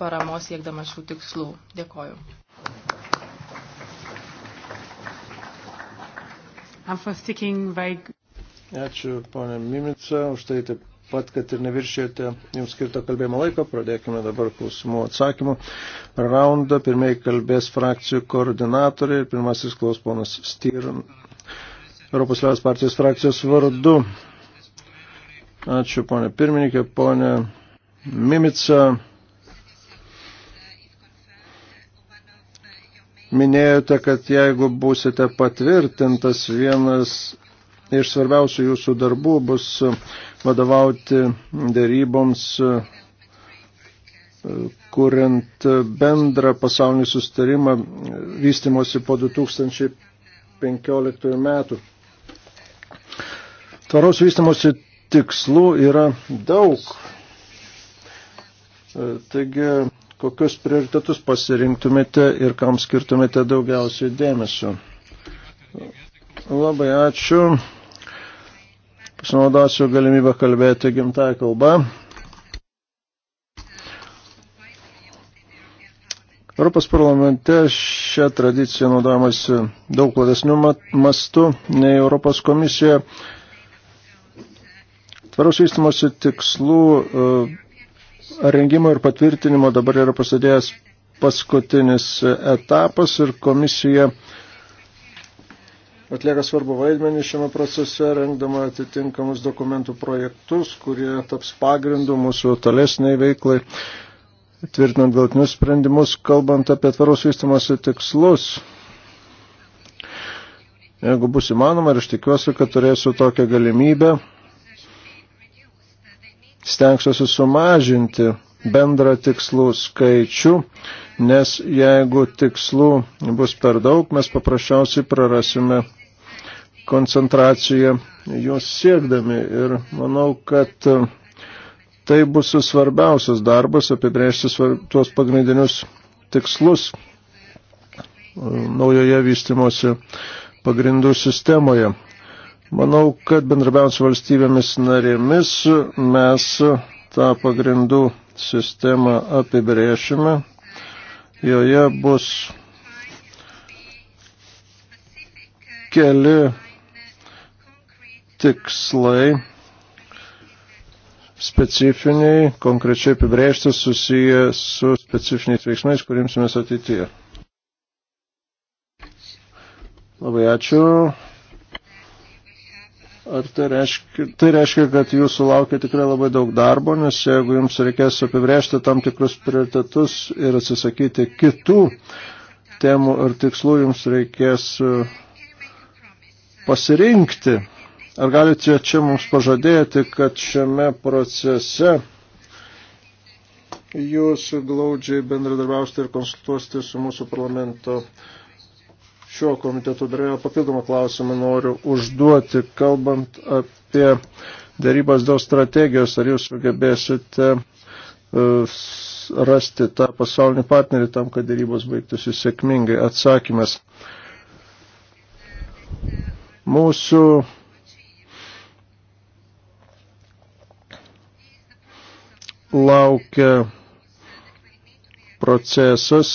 paramos siekdama šių tikslų. Dėkoju. Ačiū, ponė Mimica, už tai taip pat, kad ir neviršėjote jums skirto kalbėjimo laiko. Pradėkime dabar klausimų atsakymų. Raundą pirmiai kalbės frakcijų koordinatoriai ir pirmasis klaus ponas Styr, Europos Liaudės partijos frakcijos vardu. Ačiū, ponė pirmininkė, ponė Mimica. minėjote, kad jeigu būsite patvirtintas, vienas iš svarbiausių jūsų darbų bus vadovauti dėryboms, kuriant bendrą pasaulinį sustarimą vystimosi po 2015 metų. Tvaraus vystimosi tikslų yra daug. Taigi kokius prioritetus pasirinktumėte ir kam skirtumėte daugiausiai dėmesio. Labai ačiū. Pasinaudosiu galimybę kalbėti gimtąją kalbą. Europos parlamente šią tradiciją naudojamasi daug platesnių mastų nei Europos komisijoje. Tvaros vystimosi tikslų uh, rengimo ir patvirtinimo dabar yra prasidėjęs paskutinis etapas ir komisija atlieka svarbu vaidmenį šiame procese, rengdama atitinkamus dokumentų projektus, kurie taps pagrindu mūsų tolesniai veiklai, tvirtinant galtinius sprendimus, kalbant apie tvaros vystimosi tikslus. Jeigu bus įmanoma ir aš tikiuosi, kad turėsiu tokią galimybę, stengsiuosi sumažinti bendrą tikslų skaičių, nes jeigu tikslų bus per daug, mes paprasčiausiai prarasime koncentraciją juos siekdami. Ir manau, kad tai bus svarbiausias darbas apibrėžti svarb... tuos pagrindinius tikslus e, naujoje vystimosi pagrindų sistemoje. Manau, kad bendrabiaus valstybėmis narėmis mes tą pagrindų sistemą apibrėšime. Joje bus keli tikslai specifiniai, konkrečiai apibrėžti susiję su specifiniais veiksmais, kurimsimės ateityje. Labai ačiū. Ar tai reiškia, tai reiškia, kad jūsų laukia tikrai labai daug darbo, nes jeigu jums reikės apibrėžti tam tikrus prioritetus ir atsisakyti kitų temų ir tikslų, jums reikės e, pasirinkti. Ar galite čia mums pažadėti, kad šiame procese jūs glaudžiai bendradarbiausite ir konsultuosite su mūsų parlamento uh, šio komiteto darėjo papildomą klausimą noriu užduoti, kalbant apie darybas dėl strategijos, ar jūs sugebėsite e, rasti tą pasaulinį partnerį tam, kad darybos baigtųsi sėkmingai. Atsakymas. Mūsų laukia procesas,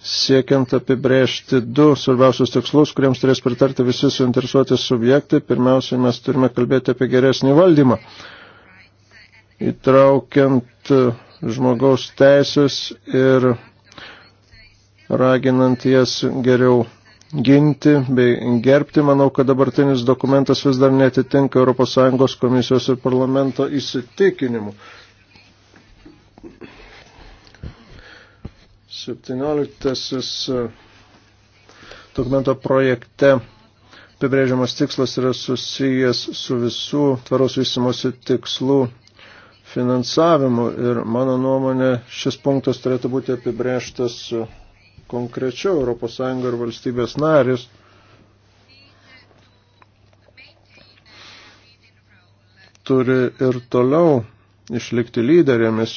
siekiant apibrėžti du svarbiausius tikslus, kuriems turės pritarti visi suinteresuoti subjektai. Pirmiausiai mes turime kalbėti apie geresnį valdymą, įtraukiant e, žmogaus teisės ir raginant jas geriau ginti bei gerbti. Manau, kad dabartinis dokumentas vis dar netitinka ES komisijos ir parlamento įsitikinimu. 17 e, dokumento projekte apibrėžiamas tikslas yra susijęs su visų tvaros vystimosi tikslų finansavimu ir mano nuomonė šis punktas turėtų būti apibrėžtas konkrečiau ES ir valstybės narės. turi ir toliau išlikti lyderėmis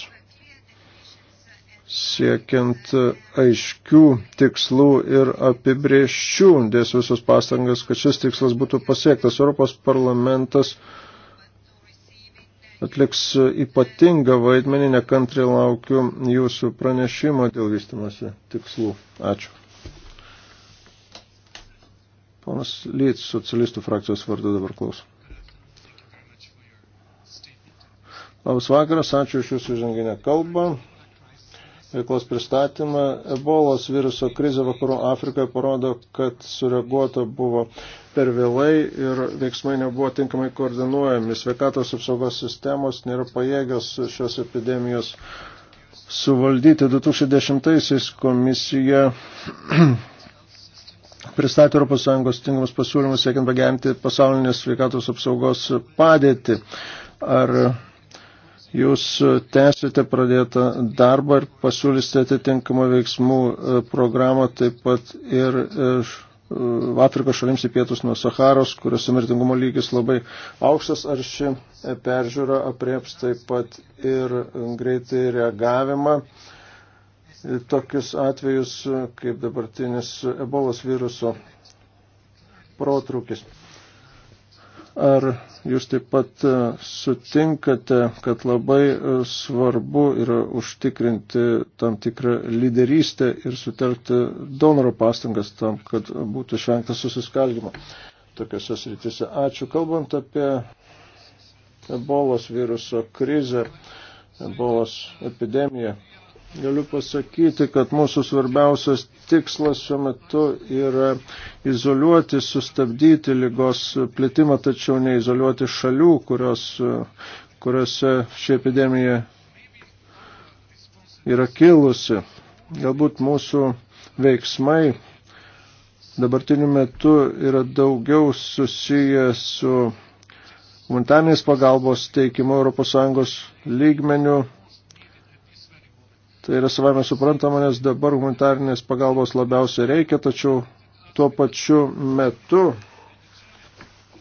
siekiant aiškių tikslų ir apibrieščių, dės visus pastangas, kad šis tikslas būtų pasiektas. Europos parlamentas atliks ypatingą vaidmenį, nekantriai laukiu jūsų pranešimo dėl vystimasi tikslų. Ačiū. Ponas Lyts, socialistų frakcijos vardu dabar klausom. Labas vakaras, ačiū iš jūsų ženginę kalbą veiklos pristatymą. Ebolos viruso krizė vakarų Afrikoje parodo, kad sureaguota buvo per vėlai ir veiksmai nebuvo tinkamai koordinuojami. Sveikatos apsaugos sistemos nėra pajėgios šios epidemijos suvaldyti. 2010-aisiais komisija pristatė ES tinkamus pasiūlymus, siekiant pagerinti pasaulinės sveikatos apsaugos padėtį. Ar Jūs e, tęsite pradėtą darbą ir pasiūlysite atitinkamą veiksmų e, programą taip pat ir e, Afrikos šalims į pietus nuo Saharos, kuriuose mirtingumo lygis labai aukštas, ar ši peržiūra aprieps taip pat ir greitai reagavimą. Tokius atvejus kaip dabartinis ebolos viruso protrūkis. Ar jūs taip pat e, sutinkate, kad labai e, svarbu yra užtikrinti tam tikrą lyderystę ir sutelkti donoro pastangas tam, kad būtų išvengta susiskaldimo tokiuose srityse? Ačiū. Kalbant apie ebolos viruso krizę, ebolos epidemiją, galiu pasakyti, kad mūsų svarbiausias tikslas šiuo metu yra izoliuoti, sustabdyti lygos plitimą, tačiau neizoliuoti šalių, kurios, kuriuose ši epidemija yra kilusi. Galbūt mūsų veiksmai dabartiniu metu yra daugiau susiję su humanitarnės pagalbos teikimu ES lygmeniu Tai yra savame suprantama, nes dabar humanitarinės pagalbos labiausiai reikia, tačiau tuo pačiu metu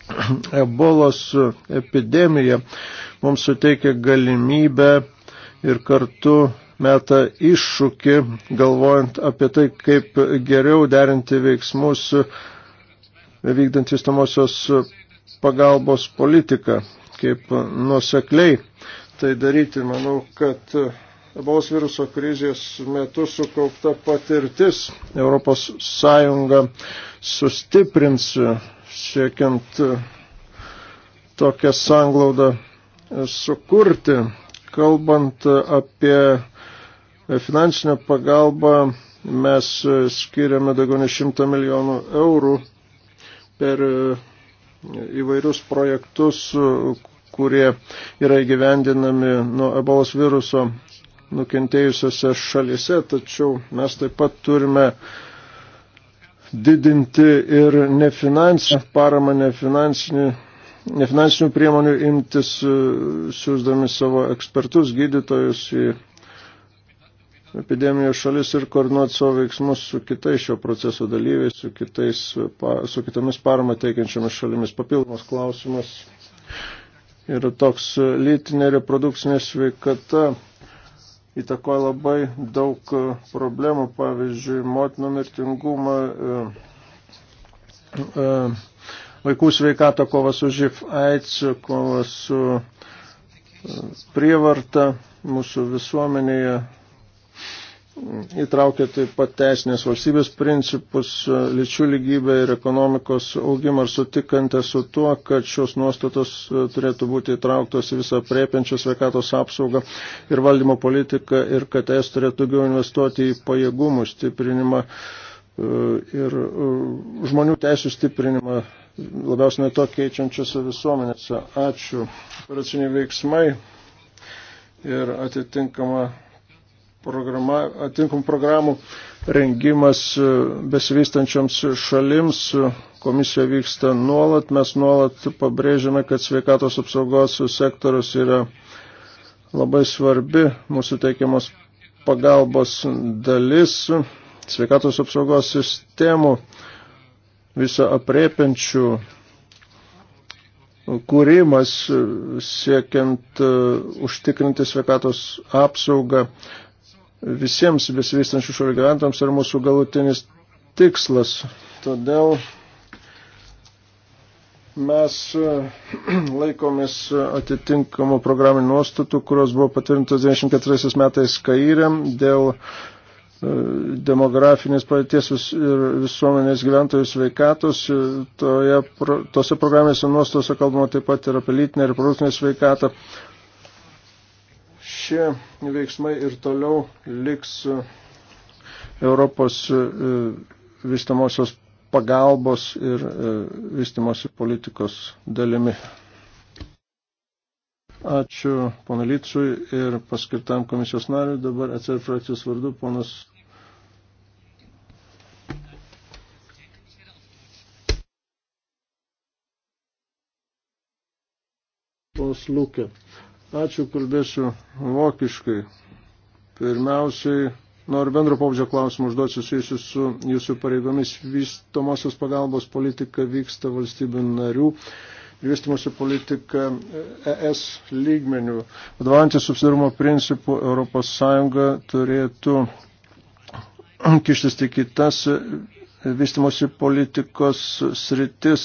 ebolos epidemija mums suteikia galimybę ir kartu meta iššūkį, galvojant apie tai, kaip geriau derinti veiksmus vykdant įstamosios pagalbos politiką, kaip nusekliai tai daryti. Manau, kad Ebolos viruso krizės metu sukaupta patirtis Europos Sąjunga sustiprins siekiant tokią sanglaudą sukurti, kalbant apie finansinę pagalbą mes skiriame daugiau nei 100 milijonų eurų per įvairius projektus, kurie yra įgyvendinami nuo ebolos viruso nukentėjusiose šalise, tačiau mes taip pat turime didinti ir nefinansinę paramą, nefinansinį, nefinansinių priemonių imtis, siūsdami savo ekspertus, gydytojus į epidemijos šalis ir koordinuoti savo veiksmus su kitais šio proceso dalyviais, su, kitais, su kitomis paramą teikiančiomis šalimis. Papildomas klausimas yra toks lytinė reprodukcinė sveikata įtakoja labai daug e, problemų, pavyzdžiui, motinų mirtingumą, e, e, vaikų sveikatą, kova su živ AIDS, kova su prievarta mūsų visuomenėje įtraukia taip pat teisinės valstybės principus, e, lyčių lygybę ir ekonomikos augimą ar sutikantę su tuo, kad šios nuostatos e, turėtų būti įtrauktos į visą priepiančią sveikatos apsaugą ir valdymo politiką ir kad es turėtų daugiau investuoti į pajėgumų stiprinimą e, ir žmonių teisų stiprinimą labiausiai to keičiančiose visuomenėse. Ačiū. Operaciniai veiksmai ir atitinkama atinkamų programų rengimas e, besivystančiams šalims. Komisija vyksta nuolat. Mes nuolat pabrėžiame, kad sveikatos apsaugos sektorius yra labai svarbi mūsų teikiamos pagalbos dalis sveikatos apsaugos sistemų viso apriepiančių kūrimas e, siekiant e, užtikrinti sveikatos apsaugą visiems besivystančių šalių gyventojams yra mūsų galutinis tikslas. Todėl mes laikomės atitinkamų programinių nuostatų, kurios buvo patvirtintos 24 metais Kairėm dėl e, demografinės padėties ir visuomenės gyventojų sveikatos. Toje, tose programėse nuostose kalbama taip pat ir apie lytinę ir produktinę sveikatą. Šie veiksmai ir toliau liks Europos e, vystamosios pagalbos ir e, vystimosi politikos dalimi. Ačiū pana Lycui ir paskirtam komisijos nariui. Dabar atsir frakcijos vardu ponas. Ponas Lūkė. Ačiū, kalbėsiu vokiškai. Pirmiausiai noriu bendro pobūdžio klausimų užduoti susijusiu su jūsų pareigomis. Vystomosios pagalbos politika vyksta valstybių narių. Vystimosi politika ES lygmenių. Vadovantys subsidarumo principų ES turėtų kištis tik į tas vystimosi politikos sritis,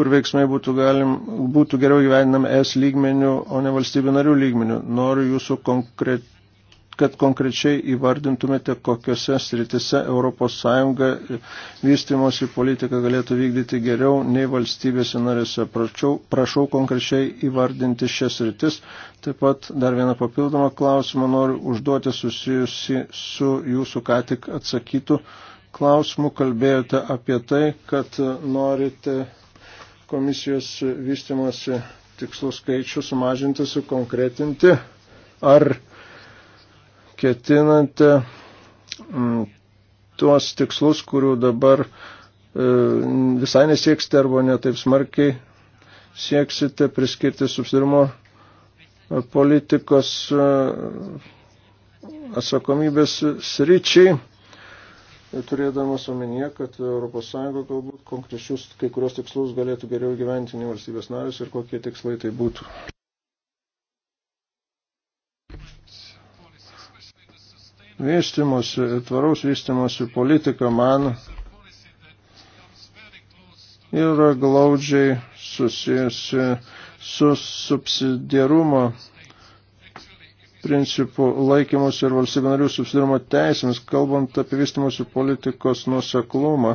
kur veiksmai būtų, galim, būtų geriau gyveninami es lygmenių, o ne valstybių narių lygmenių. Noriu jūsų konkret kad konkrečiai įvardintumėte, kokiuose sritise ES vystimosi politika galėtų vykdyti geriau nei valstybėse narėse. Prašau, prašau konkrečiai įvardinti šias sritis. Taip pat dar vieną papildomą klausimą noriu užduoti susijusi su jūsų ką tik atsakytų klausimu. Kalbėjote apie tai, kad norite komisijos vystimosi tikslų skaičių sumažinti, sukonkretinti, ar ketinate m, mm, tuos tikslus, kurių dabar e, visai nesieksite arba netaip smarkiai sieksite priskirti subsidirimo e, politikos e, atsakomybės sričiai turėdamas omenyje, kad ES galbūt konkrečius kai kurios tikslus galėtų geriau gyventi nei valstybės narės ir kokie tikslai tai būtų. Vystimosi, tvaraus vystimosi politika man yra glaudžiai susijusi su subsidiarumo principų laikymus ir valstybių narių subsidirimo teisėmis, kalbant apie vystimusių politikos nuseklumą.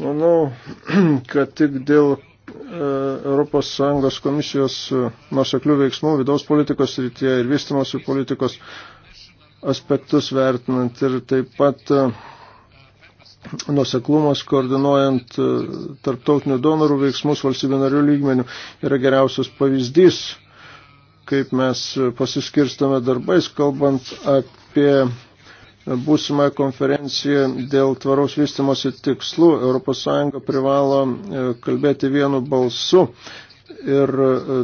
Manau, kad tik dėl ES komisijos e, nuseklių veiksmų vidaus politikos rytyje ir vystimosi politikos aspektus vertinant ir taip pat uh, nuseklumas koordinuojant e, tarptautinių donorų veiksmus valstybių narių lygmenių yra geriausias pavyzdys, kaip mes pasiskirstame darbais, kalbant apie būsimą konferenciją dėl tvaraus vystimosi tikslų. ES privalo e, kalbėti vienu balsu ir e,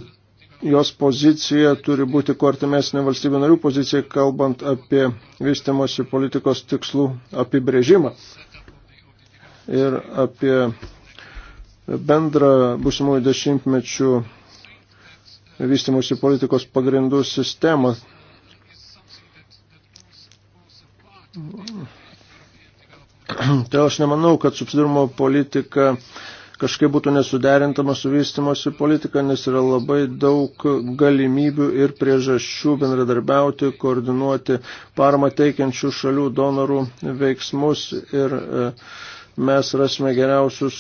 jos pozicija turi būti kuo artimesnė valstybių narių pozicija, kalbant apie vystimosi politikos tikslų apibrėžimą ir apie bendrą būsimųjų dešimtmečių vystimusi politikos pagrindų sistemą. Tai aš nemanau, kad subsidirumo politika kažkaip būtų nesuderintama su vystimosi politika, nes yra labai daug galimybių ir priežasčių bendradarbiauti, koordinuoti paramą teikiančių šalių donorų veiksmus ir e, mes rasime geriausius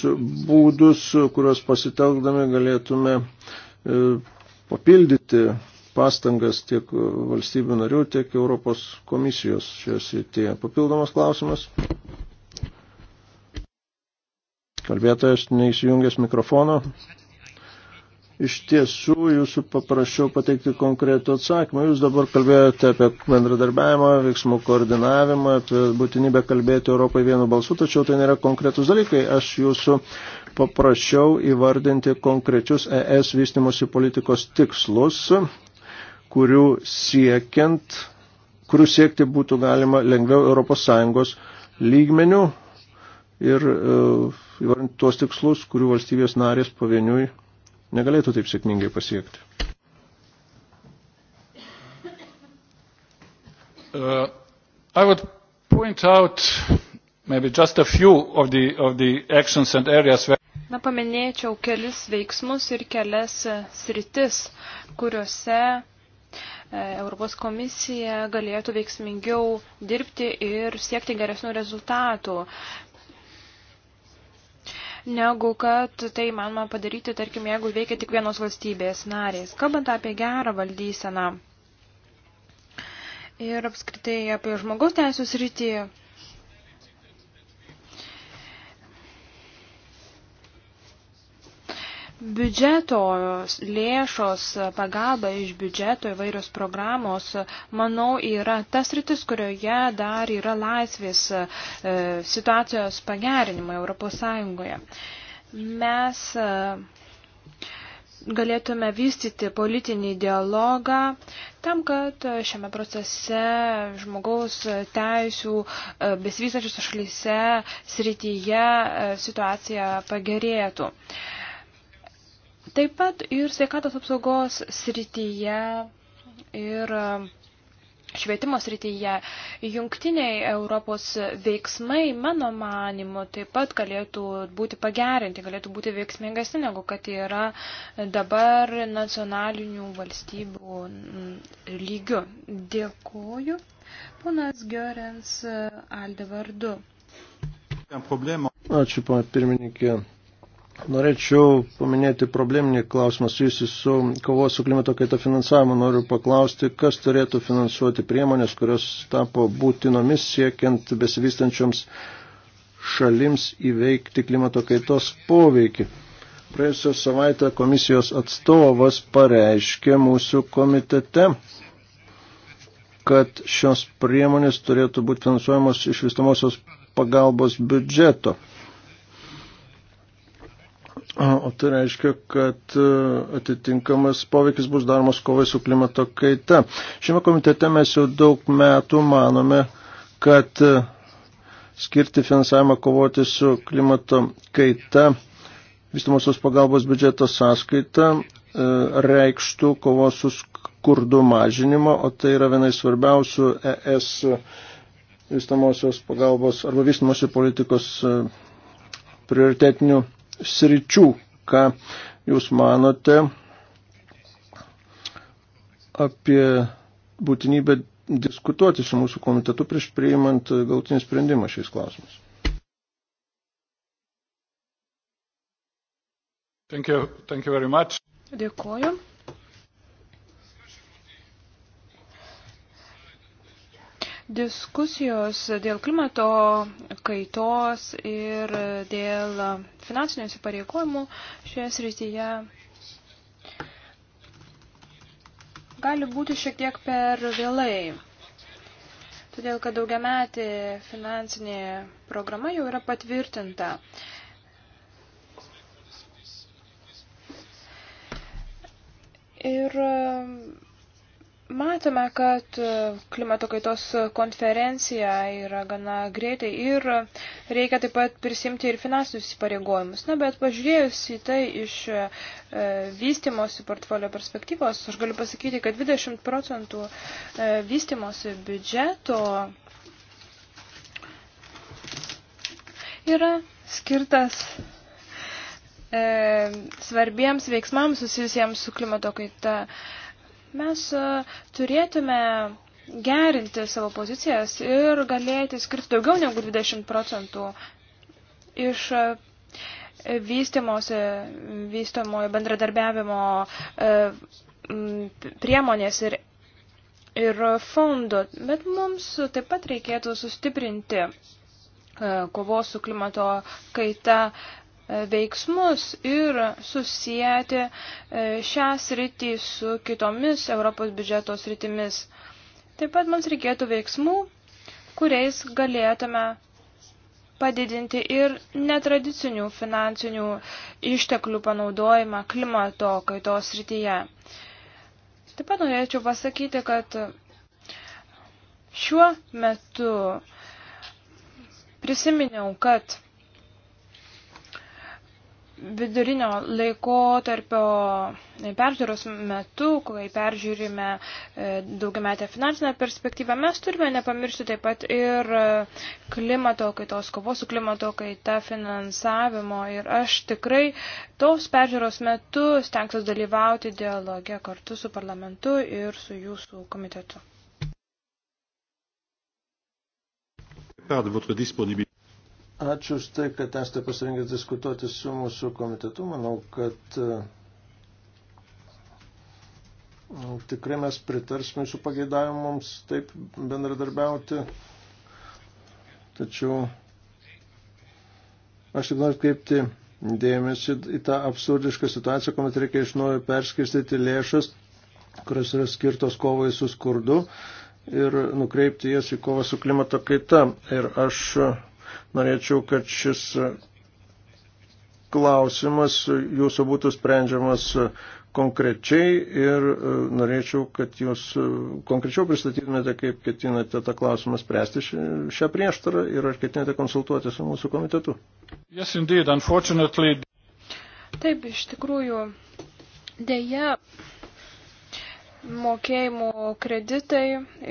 būdus, kuriuos pasitelkdami galėtume e, papildyti pastangas tiek valstybių narių, tiek Europos komisijos šioje srityje. Papildomas klausimas. Kalbėtojas neįsijungęs mikrofono iš tiesų jūsų paprašiau pateikti konkretų atsakymą. Jūs dabar kalbėjote apie bendradarbiavimą, veiksmų koordinavimą, apie būtinybę kalbėti Europai vienu balsu, tačiau tai nėra konkretus dalykai. Aš jūsų paprašiau įvardinti konkrečius ES vystimosi politikos tikslus, kurių, siekiant, kurių siekti būtų galima lengviau ES lygmenių ir uh, įvardinti tuos tikslus, kurių valstybės narės pavieniui negalėtų taip sėkmingai pasiekti. Uh, I would point out maybe just a few of the, of the actions and areas where Na, paminėčiau kelis veiksmus ir kelias e, sritis, kuriuose e, Europos komisija galėtų veiksmingiau dirbti ir siekti geresnių rezultatų negu kad tai manoma padaryti, tarkim, jeigu veikia tik vienos valstybės narės. Kalbant apie gerą valdyseną ir apskritai apie žmogaus teisų srityje, biudžeto lėšos, pagalba iš biudžeto įvairios programos, manau, yra tas rytis, kurioje dar yra laisvės e, situacijos pagerinimai Europos Sąjungoje. Mes e, galėtume vystyti politinį dialogą tam, kad šiame procese žmogaus teisų e, besivystančiose šalyse srityje situacija pagerėtų. Uh, Taip pat ir sveikatos apsaugos srityje ir e, švietimo srityje jungtiniai Europos veiksmai, mano manimu, taip pat galėtų būti pagerinti, galėtų būti veiksmingesni, negu kad yra dabar nacionalinių valstybių lygių. Dėkuoju. Ponas Görens e, Alde vardu. Ačiū, pana pirmininkė. Norėčiau paminėti probleminį klausimą susijusi su kovos su klimato kaita finansavimu. Noriu paklausti, kas turėtų finansuoti priemonės, kurios tapo būtinomis siekiant besivystančioms šalims įveikti klimato kaitos poveikį. Praėjusią savaitę komisijos atstovas pareiškė mūsų komitete, kad šios priemonės turėtų būti finansuojamos iš vystamosios pagalbos biudžeto. O tai reiškia, kad e, atitinkamas poveikis bus daromas kovai su klimato kaita. Šiame komitete mes jau daug metų manome, kad e, skirti finansavimą kovoti su klimato kaita vystamosios pagalbos biudžeto sąskaita e, reikštų kovos su skurdu mažinimo, o tai yra vienai svarbiausių ES vystamosios pagalbos arba vystamosios politikos prioritetinių sričių. Ką Jūs manote apie būtinybę diskutuoti su mūsų komitetu prieš priimant galtinį sprendimą šiais klausimais? Thank you. Thank you very much. Dėkuoju. Diskusijos dėl klimato kaitos ir dėl finansinių įsipareigojimų šioje srityje gali būti šiek tiek per vėlai. Todėl, kad daugiametė finansinė programa jau yra patvirtinta. Ir Matome, kad e, klimato kaitos konferencija yra gana greitai ir reikia taip pat prisimti ir finansinius įsipareigojimus. Na, bet pažiūrėjus į tai iš e, vystimosi portfolio perspektyvos, aš galiu pasakyti, kad 20 procentų e, vystimosi biudžeto yra skirtas e, svarbiems veiksmams susijusiems su klimato kaita. E, Mes e, turėtume gerinti savo pozicijas ir galėti skirti daugiau negu 20 procentų iš e, vystimosi, vystomojo bendradarbiavimo e, priemonės ir, ir fondo, bet mums taip pat reikėtų sustiprinti kovos su klimato kaita veiksmus ir susijęti e, šią sritį su kitomis Europos biudžeto sritimis. Taip pat mums reikėtų veiksmų, kuriais galėtume padidinti ir netradicinių finansinių išteklių panaudojimą klimato kaitos srityje. Taip pat norėčiau pasakyti, kad šiuo metu prisiminiau, kad vidurinio laiko tarpio peržiūros metu, kai peržiūrime e, daugiametę finansinę perspektyvą, mes turime nepamiršti taip pat ir e, klimato kaitos, kovos su klimato kaita finansavimo. Ir aš tikrai tos peržiūros metu stengsiuos dalyvauti dialoge kartu su parlamentu ir su jūsų komitetu. de votre disponibilité. Ačiū už tai, kad esate pasirengęs diskutuoti su mūsų komitetu. Manau, kad e, nu, tikrai mes pritarsime jūsų pageidavimams taip bendradarbiauti. Tačiau aš tik noriu kreipti dėmesį į tą absurdišką situaciją, kuomet reikia iš naujo perskirstyti lėšas, kurios yra skirtos kovai su skurdu ir nukreipti jas į kovą su klimato kaita. Ir aš Norėčiau, kad šis klausimas jūsų būtų sprendžiamas konkrečiai ir e, norėčiau, kad jūs e, konkrečiau pristatytumėte, kaip ketinate tą klausimą spręsti šią prieštarą ir ar ketinate konsultuoti su mūsų komitetu. Yes, indeed, unfortunately... Taip, iš tikrųjų, dėja, mokėjimų kreditai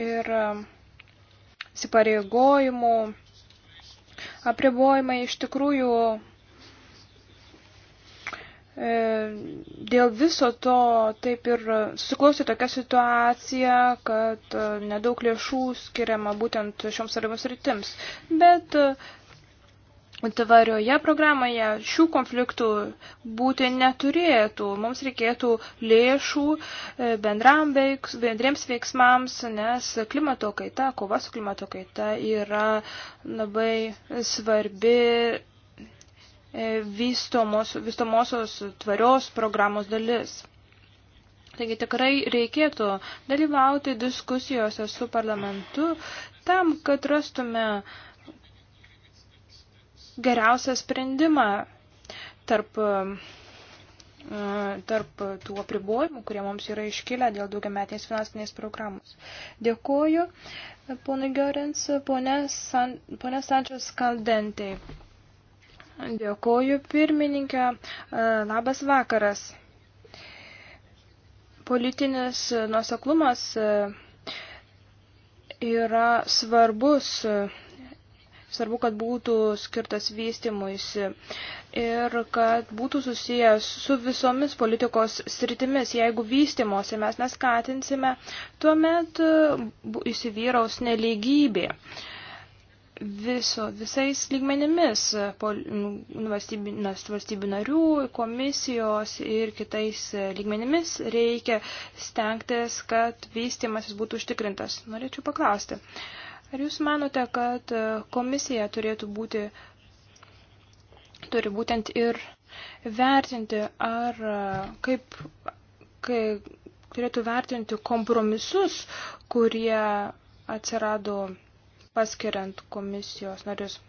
ir e, įsipareigojimų apribojimai iš tikrųjų e, dėl viso to taip ir susiklausi tokia situacija, kad e, nedaug lėšų skiriama būtent šioms svarbiams rytims. Bet tvarioje programoje šių konfliktų būti neturėtų. Mums reikėtų lėšų e, bendram veiks, bendriems veiksmams, nes klimato kaita, kova su klimato kaita yra labai svarbi e, vystomos, vystomosios tvarios programos dalis. Taigi tikrai reikėtų dalyvauti diskusijose su parlamentu tam, kad rastume uh, geriausią sprendimą tarp, e, tarp tų apribojimų, kurie mums yra iškilę dėl daugiametinės finansinės programos. Dėkuoju, ponai Gerins, ponė, San, ponė Sančios Kaldentai. Dėkuoju, pirmininkė. E, labas vakaras. Politinis nuoseklumas e, yra svarbus Svarbu, kad būtų skirtas vystimuisi ir kad būtų susijęs su visomis politikos sritimis. Jeigu vystimosi mes neskatinsime, tuomet e, įsivyraus neligybė viso, visais lygmenimis pol, valstybių, valstybių narių, komisijos ir kitais lygmenimis reikia stengtis, kad vystimasis būtų užtikrintas. Norėčiau paklausti. Uh, Ar jūs manote, kad e, komisija turėtų būti, turi būtent ir vertinti, ar e, kaip, kaip turėtų vertinti kompromisus, kurie atsirado paskiriant komisijos narius?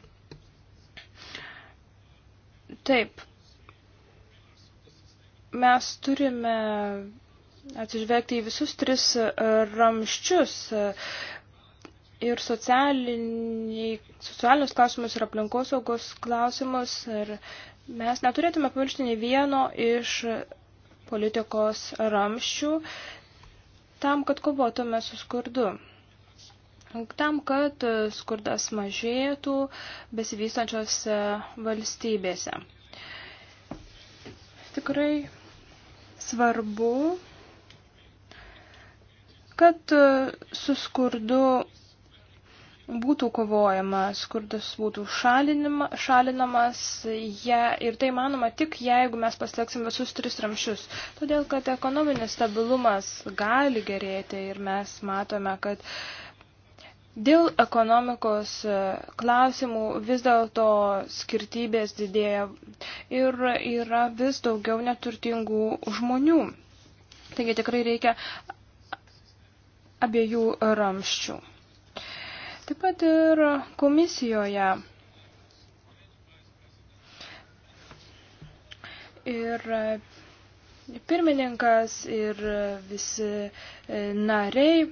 Taip. Mes turime atsižvelgti į visus tris e, ramščius ir socialinius klausimus ir aplinkosaugos klausimus. Ir mes neturėtume pamiršti nei vieno iš politikos ramščių tam, kad kovotume su skurdu. Tam, kad skurdas mažėtų besivystančiose valstybėse. Tikrai svarbu, kad su skurdu būtų kovojama, skurdas būtų šalinamas ja, ir tai manoma tik jeigu mes pasieksim visus tris ramšius. Todėl, kad ekonominis stabilumas gali gerėti ir mes matome, kad dėl ekonomikos e, klausimų vis dėlto skirtybės didėja ir yra vis daugiau neturtingų žmonių. Taigi tikrai reikia abiejų ramščių. Taip pat ir komisijoje. Ir pirmininkas ir visi e, nariai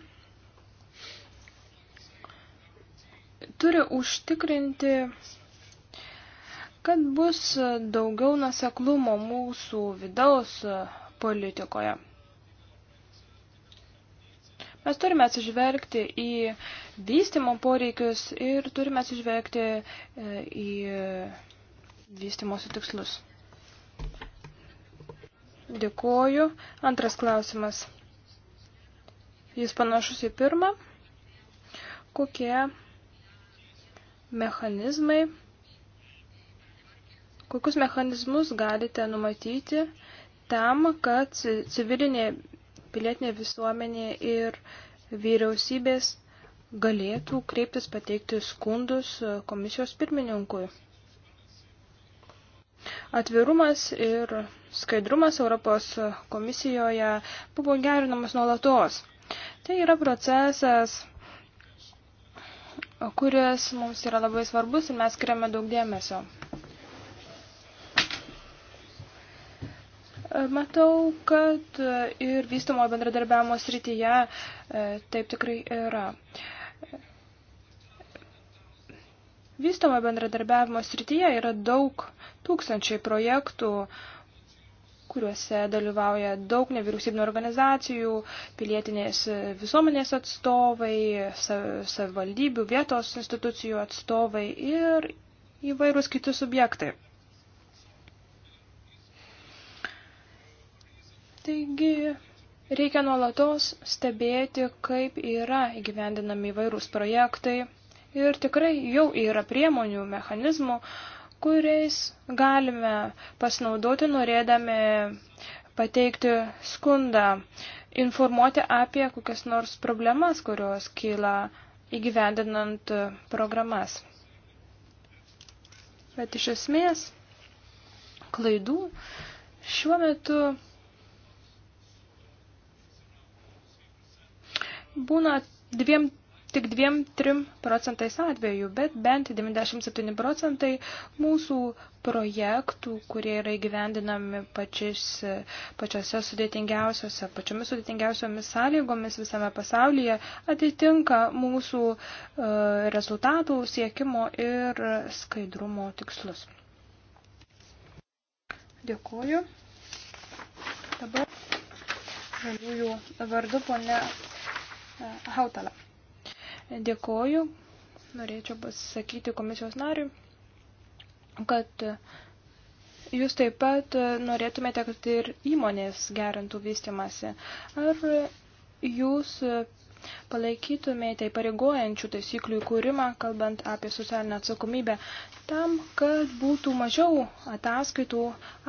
turi užtikrinti kad bus daugiau nuseklumo mūsų vidaus politikoje. Mes turime atsižvelgti į vystimo poreikius ir turime atsižvelgti e, į vystimosi tikslus. Dėkuoju. Antras klausimas. Jis panašus į pirmą. Kokie mechanizmai, kokius mechanizmus galite numatyti tam, kad civilinė pilietinė visuomenė ir vyriausybės galėtų kreiptis pateikti skundus komisijos pirmininkui. Atvirumas ir skaidrumas Europos komisijoje buvo gerinamas nuolatos. Tai yra procesas, kuris mums yra labai svarbus ir mes skiriame daug dėmesio. Matau, kad e, ir vystomo bendradarbiavimo srityje e, taip tikrai yra. Vystomo bendradarbiavimo srityje yra daug tūkstančiai projektų, kuriuose dalyvauja daug nevyriausybinio organizacijų, pilietinės visuomenės atstovai, savivaldybių, vietos institucijų atstovai ir įvairūs kiti subjektai. Taigi reikia nuolatos stebėti, kaip yra įgyvendinami įvairūs projektai ir tikrai jau yra priemonių, mechanizmų, kuriais galime pasinaudoti norėdami pateikti skundą, informuoti apie kokias nors problemas, kurios kyla įgyvendinant programas. Bet iš esmės klaidų šiuo metu būna dviem, tik 2-3 procentais atvejų, bet bent 97 procentai mūsų projektų, kurie yra įgyvendinami pačius, pačiose sudėtingiausiose, pačiomis sudėtingiausiomis sąlygomis visame pasaulyje, atitinka mūsų e, rezultatų siekimo ir skaidrumo tikslus. Dėkuoju. Dabar žaliųjų vardu ponė Hautala. Dėkoju. Norėčiau pasakyti komisijos nariui, kad jūs taip pat norėtumėte, kad ir įmonės gerintų vystimasi. Ar jūs palaikytumėte įpareigojančių taisyklių įkūrimą, kalbant apie socialinę atsakomybę, tam, kad būtų mažiau ataskaitų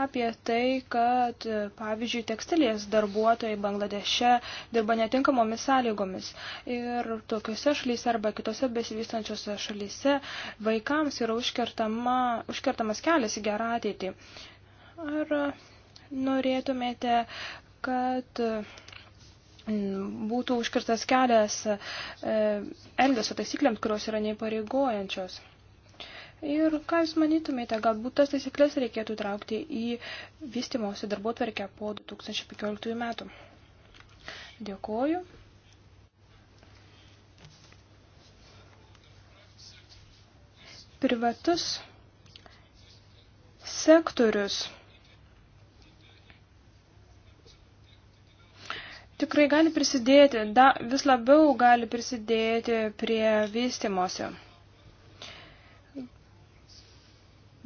apie tai, kad, pavyzdžiui, tekstilės darbuotojai Bangladeše dirba netinkamomis sąlygomis. Ir tokiuose šalyse arba kitose besivystančiose šalyse vaikams yra užkertama, užkertamas kelias į gerą ateitį. Ar norėtumėte, kad Mm, būtų užkirtas kelias e, elgesio taisyklėms, kurios yra neįpareigojančios. Ir ką Jūs manytumėte, galbūt tas taisyklės reikėtų traukti į vystimosi darbo tvarkę po 2015 metų. Dėkoju. Privatus sektorius tikrai gali prisidėti, da, vis labiau gali prisidėti prie vystimosi.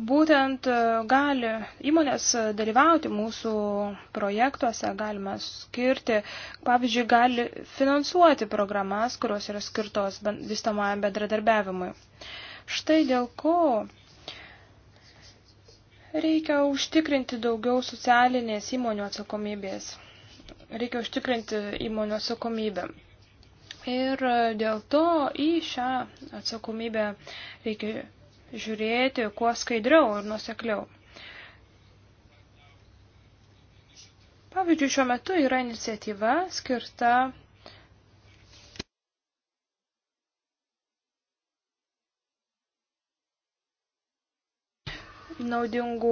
Būtent e, gali įmonės dalyvauti mūsų projektuose, galima skirti, pavyzdžiui, gali finansuoti programas, kurios yra skirtos vystamajam bedradarbiavimui. Štai dėl ko reikia užtikrinti daugiau socialinės įmonių atsakomybės reikia užtikrinti įmonių atsakomybę. Ir e, dėl to į šią atsakomybę reikia žiūrėti kuo skaidriau ir nusekliau. Pavyzdžiui, šiuo metu yra iniciatyva skirta naudingų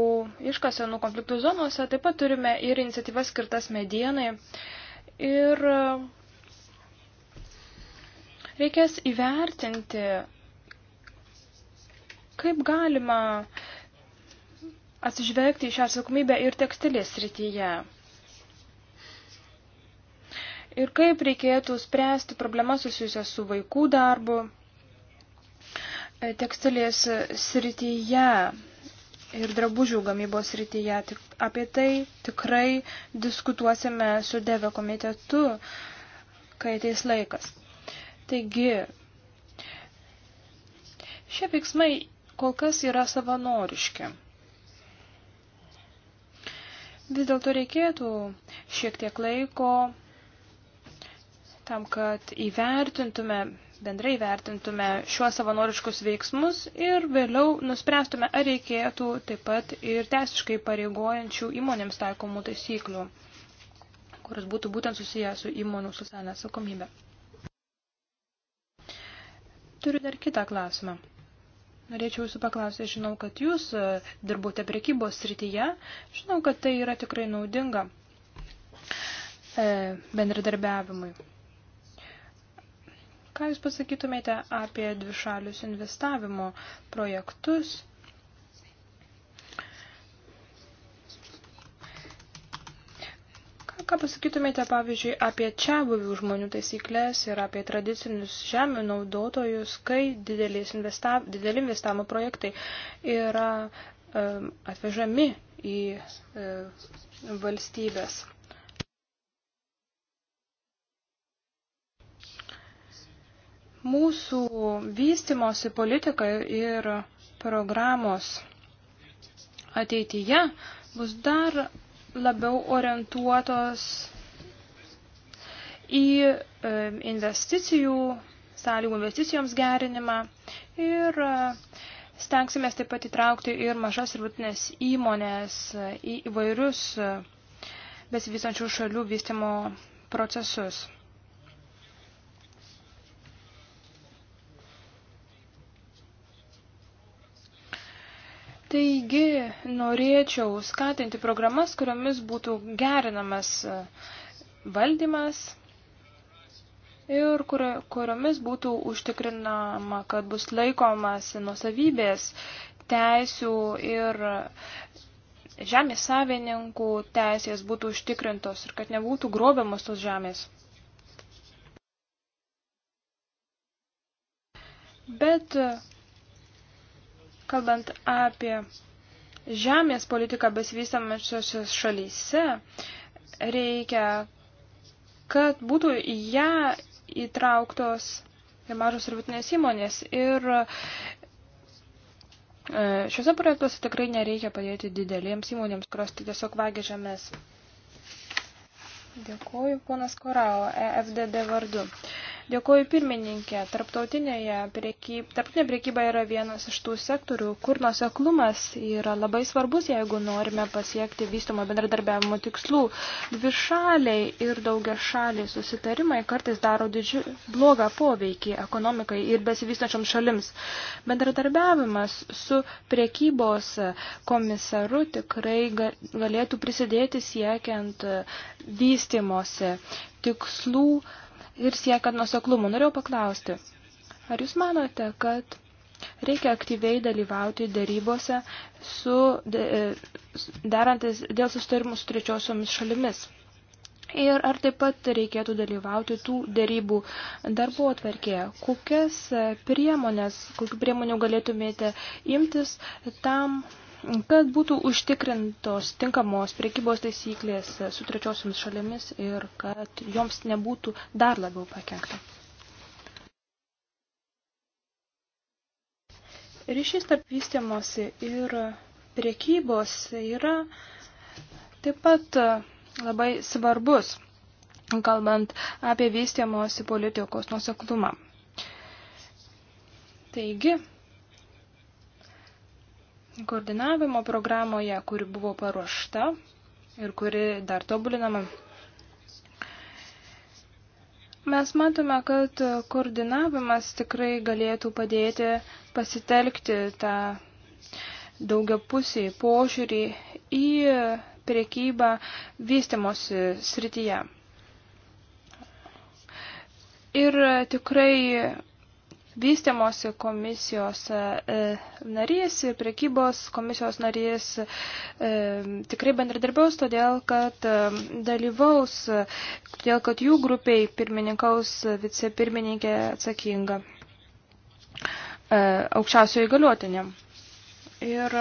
iškasenų konfliktų zonuose. Taip pat turime ir iniciatyvas skirtas medienai. Ir e, reikės įvertinti, kaip galima atsižvelgti į šią atsakomybę ir tekstilės srityje. Ir kaip reikėtų spręsti problemas susijusias su vaikų darbu e, tekstilės srityje ir drabužių gamybos rytyje. Tik apie tai tikrai diskutuosime su DV komitetu, kai ateis laikas. Taigi, šie veiksmai kol kas yra savanoriški. Vis dėlto reikėtų šiek tiek laiko tam, kad įvertintume bendrai vertintume šiuos savanoriškus veiksmus ir vėliau nuspręstume, ar reikėtų taip pat ir teisiškai pareigojančių įmonėms taikomų taisyklių, kuris būtų būtent susijęs su įmonių socialinė atsakomybė. Turiu dar kitą klausimą. Norėčiau jūsų paklausyti, žinau, kad jūs e, dirbote prekybos srityje, žinau, kad tai yra tikrai naudinga e, bendradarbiavimui. Ką Jūs pasakytumėte apie dvišalius investavimo projektus? Ką pasakytumėte, pavyzdžiui, apie čia buvių žmonių taisyklės ir apie tradicinius žemių naudotojus, kai investav, dideli investavimo projektai yra um, atvežami į e, valstybės? Mūsų vystimosi politika ir programos ateityje bus dar labiau orientuotos į e, investicijų, sąlygų investicijoms gerinimą ir e, stengsime taip pat įtraukti ir mažas ir vidutinės įmonės į įvairius e, besivystančių šalių vystimo procesus. Taigi norėčiau skatinti programas, kuriomis būtų gerinamas e, valdymas ir kuriomis būtų užtikrinama, kad bus laikomas nusavybės teisių ir žemės savininkų teisės būtų užtikrintos ir kad nebūtų grobiamos tos žemės. Bet Kalbant apie žemės politiką besivystamačiose šalyse, reikia, kad būtų į ją įtrauktos ir mažos ir vidutinės įmonės. Ir e, šiuose projektuose tikrai nereikia padėti didelėms įmonėms, kurios tai tiesiog vagia žemės. Dėkuoju, ponas Korao, EFDD vardu. Uh, Dėkuoju pirmininkė. Tarptautinėje priekyb... Tarptautinė priekyba yra vienas iš tų sektorių, kur nuseklumas yra labai svarbus, jeigu norime pasiekti vystomo bendradarbiavimo tikslų. Dvi šaliai ir daugia šaliai susitarimai kartais daro didžiu... blogą poveikį ekonomikai ir besivystančiom šalims. Bendradarbiavimas su priekybos komisaru tikrai galėtų prisidėti siekiant vystimosi tikslų ir siekiant nuseklumo. Norėjau paklausti, ar jūs manote, kad reikia aktyviai dalyvauti dėrybose su e, derantis dėl sustarimų su trečiosiomis šalimis? Ir ar taip pat reikėtų dalyvauti tų dėrybų darbo atverkėje? Kokias priemonės, kokių priemonių galėtumėte imtis tam, kad būtų užtikrintos tinkamos priekybos taisyklės su trečiosiomis šalimis ir kad joms nebūtų dar labiau pakengta. Ryšys tarp vystimosi ir priekybos yra taip pat labai svarbus, kalbant apie vystimosi politikos nuoseklumą. Taigi, koordinavimo programoje, kuri buvo paruošta ir kuri dar tobulinama. Mes matome, kad koordinavimas tikrai galėtų padėti pasitelkti tą daugiapusį požiūrį į priekybą vystimosi srityje. Ir tikrai vystimosi komisijos e, narys ir prekybos komisijos narys e, tikrai bendradarbiaus, todėl kad e, dalyvaus, todėl kad jų grupiai pirmininkaus vicepirmininkė atsakinga aukščiausio įgaliotinė ir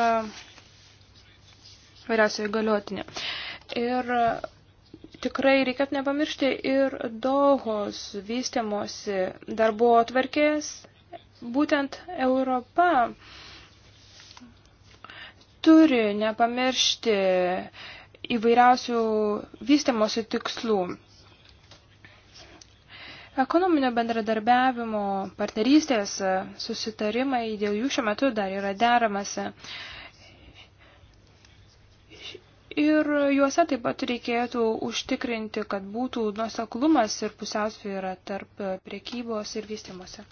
vyriausio įgaliotinė. Ir tikrai reikėtų nepamiršti ir Dohos vystimosi darbo atvarkės. Būtent Europa turi nepamiršti įvairiausių vystimosi tikslų. Ekonominio bendradarbiavimo partnerystės susitarimai dėl jų šiuo metu dar yra deramasi. Uh, Ir juose taip pat reikėtų užtikrinti, kad būtų nuoseklumas ir pusiausvyrą tarp priekybos ir vystimuose.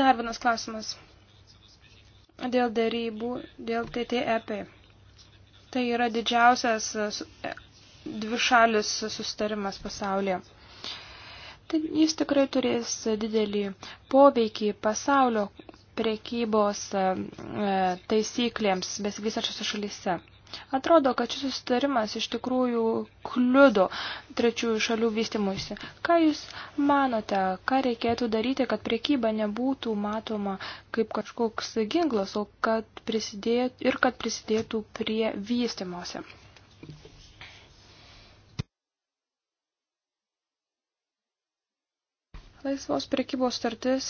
Dar vienas klausimas. Dėl dėrybų, dėl TTEP. Tai yra didžiausias e, e, dvišalis sustarimas pasaulyje. Tai jis tikrai turės didelį poveikį pasaulio prekybos e, e, taisyklėms besivysačiose šalyse. Atrodo, kad šis sustarimas iš tikrųjų kliudo trečiųjų šalių vystimuisi. Ką Jūs manote, ką reikėtų daryti, kad priekyba nebūtų matoma kaip kažkoks ginklas, o kad prisidėtų ir kad prisidėtų prie vystimuose? Laisvos priekybos startis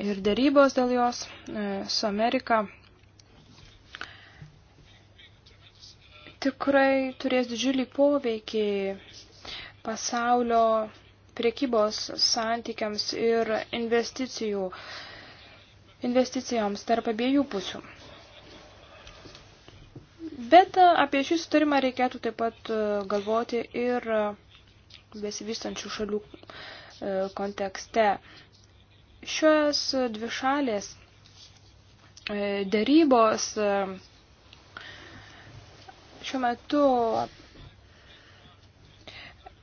ir dėrybos dėl jos e, su Amerika tikrai turės didžiulį poveikį pasaulio priekybos santykiams ir investicijų, investicijoms tarp abiejų pusių. Bet apie šį sutarimą reikėtų taip pat e, galvoti ir besivystančių šalių e, kontekste. Šios dvi šalės e, dėrybos e, šiuo metu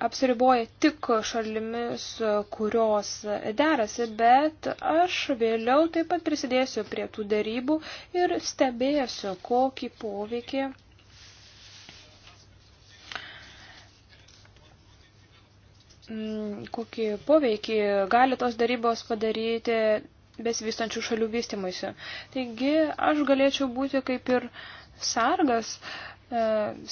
apsiriboja tik šalimis, kurios derasi, bet aš vėliau taip pat prisidėsiu prie tų darybų ir stebėsiu, kokį poveikį Mm, kokį poveikį gali tos darybos padaryti besivystančių šalių vystimuisi. Taigi aš galėčiau būti kaip ir sargas, e,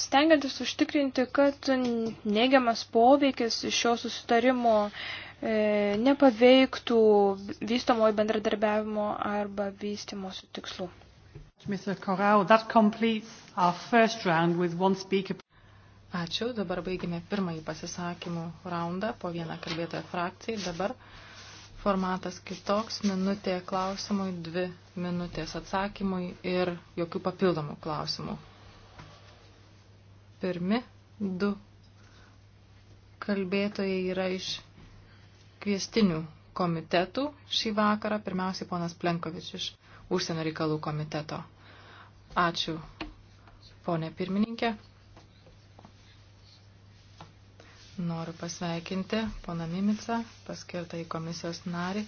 stengiantis užtikrinti, kad neigiamas poveikis šio susitarimo e, nepaveiktų vystomojo bendradarbiavimo arba vystimosi tikslų. Mr. Corral, that completes our first round with one speaker. Ačiū. Dabar baigime pirmąjį pasisakymų raundą po vieną kalbėtoją frakcijai. Dabar formatas kitoks. Minutė klausimui, dvi minutės atsakymui ir jokių papildomų klausimų. Pirmi du kalbėtojai yra iš kviestinių komitetų šį vakarą. Pirmiausiai ponas Plenkovič iš Užsienio reikalų komiteto. Ačiū, ponė pirmininkė. Noriu pasveikinti poną Mimicą, paskirtą į komisijos narį.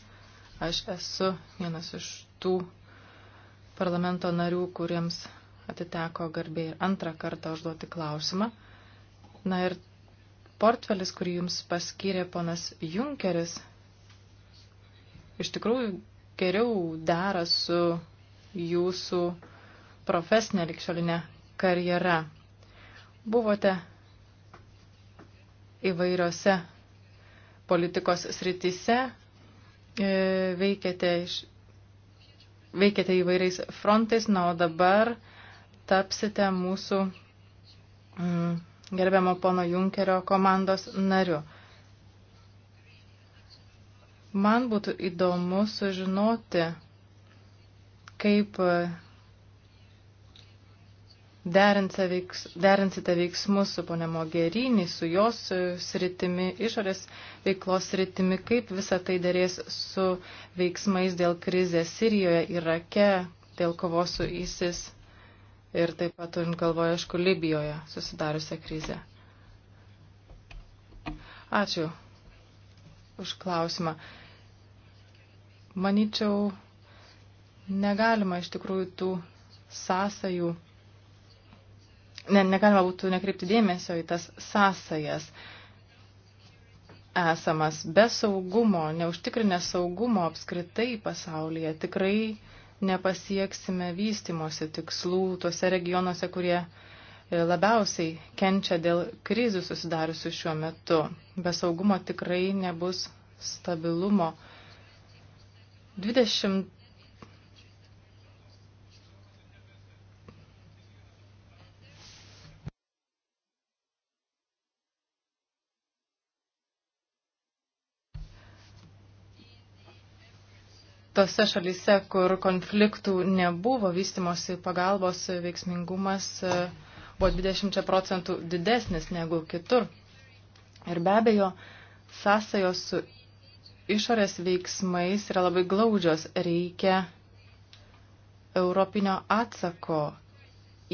Aš esu vienas iš tų parlamento narių, kuriems atiteko garbė ir antrą kartą užduoti klausimą. Na ir portfelis, kurį jums paskyrė ponas Junkeris, iš tikrųjų geriau dera su jūsų profesinė likščiolinė karjera. Buvote įvairiose politikos srityse, e, veikėte, iš, veikėte įvairiais frontais, na o dabar tapsite mūsų mm, gerbiamo pono Junkerio komandos nariu. Man būtų įdomu sužinoti, kaip veiks, derinsite veiksmus su ponė Mogerinį, su jos e, sritimi, išorės veiklos sritimi, kaip visa tai dėrės su veiksmais dėl krizės Sirijoje, Irake, dėl kovos su ISIS ir taip pat turint galvoje, aišku, Libijoje susidariusią krizę. Ačiū už klausimą. Manyčiau, negalima iš tikrųjų tų sąsajų ne, negalima būtų nekreipti dėmesio į tas sąsajas esamas. Be saugumo, neužtikrinę saugumo apskritai pasaulyje tikrai nepasieksime vystimosi tikslų tuose regionuose, kurie e, labiausiai kenčia dėl krizių susidariusių šiuo metu. Be saugumo tikrai nebus stabilumo. 20 tose šalyse, kur konfliktų nebuvo vystimosi pagalbos veiksmingumas e, buvo 20 procentų didesnis negu kitur. Ir be abejo, sąsajos su išorės veiksmais yra labai glaudžios. Reikia europinio atsako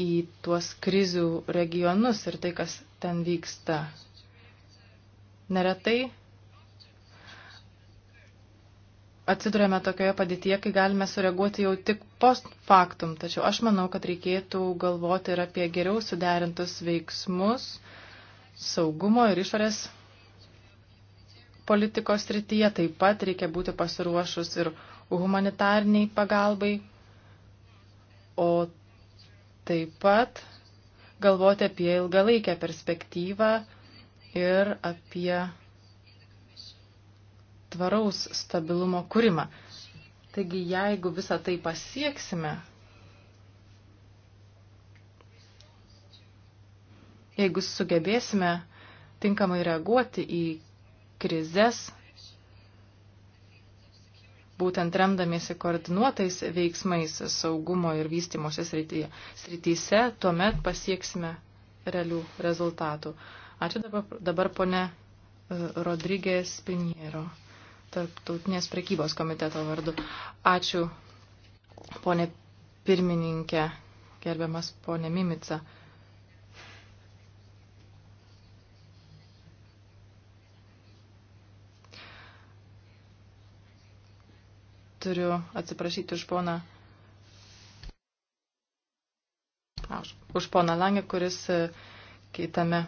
į tuos krizių regionus ir tai, kas ten vyksta. Neretai atsidurėme tokioje padėtyje, kai galime sureaguoti jau tik post factum. Tačiau aš manau, kad reikėtų galvoti ir apie geriau suderintus veiksmus saugumo ir išorės politikos srityje. Taip pat reikia būti pasiruošus ir humanitarniai pagalbai. O taip pat galvoti apie ilgalaikę perspektyvą ir apie tvaraus stabilumo kūrimą. Taigi, jeigu visą tai pasieksime, jeigu sugebėsime tinkamai reaguoti į krizės, būtent remdamiesi koordinuotais veiksmais saugumo ir vystimosi srityse, tuomet pasieksime realių rezultatų. Ačiū dabar, dabar pone e, Rodrygės Piniero. Tarptautinės prekybos komiteto vardu. Ačiū, ponė pirmininkė, gerbiamas ponė Mimica. Turiu atsiprašyti už poną už poną Langę, kuris e, kitame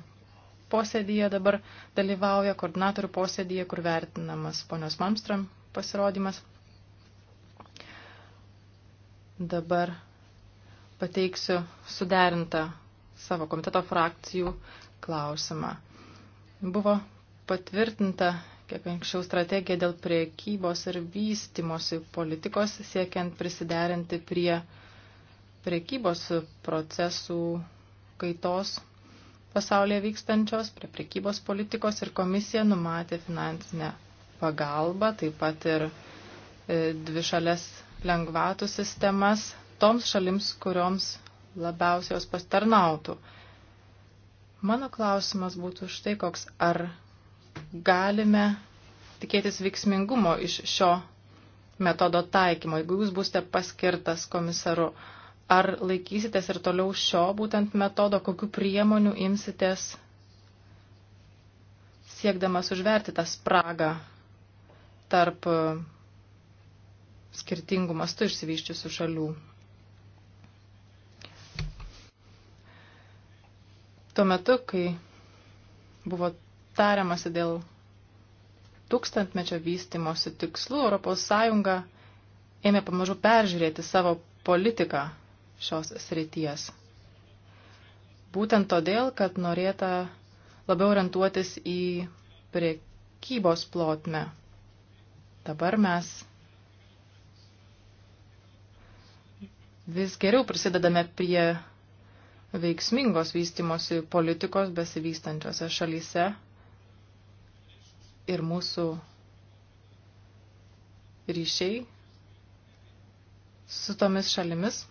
posėdyje dabar dalyvauja, koordinatorių posėdyje, kur vertinamas ponios Mamstram pasirodymas. Dabar pateiksiu suderintą savo komiteto frakcijų klausimą. Buvo patvirtinta kiek anksčiau strategija dėl priekybos ir vystimosi politikos siekiant prisiderinti prie priekybos procesų kaitos pasaulyje vykstančios, prie prekybos politikos ir komisija numatė finansinę pagalbą, taip pat ir e, dvi šalės lengvatų sistemas toms šalims, kurioms labiausiai jos pastarnautų. Mano klausimas būtų štai koks, ar galime tikėtis veiksmingumo iš šio metodo taikymo, jeigu jūs būsite paskirtas komisaru, Ar laikysitės ir toliau šio būtent metodo, kokiu priemonių imsitės siekdamas užverti tą spragą tarp e, skirtingų mastų išsivyščiusių šalių? Tuo metu, kai buvo tariamasi dėl tūkstantmečio vystimosi tikslų, ES ėmė pamažu peržiūrėti savo politiką šios srities. Būtent todėl, kad norėta labiau orientuotis į priekybos plotmę. Dabar mes vis geriau prisidedame prie veiksmingos vystimosi politikos besivystančiose šalyse ir mūsų ryšiai su tomis šalimis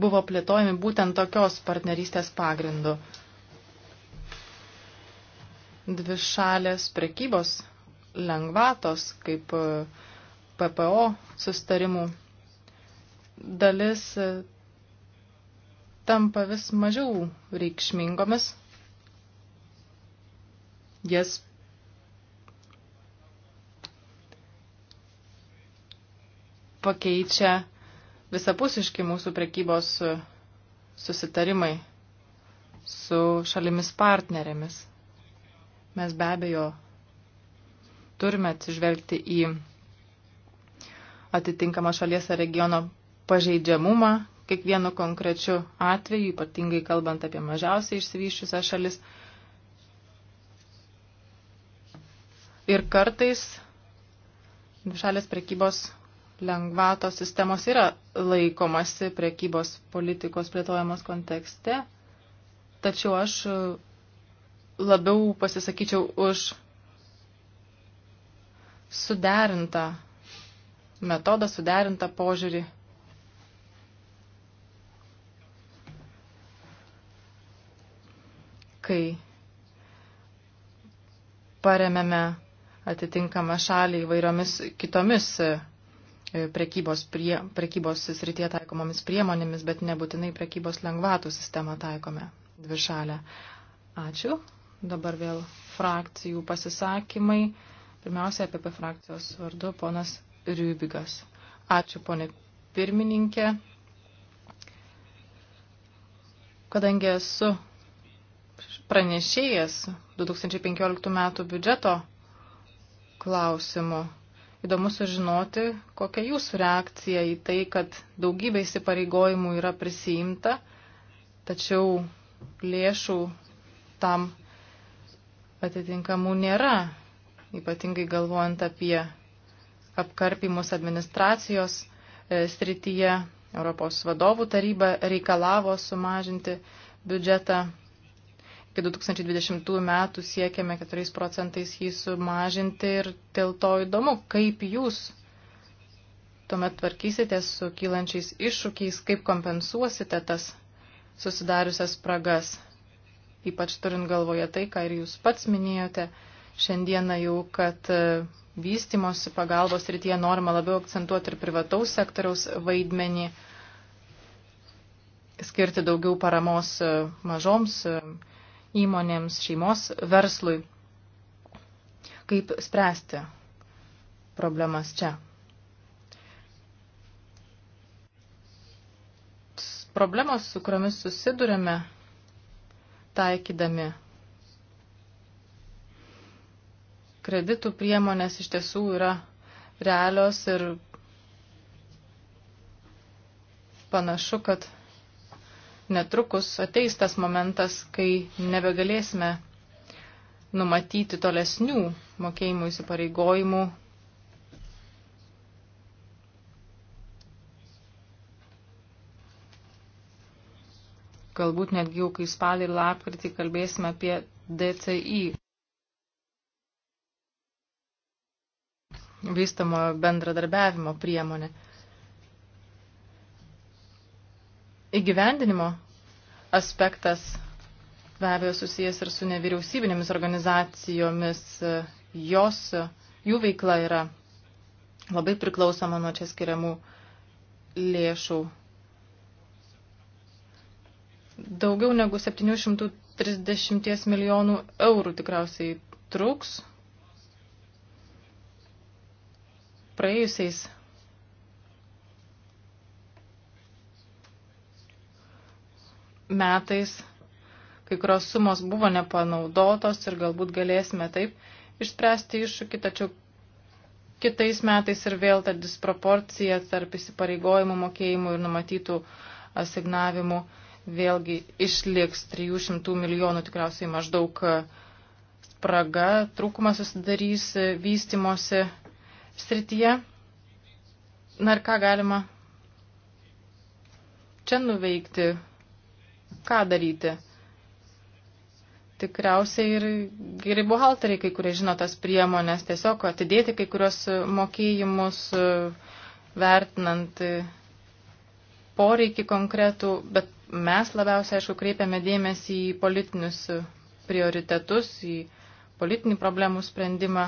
buvo plėtojami būtent tokios partnerystės pagrindu. Dvi šalės prekybos lengvatos kaip e, PPO sustarimų dalis e, tampa vis mažiau reikšmingomis. Jas pakeičia visapusiški mūsų prekybos e, susitarimai su šalimis partnerėmis. Mes be abejo turime atsižvelgti į atitinkamą šalies ar regiono pažeidžiamumą kiekvienu konkrečiu atveju, ypatingai kalbant apie mažiausiai išsivyščiusią šalis. Ir kartais šalės prekybos lengvato sistemos yra laikomasi prekybos politikos plėtojamos kontekste, tačiau aš labiau pasisakyčiau už suderintą metodą, suderintą požiūrį. Kai paremėme atitinkamą šalį įvairiomis kitomis prekybos, prie, prekybos srityje taikomomis priemonėmis, bet nebūtinai prekybos lengvatų sistemą taikome dvišalę. Ačiū. Dabar vėl frakcijų pasisakymai. Pirmiausia, apie frakcijos vardu ponas Rybigas. Ačiū, ponė pirmininkė. Kadangi esu pranešėjas 2015 metų biudžeto klausimų, Įdomu sužinoti, kokia jūsų reakcija į tai, kad daugybė įsipareigojimų yra prisijimta, tačiau lėšų tam atitinkamų nėra, ypatingai galvojant apie apkarpimus administracijos e, srityje. Europos vadovų taryba reikalavo sumažinti biudžetą iki 2020 metų siekiame 4 procentais jį sumažinti ir dėl to įdomu, kaip jūs tuomet tvarkysite su kylančiais iššūkiais, kaip kompensuosite tas susidariusias spragas, ypač turint galvoje tai, ką ir jūs pats minėjote šiandieną jau, kad e, vystimosi pagalbos rytyje norima labiau akcentuoti ir privataus sektoriaus vaidmenį, skirti daugiau paramos e, mažoms e, įmonėms, šeimos verslui, kaip spręsti problemas čia. Problemos, su kuriomis susidurime, taikydami kreditų priemonės iš tiesų yra realios ir panašu, kad netrukus ateis tas momentas, kai nebegalėsime numatyti tolesnių mokėjimų įsipareigojimų. Galbūt netgi jau kai spalį ir lapkritį kalbėsime apie DCI. Vystamo bendradarbiavimo priemonė. Įgyvendinimo aspektas be abejo susijęs ir su nevyriausybinėmis organizacijomis. Jos, jų veikla yra labai priklausoma nuo čia skiriamų lėšų. Daugiau negu 730 milijonų eurų tikriausiai truks. Praėjusiais metais kai kurios sumos buvo nepanaudotos ir galbūt galėsime taip išspręsti iššūkį, tačiau kitais metais ir vėl ta disproporcija tarp įsipareigojimų mokėjimų ir numatytų asignavimų vėlgi išliks 300 milijonų tikriausiai maždaug spraga, trūkumas susidarys vystimosi srityje. Na ir ką galima čia nuveikti, ką daryti. Tikriausiai ir geri buhalteriai, kai kurie žino tas priemonės, tiesiog atidėti kai kurios mokėjimus, vertinant poreikį konkretų, bet mes labiausiai, aišku, kreipiame dėmesį į politinius prioritetus, į politinį problemų sprendimą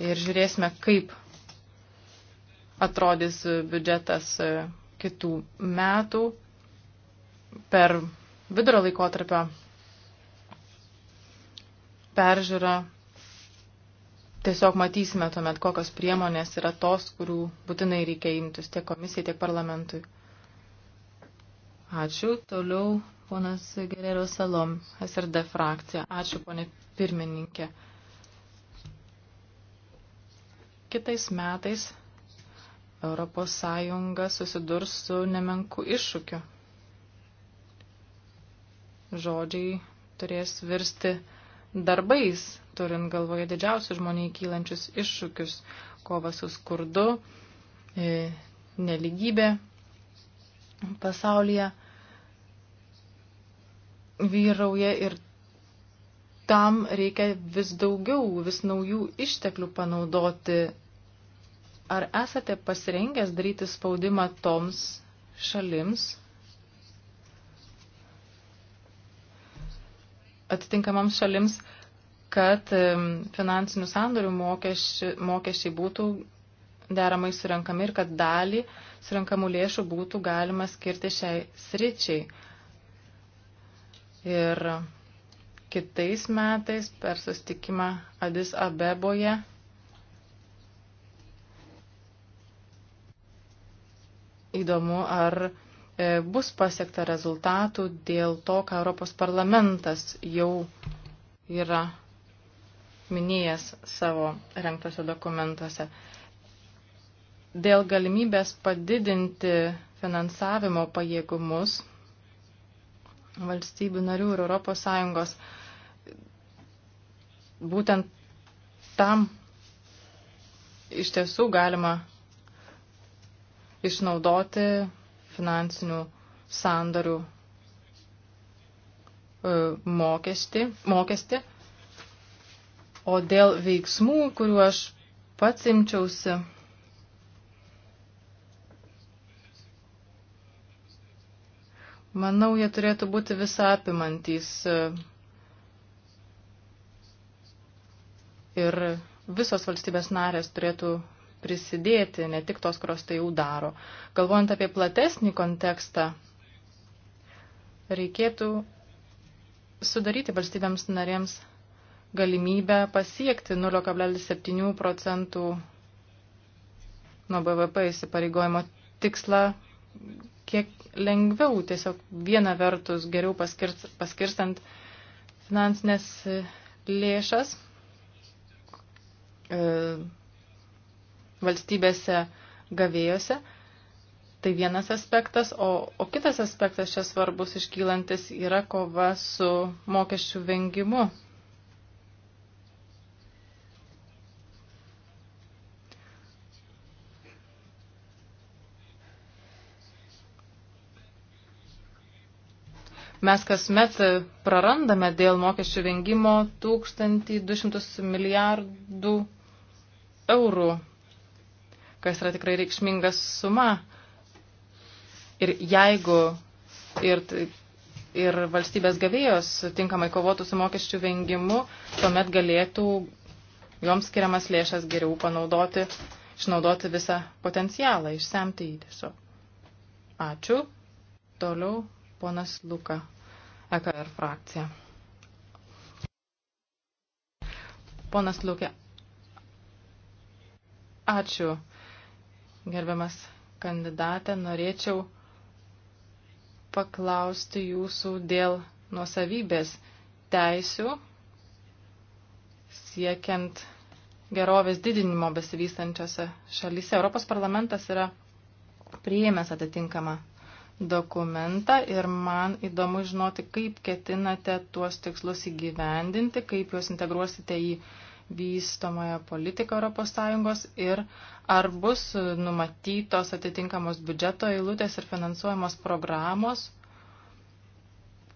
ir žiūrėsime, kaip atrodys biudžetas kitų metų per vidurio laikotarpio peržiūrą tiesiog matysime tuomet, kokios priemonės yra tos, kurių būtinai reikia imtis tiek komisijai, tiek parlamentui. Ačiū. Toliau ponas Gerero Salom, SRD frakcija. Ačiū, ponė pirmininkė. Kitais metais Europos Sąjunga susidurs su nemenku iššūkiu žodžiai turės virsti darbais, turint galvoje didžiausius žmoniai kylančius iššūkius, kova su skurdu, e, neligybė pasaulyje vyrauja ir tam reikia vis daugiau, vis naujų išteklių panaudoti. Ar esate pasirengęs daryti spaudimą toms šalims, atitinkamams šalims, kad finansinių sandorių mokesčiai, mokesčiai būtų deramai surinkami ir kad dalį surinkamų lėšų būtų galima skirti šiai sričiai. Ir kitais metais per sustikimą Adis Abeboje įdomu, ar E, bus pasiekta rezultatų dėl to, ką Europos parlamentas jau yra minėjęs savo renktose dokumentuose. Dėl galimybės padidinti finansavimo pajėgumus valstybių narių ir Europos Sąjungos būtent tam iš tiesų galima išnaudoti finansinių sandarių e, mokestį, mokestį. O dėl veiksmų, kuriuo aš pats imčiausi, manau, jie turėtų būti visapimantys e, ir visos valstybės narės turėtų prisidėti, ne tik tos, kurios tai jau daro. Galvojant apie platesnį kontekstą, reikėtų sudaryti valstybėms narėms galimybę pasiekti 0,7 procentų nuo BVP įsipareigojimo tikslą kiek lengviau, tiesiog viena vertus geriau paskirst, paskirstant finansinės lėšas, e, valstybėse gavėjose. Tai vienas aspektas, o, o kitas aspektas čia svarbus iškylantis yra kova su mokesčių vengimu. Mes kasmet prarandame dėl mokesčių vengimo 1200 milijardų eurų kas yra tikrai reikšminga suma. Ir jeigu ir, ir valstybės gavėjos tinkamai kovotų su mokesčių vengimu, tuomet galėtų joms skiriamas lėšas geriau panaudoti, išnaudoti visą potencialą, išsemti jį tiesiog. Ačiū. Toliau ponas Luka, EKR frakcija. Ponas Lukė, ačiū gerbiamas kandidatė, norėčiau paklausti jūsų dėl nuosavybės teisių siekiant gerovės didinimo besivystančiose šalyse. Europos parlamentas yra priėmęs atitinkamą dokumentą ir man įdomu žinoti, kaip ketinate tuos tikslus įgyvendinti, kaip juos integruosite į vystomąją politiką ES ir ar bus numatytos atitinkamos biudžeto eilutės ir finansuojamos programos,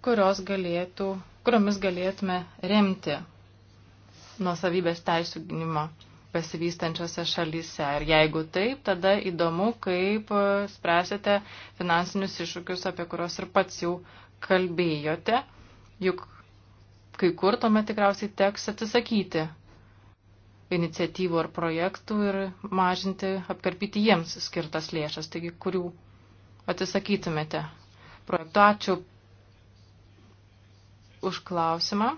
kurios galėtų, kuriomis galėtume remti nuosavybės teisų gynimą besivystančiose šalyse. Ir jeigu taip, tada įdomu, kaip spręsite finansinius iššūkius, apie kuriuos ir pats jau kalbėjote. Juk kai kur tuomet tikriausiai teks atsisakyti iniciatyvų ar projektų ir mažinti, apkarpyti jiems skirtas lėšas, taigi kurių atsisakytumėte projektų. Ačiū už klausimą.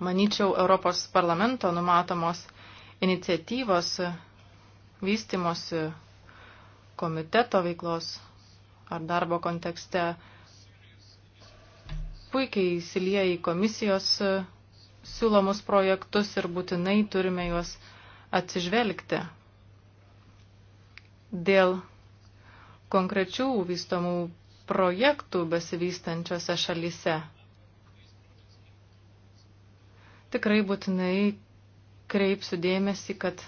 Manyčiau, Europos parlamento numatomos iniciatyvos vystimosi komiteto veiklos ar darbo kontekste puikiai įsilieja į komisijos siūlomus projektus ir būtinai turime juos atsižvelgti. Dėl konkrečių vystomų projektų besivystančiose šalyse tikrai būtinai kreipsiu dėmesį, kad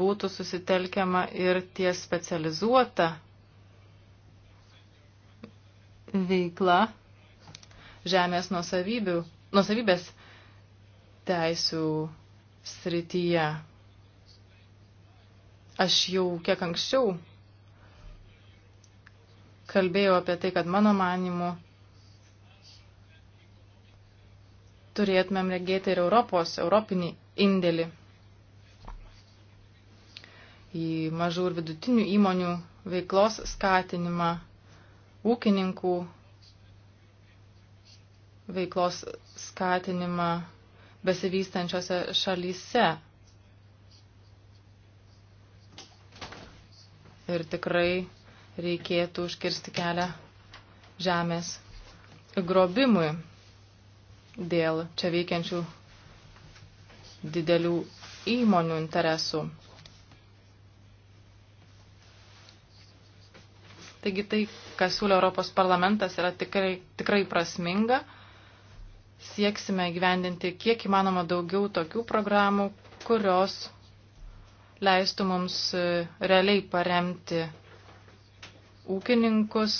būtų susitelkiama ir tie specializuota veikla žemės nusavybės teisų srityje. Aš jau kiek anksčiau kalbėjau apie tai, kad mano manimu turėtumėm regėti ir Europos, europinį indėlį į mažų ir vidutinių įmonių veiklos skatinimą, ūkininkų veiklos skatinimą besivystančiose šalyse. Ir tikrai reikėtų užkirsti kelią žemės grobimui dėl čia veikiančių didelių įmonių interesų. Taigi tai, kas siūlė Europos parlamentas, yra tikrai, tikrai prasminga sieksime gyvendinti kiek įmanoma daugiau tokių programų, kurios leistų mums e, realiai paremti ūkininkus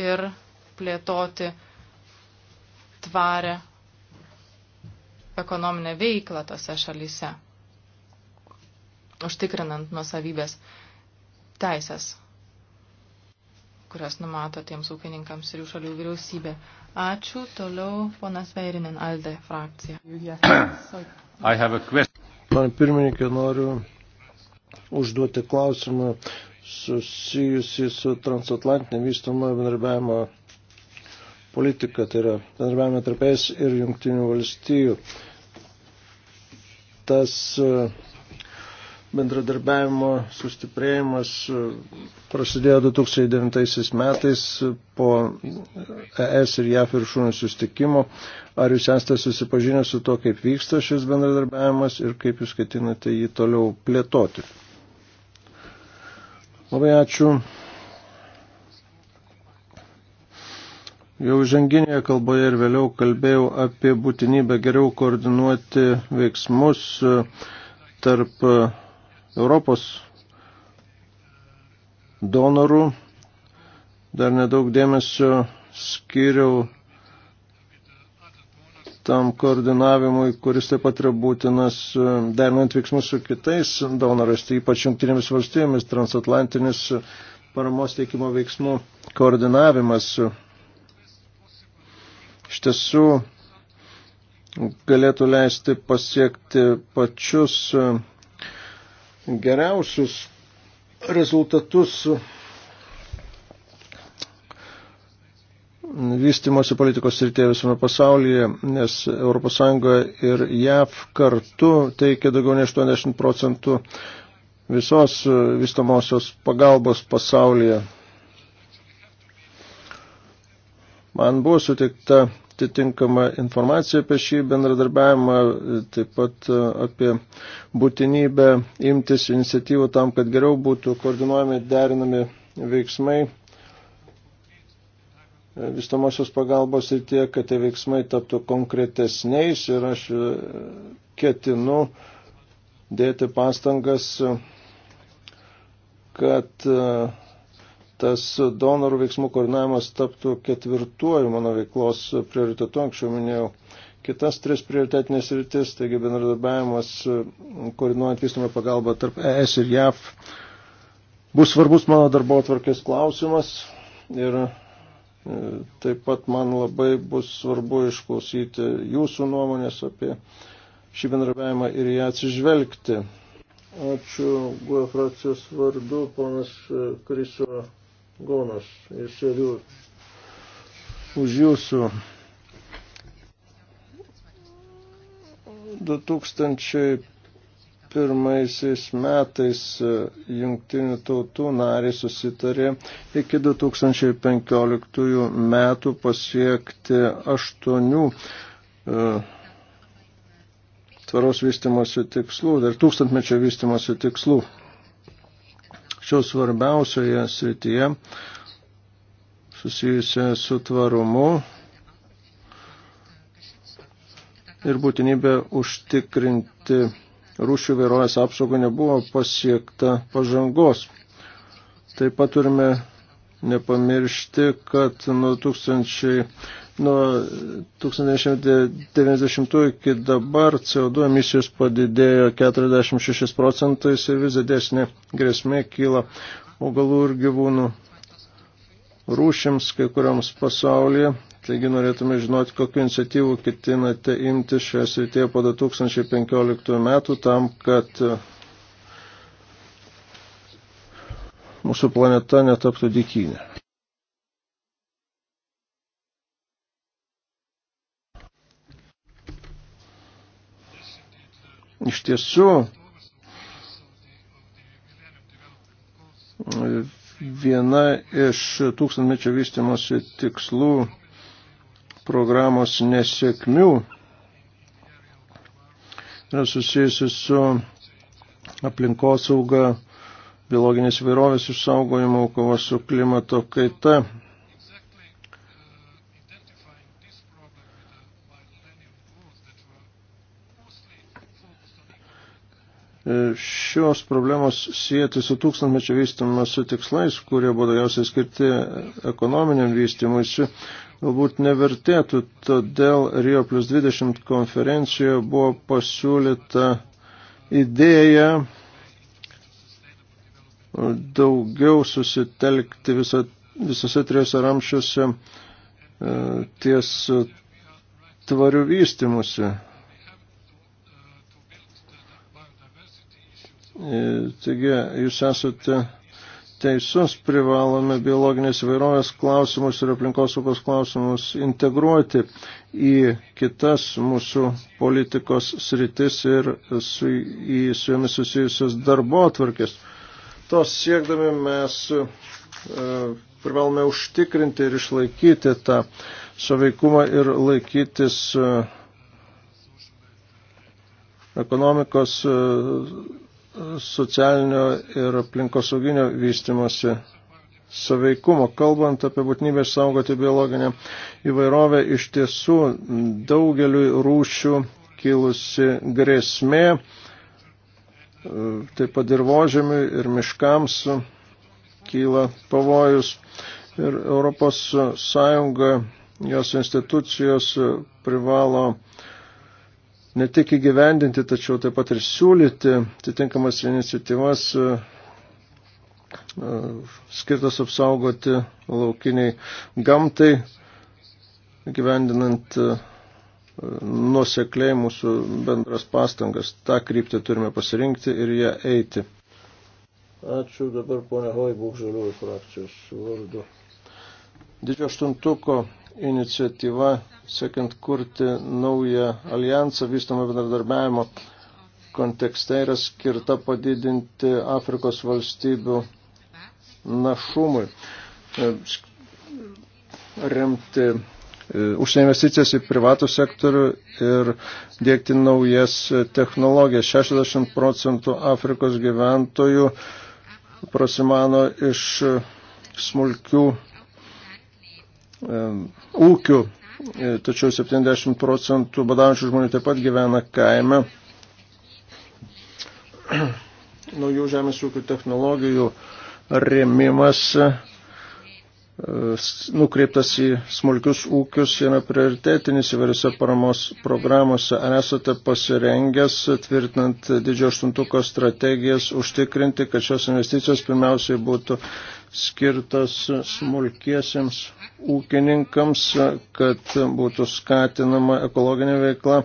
ir plėtoti tvarę ekonominę veiklą tose šalyse, užtikrinant nuosavybės teisės kurias numato tiems ūkininkams ir jų šalių vyriausybė. Ačiū. Toliau ponas Veirinin, Alde frakcija. Man pirmininkė noriu užduoti klausimą susijusi su transatlantinė vystoma bendarbiavimo politika, tai yra bendarbiavimo tarp ES ir jungtinių valstijų. Tas uh, bendradarbiavimo sustiprėjimas e, prasidėjo 2009 metais po ES ir JAF viršūnių sustikimo. Ar jūs esate susipažinę su to, kaip vyksta šis bendradarbiavimas ir kaip jūs ketinate jį toliau plėtoti? Labai ačiū. Jau ženginėje kalboje ir vėliau kalbėjau apie būtinybę geriau koordinuoti veiksmus e, tarp e, Europos donorų dar nedaug dėmesio skiriau tam koordinavimui, kuris taip pat yra būtinas e, derinant veiksmus su kitais donorais, tai ypač jungtinėmis valstybėmis, transatlantinis paramos teikimo veiksmų koordinavimas. Iš tiesų galėtų leisti pasiekti pačius e, geriausius rezultatus vystimosi politikos srityje visame pasaulyje, nes ES ir JAV kartu teikia daugiau nei 80 procentų visos vystomosios pagalbos pasaulyje. Man buvo suteikta atitinkamą informaciją apie šį bendradarbiavimą, taip pat e, apie būtinybę imtis iniciatyvų tam, kad geriau būtų koordinuojami, derinami veiksmai e, vystamosios pagalbos ir tie, kad tie veiksmai taptų konkretesniais ir aš e, ketinu dėti pastangas, kad uh, tas donorų veiksmų koordinavimas taptų ketvirtuoju mano veiklos prioritetu, anksčiau minėjau kitas tris prioritetinės rytis, taigi bendradarbiavimas, koordinuojant vystumą pagalbą tarp ES ir JAV, bus svarbus mano darbo atvarkės klausimas ir e, taip pat man labai bus svarbu išklausyti jūsų nuomonės apie šį bendradarbiavimą ir ją atsižvelgti. Ačiū, guoja e frakcijos vardu, ponas e, Kriso Gonas iš avių už jūsų 2001 metais e, jungtinių tautų nariai susitarė iki 2015 metų pasiekti aštuonių e, tvaros vystimosi tikslų, dar tūkstantmečio vystimosi tikslų. Tačiau svarbiausioje srityje susijusia su tvarumu ir būtinybė užtikrinti rūšių vairovės apsaugą nebuvo pasiekta pažangos. Taip pat turime nepamiršti, kad nuo 2000 Nuo 1990 iki dabar CO2 emisijos padidėjo 46 procentais ir vis didesnė grėsmė kyla augalų ir gyvūnų rūšims kai kurioms pasaulyje. Taigi norėtume žinoti, kokiu iniciatyvu ketinate imti šioje srityje po 2015 metų tam, kad e, mūsų planeta netaptų dikinė. Iš tiesų, viena iš tūkstantmečio vystimosi tikslų programos nesėkmių yra susijusi su aplinkosauga, biologinės įvairovės išsaugojimu, kova su klimato kaita. E, šios problemos sieti su tūkstantmečio vystymas su tikslais, kurie buvo daugiausiai skirti ekonominiam vystymuisi, galbūt nevertėtų. Todėl Rio plus 20 konferencijoje buvo pasiūlyta idėja daugiau susitelkti visą, visose trijose ramšiuose e, ties tvarių vystimuose. E, taigi, jūs esate teisus, privalome biologinės įvairovės klausimus ir aplinkosaugos klausimus integruoti į kitas mūsų politikos sritis ir su, į su jomis susijusios darbo atvarkės. Tos siekdami mes e, privalome užtikrinti ir išlaikyti tą saveikumą ir laikytis e, ekonomikos. E, socialinio ir aplinkosauginio vystimosi saveikumo. Kalbant apie būtinybę išsaugoti biologinę įvairovę, iš tiesų daugeliu rūšių kilusi grėsmė, e, taip pat ir vožėmiui, ir miškams kyla pavojus. Ir Europos Sąjunga, jos institucijos privalo uh, ne tik įgyvendinti, tačiau taip pat ir siūlyti atitinkamas iniciatyvas e, e, skirtas apsaugoti laukiniai gamtai, gyvendinant e, nusekliai mūsų bendras pastangas. Ta kryptį turime pasirinkti ir ją eiti. Ačiū dabar ponia Hoibuk žaliųjų frakcijos vardu. Didžio aštuntuko iniciatyva, siekiant kurti naują alijansą vystomą bendradarbiavimo kontekste yra skirta padidinti Afrikos valstybių našumui, e, remti e, užsienio investicijas į privatų sektorių ir dėkti naujas technologijas. 60 procentų Afrikos gyventojų prasimano iš smulkių ūkių, e, tačiau 70 procentų badaujančių žmonių taip pat gyvena kaime. Naujų žemės ūkių technologijų rėmimas e, nukreiptas į smulkius ūkius yra prioritetinis įvairiose paramos programuose. Ar esate pasirengęs, tvirtinant didžio aštuntuko strategijas, užtikrinti, kad šios investicijos pirmiausiai būtų skirtas smulkiesiems ūkininkams, kad būtų skatinama ekologinė veikla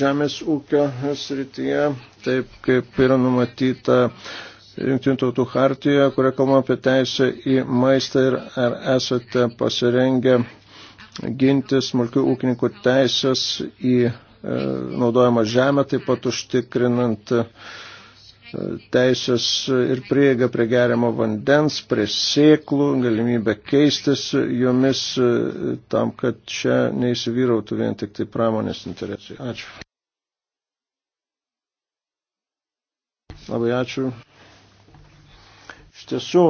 žemės ūkio srityje, taip kaip yra numatyta Junktinių tautų hartijoje, kuria kalbama apie teisę į maistą ir ar esate pasirengę ginti smulkių ūkininkų teisės į e, naudojamą žemę, taip pat užtikrinant uh, teisės ir prieiga prie geriamo vandens, prie sėklų, galimybę keistis jomis e, tam, kad čia neįsivyrautų vien tik tai pramonės interesai. Ačiū. Labai ačiū. Iš tiesų,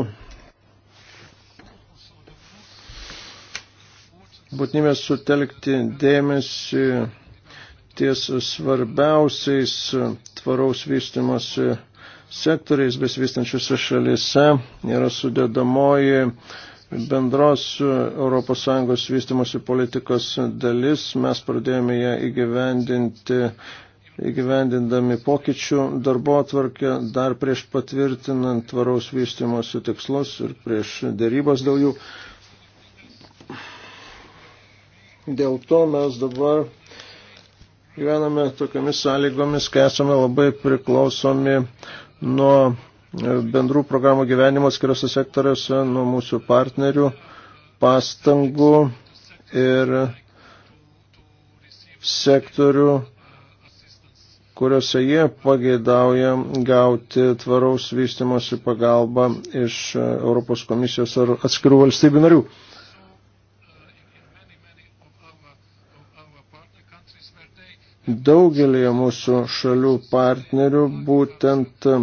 būtinybė sutelkti dėmesį ties svarbiausiais tvaraus vystimosi sektoriais besivystančiose šalise yra sudėdamoji bendros ES vystimosi politikos dalis. Mes pradėjome ją įgyvendinti įgyvendindami pokyčių darbo atvarkę dar prieš patvirtinant tvaraus vystimosi tikslus ir prieš dėrybas dėl jų. Dėl to mes dabar gyvename tokiamis sąlygomis, kai esame labai priklausomi nuo e, bendrų programų gyvenimo skiriuose sektoriuose, nuo mūsų partnerių pastangų ir sektorių, kuriuose jie pageidauja gauti tvaraus vystimosi pagalbą iš e, Europos komisijos ar atskirų valstybių narių. daugelį mūsų šalių partnerių būtent e,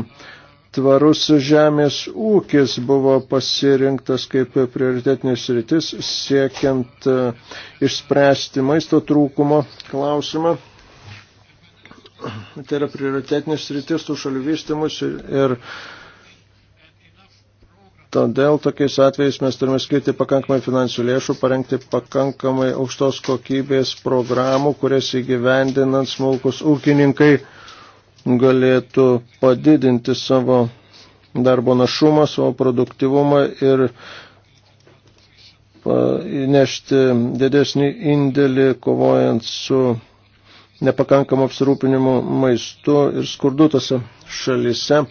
tvarus žemės ūkis buvo pasirinktas kaip prioritetinis rytis siekiant e, išspręsti maisto trūkumo klausimą. Tai yra prioritetinis rytis tų šalių vystimus ir, ir Todėl tokiais atvejais mes turime skirti pakankamai finansų lėšų, parengti pakankamai aukštos kokybės programų, kurias įgyvendinant smulkus ūkininkai galėtų padidinti savo darbo našumą, savo produktivumą ir įnešti didesnį indėlį kovojant su nepakankamu apsirūpinimu maistu ir skurdutose šalise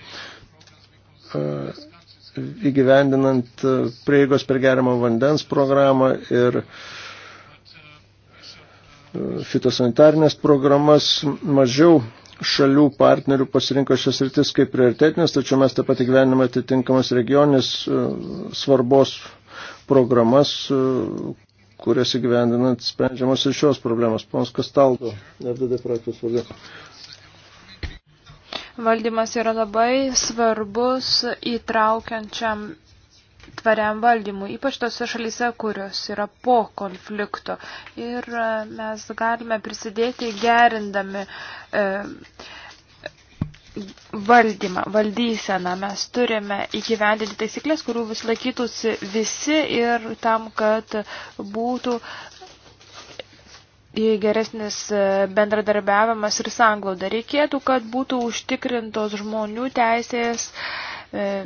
įgyvendinant e, prieigos per gerimą vandens programą ir e, fitosanitarnės programas mažiau šalių partnerių pasirinko šias rytis kaip prioritetinės, tačiau mes taip pat įgyvendiname atitinkamas regioninės e, svarbos programas, kurias įgyvendinant sprendžiamos ir šios problemos. Pons Kastaldo, FDD projektus vardu valdymas yra labai svarbus įtraukiančiam tvariam valdymui, ypač tose šalyse, kurios yra po konflikto. Ir e, mes galime prisidėti gerindami e, valdymą, valdyseną. Mes turime įgyvendinti taisyklės, kurių vis laikytųsi visi ir tam, kad būtų geresnis e, bendradarbiavimas ir sanglauda. Reikėtų, kad būtų užtikrintos žmonių teisės, e,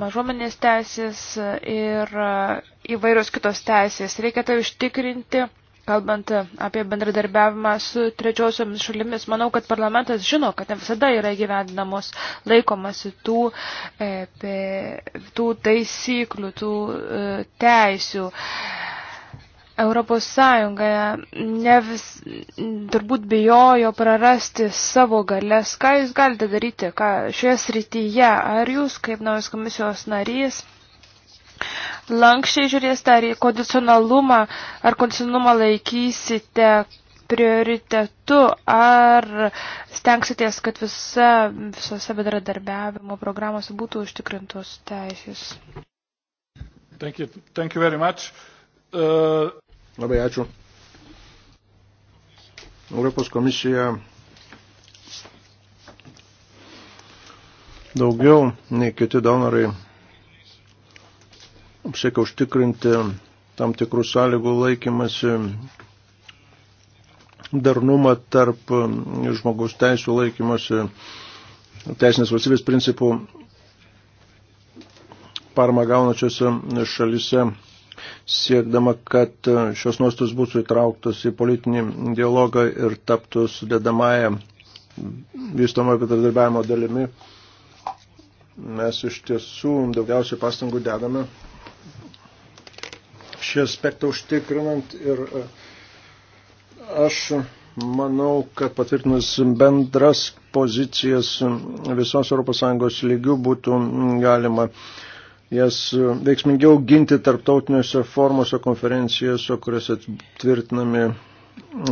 mažuomenės teisės ir e, įvairios kitos teisės. Reikia tai užtikrinti, kalbant apie bendradarbiavimą su trečiosiomis šalimis. Manau, kad parlamentas žino, kad ne visada yra gyvendinamos laikomasi tų, tų taisyklių, tų teisių Europos Sąjungoje ne vis turbūt bijojo prarasti savo galės. Ką jūs galite daryti ką, šioje srityje? Ar jūs, kaip naujas komisijos narys, lankščiai žiūrėsite, ar kondicionalumą, ar kondicionalumą laikysite prioritetu, ar stengsitės, kad visa, visose bedradarbiavimo programose būtų užtikrintos teisės? Thank you, thank you very much. Uh... Labai ačiū. Europos komisija daugiau nei kiti donorai siekia užtikrinti tam tikrų sąlygų laikymasi darnumą tarp žmogaus teisų laikymosi teisinės valstybės principų parma gaunačiose šalise siekdama, kad e, šios nuostos būtų įtrauktos į politinį dialogą ir taptų sudėdamąją vystomojo bendradarbiavimo dalimi. Mes iš tiesų daugiausiai pastangų dedame šį aspektą užtikrinant ir e, aš manau, kad patvirtinus bendras pozicijas visos ES lygių būtų galima uh, jas e, veiksmingiau ginti tarptautiniuose formuose, konferencijose, kuriuose tvirtinami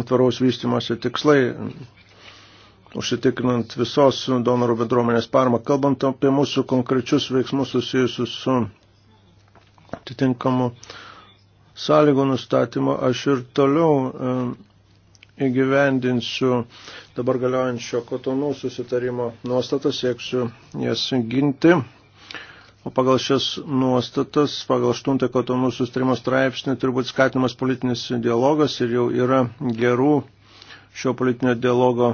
tvaraus vystimosi tikslai, užsitikrinant visos donorų bendruomenės parmą. Kalbant apie mūsų konkrečius veiksmus susijusius su atitinkamu sąlygų nustatymu, aš ir toliau e, įgyvendinsiu dabar galiojančio kotonų susitarimo nuostatą, sieksiu jas ginti O pagal šias nuostatas, pagal 8 kotonų sustrimo straipsnį turi būti skatinamas politinis dialogas ir jau yra gerų šio politinio dialogo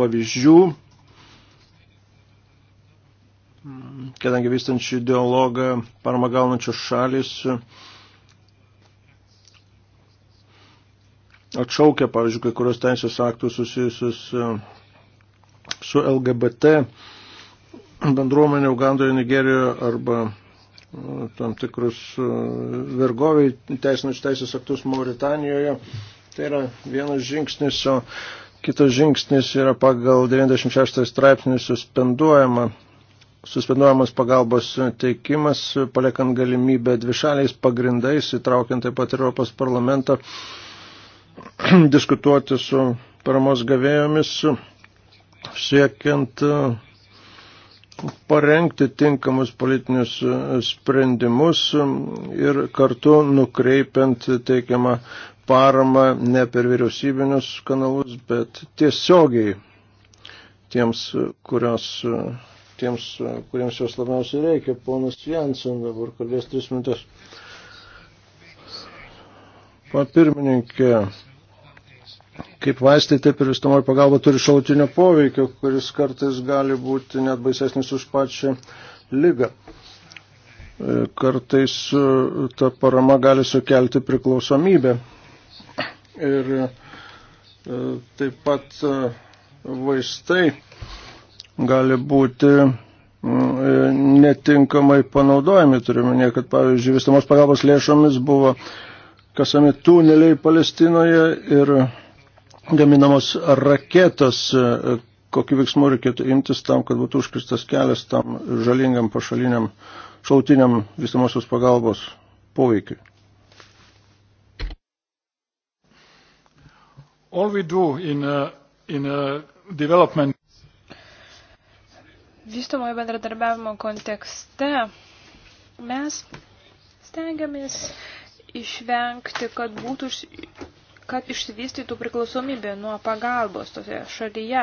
pavyzdžių. Kadangi vystant šį dialogą parama gaunančios šalis atšaukia, pavyzdžiui, kai kurios teisės aktų susijusius su LGBT bendruomenė Ugandoje, Nigerijoje arba e, tam tikrus e, vergoviai teisinus teisės aktus Mauritanijoje. Tai yra vienas žingsnis, o kitas žingsnis yra pagal 96 straipsnį suspenduojama, suspenduojamas pagalbos teikimas, paliekant galimybę dvišaliais pagrindais, įtraukiant taip pat Europos parlamentą, diskutuoti su paramos gavėjomis, siekiant uh, parengti tinkamus politinius e, sprendimus e, ir kartu nukreipiant teikiamą paramą ne per vyriausybinius kanalus, bet tiesiogiai tiems, kurios, e, tiems kuriems jos labiausiai reikia. Ponas Jansen dabar kalbės tris minutės. Papirmininkė. pirmininkė kaip vaistai, taip ir įstamoji pagalba turi šautinio poveikio, kuris kartais gali būti net baisesnis už pačią lygą. E, kartais e, ta parama gali sukelti priklausomybę. Ir e, taip pat vaistai gali būti netinkamai panaudojami. Turime, kad pavyzdžiui, visamos pagalbos lėšomis buvo kasami tuneliai Palestinoje ir gaminamos raketos, kokiu veiksmu reikėtų imtis tam, kad būtų užkristas kelias tam žalingam pašaliniam šautiniam visomosios pagalbos poveikiui. All we do in, uh, in uh, development. Vystomojo bendradarbiavimo kontekste mes stengiamės išvengti, kad būtų kad išsivystytų priklausomybė nuo pagalbos tose šalyje.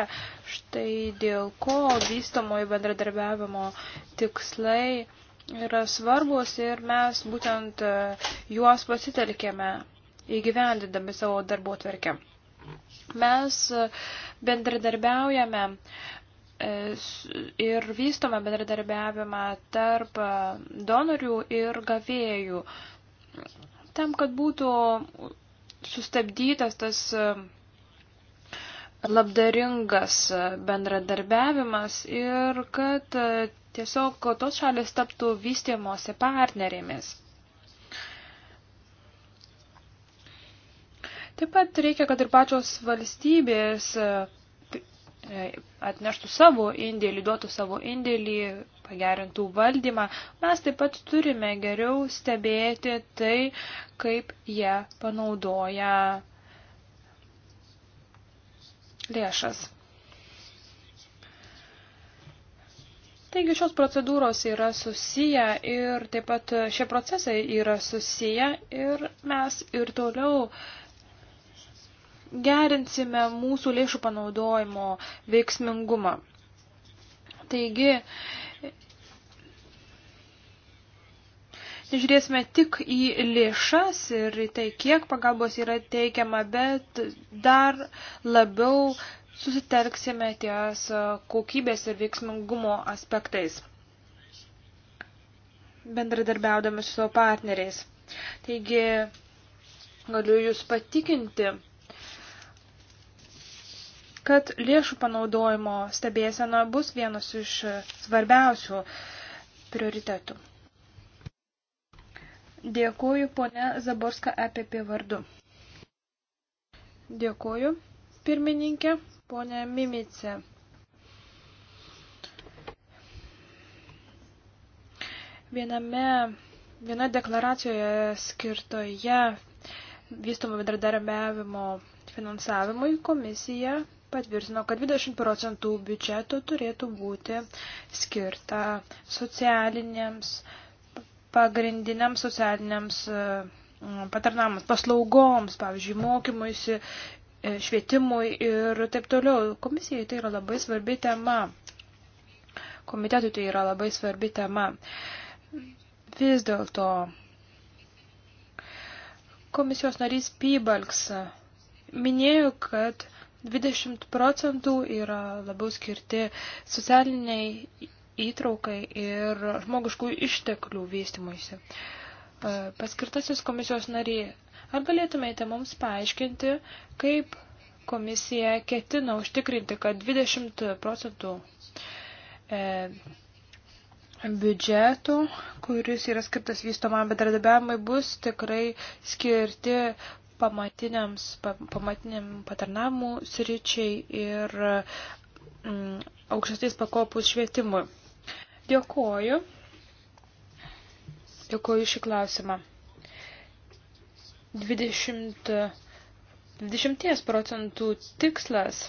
Štai dėl ko vystamojo bendradarbiavimo tikslai yra svarbus ir mes būtent e, juos pasitelkėme įgyvendindami savo darbo tvarkę. Mes e, bendradarbiaujame e, ir vystome bendradarbiavimą tarp donorių ir gavėjų tam, kad būtų sustabdytas tas e, labdaringas e, bendradarbiavimas ir kad e, tiesiog tos šalis taptų vystymosi partnerėmis. Taip pat reikia, kad ir pačios valstybės atneštų savo indėlį, duotų savo indėlį pagerintų valdymą, mes taip pat turime geriau stebėti tai, kaip jie panaudoja lėšas. Taigi šios procedūros yra susiję ir taip pat šie procesai yra susiję ir mes ir toliau gerinsime mūsų lėšų panaudojimo veiksmingumą. Taigi žiūrėsime tik į lėšas ir į tai, kiek pagalbos yra teikiama, bet dar labiau susitelksime ties e, kokybės ir veiksmingumo aspektais, bendradarbiaudami su savo partneriais. Taigi, galiu Jūs patikinti, kad lėšų panaudojimo stebėsena bus vienas iš svarbiausių prioritetų. Dėkuoju, ponia Zaborska, EPP vardu. Dėkuoju, pirmininkė, ponia Mimice. Viename, viena deklaracijoje skirtoje vystomo bendradarbiavimo finansavimui komisija patvirtino, kad 20 procentų biudžeto turėtų būti skirta socialiniams, pagrindiniams socialiniams e, patarnams, paslaugoms, pavyzdžiui, mokymuisi, e, švietimui ir taip toliau. Komisijai tai yra labai svarbi tema. Komitetui tai yra labai svarbi tema. Vis dėlto komisijos narys Pybalks minėjo, kad 20 procentų yra labiau skirti socialiniai įtraukai ir žmogiškų išteklių vystimuisi. E, paskirtasis komisijos nariai, ar galėtumėte mums paaiškinti, kaip komisija ketina užtikrinti, kad 20 procentų e, biudžetų, kuris yra skirtas vystomam bedradabiavimui, bus tikrai skirti pamatiniams, pamatiniam patarnamų sričiai ir mm, aukštesnės pakopų švietimui. Dėkoju. Dėkoju šį klausimą. 20, 20 procentų tikslas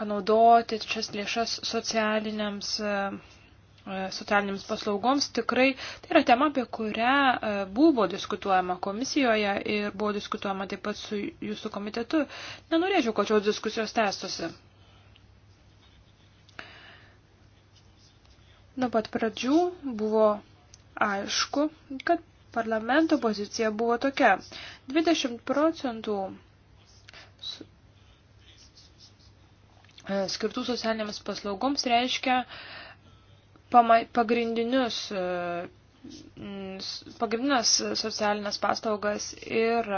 panaudoti šias lėšas socialiniams, e, socialiniams paslaugoms tikrai tai yra tema, apie kurią e, buvo diskutuojama komisijoje ir buvo diskutuojama taip pat su jūsų komitetu. Nenorėčiau, kad šios diskusijos tęstusi. Nuo pat pradžių buvo aišku, kad parlamento pozicija buvo tokia. 20 procentų skirtų socialinėms paslaugoms reiškia pagrindinius mm, pagrindinės socialinės paslaugas ir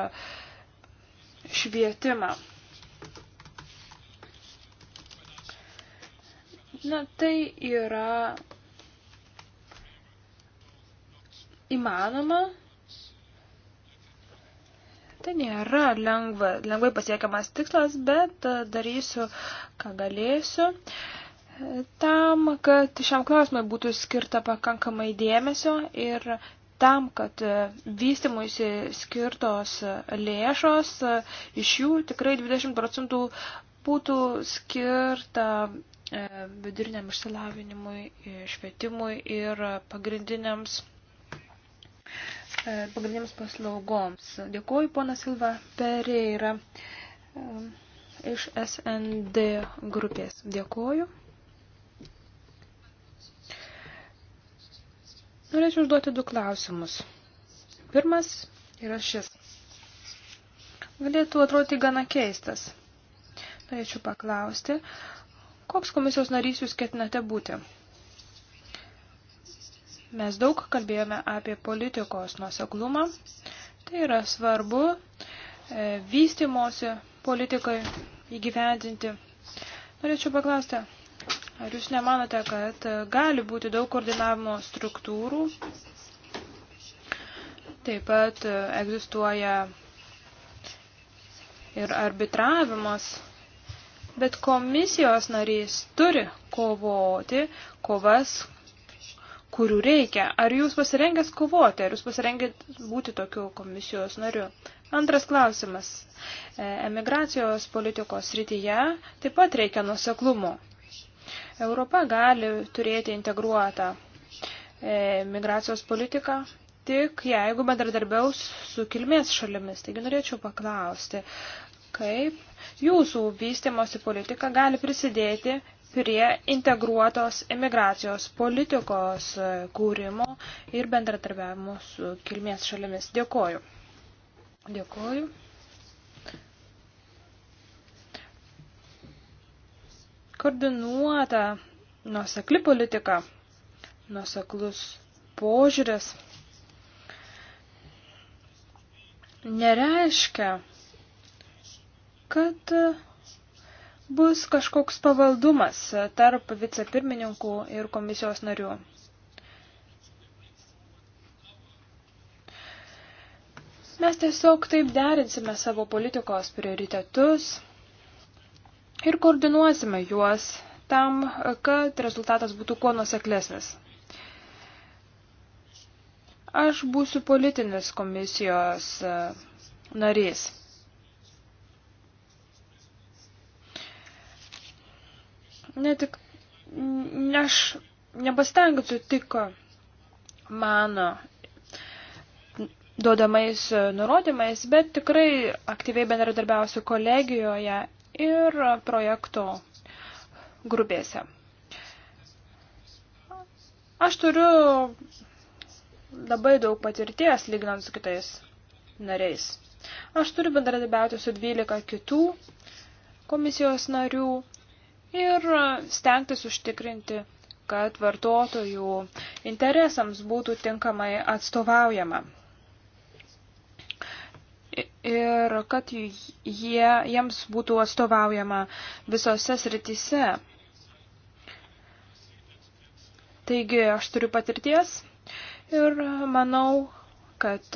švietimą. Na, tai yra įmanoma. Tai nėra lengva, lengvai pasiekiamas tikslas, bet e, darysiu, ką galėsiu. Tam, kad šiam klausimui būtų skirta pakankamai dėmesio ir tam, kad e, vystimuisi skirtos lėšos, e, iš jų tikrai 20 procentų būtų skirta viduriniam išsilavinimui, švietimui ir pagrindiniams E, pagrindiniams paslaugoms. Dėkuoju, pona Silva Pereira e, iš SND grupės. Dėkuoju. Norėčiau užduoti du klausimus. Pirmas yra šis. Galėtų atrodyti gana keistas. Norėčiau paklausti, koks komisijos narys jūs ketinate būti? Mes daug kalbėjome apie politikos nuoseklumą. Tai yra svarbu e, vystimosi politikai įgyvendinti. Norėčiau paklausti, ar jūs nemanote, kad e, gali būti daug koordinavimo struktūrų? Taip pat e, egzistuoja ir arbitravimas, bet komisijos narys turi kovoti kovas kurių reikia. Ar jūs pasirengęs kovoti, ar jūs pasirengęs būti tokiu komisijos nariu? Antras klausimas. E, emigracijos politikos rytyje taip pat reikia nuseklumo. Europa gali turėti integruotą e, migracijos politiką tik jeigu bendradarbiaus su kilmės šalimis. Taigi norėčiau paklausti, kaip jūsų vystimosi politika gali prisidėti prie integruotos emigracijos politikos e, kūrimo ir bendratarbiavimo su kilmės šalimis. Dėkoju. Dėkoju. Koordinuota nuosekli politika, nuoseklus požiūris nereiškia, kad bus kažkoks pavaldumas tarp vicepirmininkų ir komisijos narių. Mes tiesiog taip derinsime savo politikos prioritetus ir koordinuosime juos tam, kad rezultatas būtų kuo nuseklesnis. Aš būsiu politinis komisijos narys. ne tik, ne aš nepastengsiu tik mano duodamais nurodymais, bet tikrai aktyviai bendradarbiausiu kolegijoje ir projekto grupėse. Aš turiu labai daug patirties lyginant su kitais nariais. Aš turiu bendradarbiauti su 12 kitų komisijos narių ir stengtis užtikrinti, kad vartotojų interesams būtų tinkamai atstovaujama. Ir kad jie, jiems būtų atstovaujama visose srityse. Taigi aš turiu patirties ir manau, kad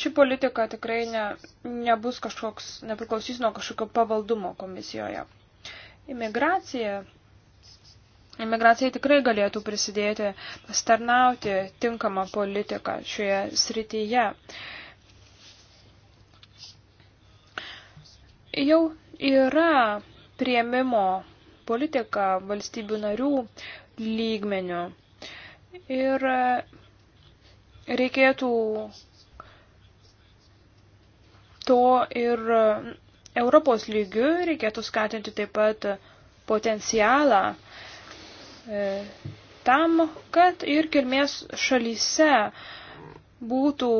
Ši politika tikrai ne, nebus kažkoks, nepriklausys nuo kažkokio pavaldumo komisijoje. Imigracija. Imigracija tikrai galėtų prisidėti, pastarnauti tinkamą politiką šioje srityje. Jau yra prieimimo politika valstybių narių lygmenių. Ir reikėtų to ir e, Europos lygių reikėtų skatinti taip pat potencialą e, tam, kad ir kilmės šalyse būtų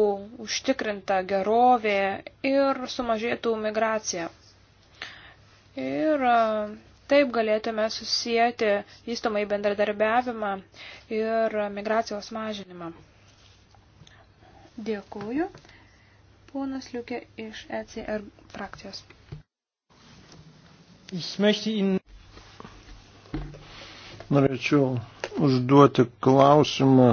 užtikrinta gerovė ir sumažėtų migracija. Ir e, taip galėtume susijęti vystomai bendradarbiavimą ir migracijos mažinimą. Dėkuoju. Ponas Liukė iš ECR frakcijos. Norėčiau užduoti klausimą,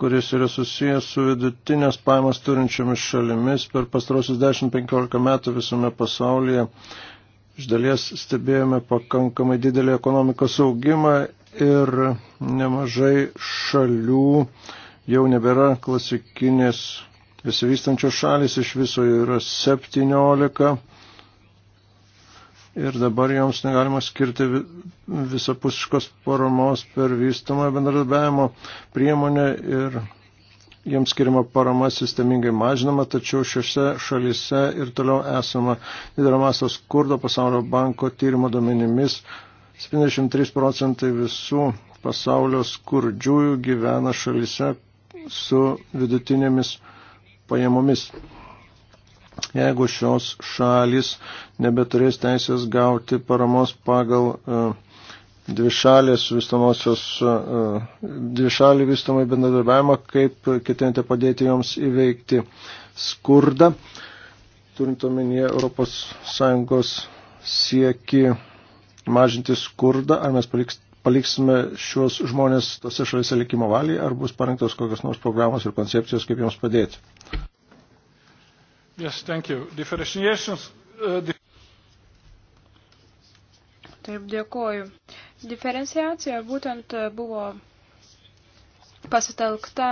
kuris yra susijęs su vidutinės pajamas turinčiomis šalimis. Per pastarosius 10-15 metų visame pasaulyje iš dalies stebėjome pakankamai didelį ekonomikos augimą ir nemažai šalių jau nebėra klasikinės besivystančios šalis iš viso yra 17 ir dabar joms negalima skirti visapusiškos paramos per vystamą bendradarbiavimo priemonę ir jiems skirima parama sistemingai mažinama, tačiau šiuose šalise ir toliau esama didelio masto skurdo pasaulio banko tyrimo domenimis 73 procentai visų pasaulio skurdžiųjų gyvena šalise su vidutinėmis pajamomis. Jeigu šios šalis nebeturės teisės gauti paramos pagal e, dvišalės vystamosios, e, dvišalį vystamai bendradarbiavimą, kaip ketinate padėti joms įveikti skurdą, turint omenyje Europos Sąjungos sieki mažinti skurdą, ar mes paliks, paliksime šiuos žmonės tose šalise likimo valiai, ar bus parengtos kokios nors programos ir koncepcijos, kaip jiems padėti? Yes, thank you. Differentiations, uh, di Taip, dėkoju. Diferenciacija būtent uh, buvo pasitelkta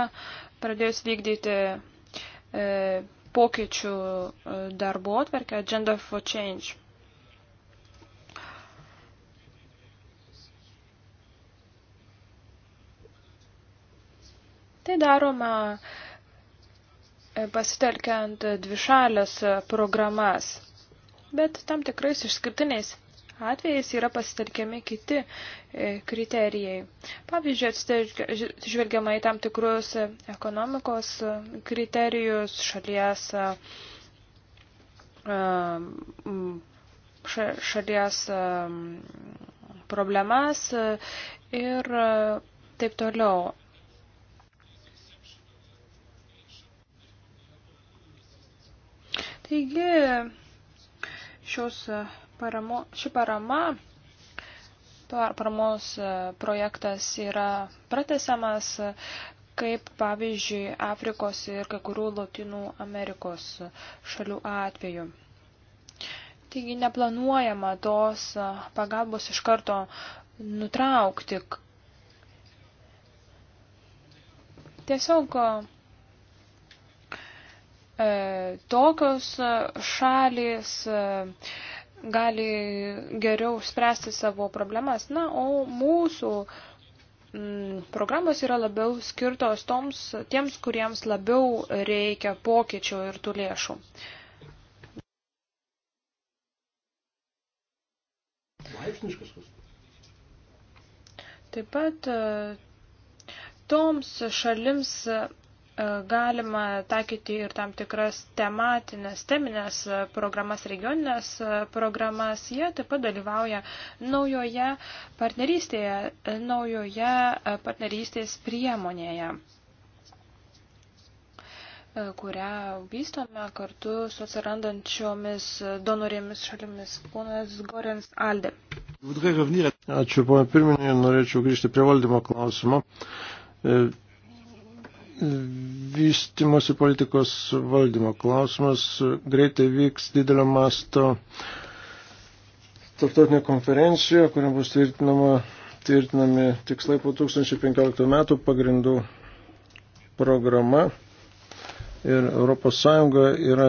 pradėjus vykdyti e, pokyčių uh, darbo atverkę Agenda for Change. Tai daroma e, pasitelkiant dvišalės programas, bet tam tikrais išskirtiniais atvejais yra pasitelkiami kiti e, kriterijai. Pavyzdžiui, žvelgiama į tam tikrus ekonomikos kriterijus, šalies, e, šalies problemas ir taip toliau. Taigi, šios e, paramo, ši parama paramos e, projektas yra pratesiamas e, kaip pavyzdžiui Afrikos ir kai kurių Latinų Amerikos šalių atveju. Taigi neplanuojama tos pagalbos iš karto nutraukti. Tiesiog E, tokios e, šalys e, gali geriau spręsti savo problemas. Na, o mūsų mm, programos yra labiau skirtos toms, tiems, kuriems labiau reikia pokyčių ir tų lėšų. Laipsniškas kas? Taip pat toms šalims E, galima taikyti ir tam tikras tematinės, teminės e, programas, regioninės e, programas. Jie taip pat dalyvauja naujoje partnerystėje, naujoje partnerystės priemonėje kurią vystome kartu su atsirandančiomis donorėmis šalimis. Ponas Gorens Alde. Ačiū, ponia pirmininkė, norėčiau grįžti prie valdymo klausimo vystimosi politikos valdymo klausimas. Greitai vyks didelio masto tarptautinė konferencija, kuria bus tvirtinama, tvirtinami tikslai po 2015 metų pagrindų programa. Ir ES yra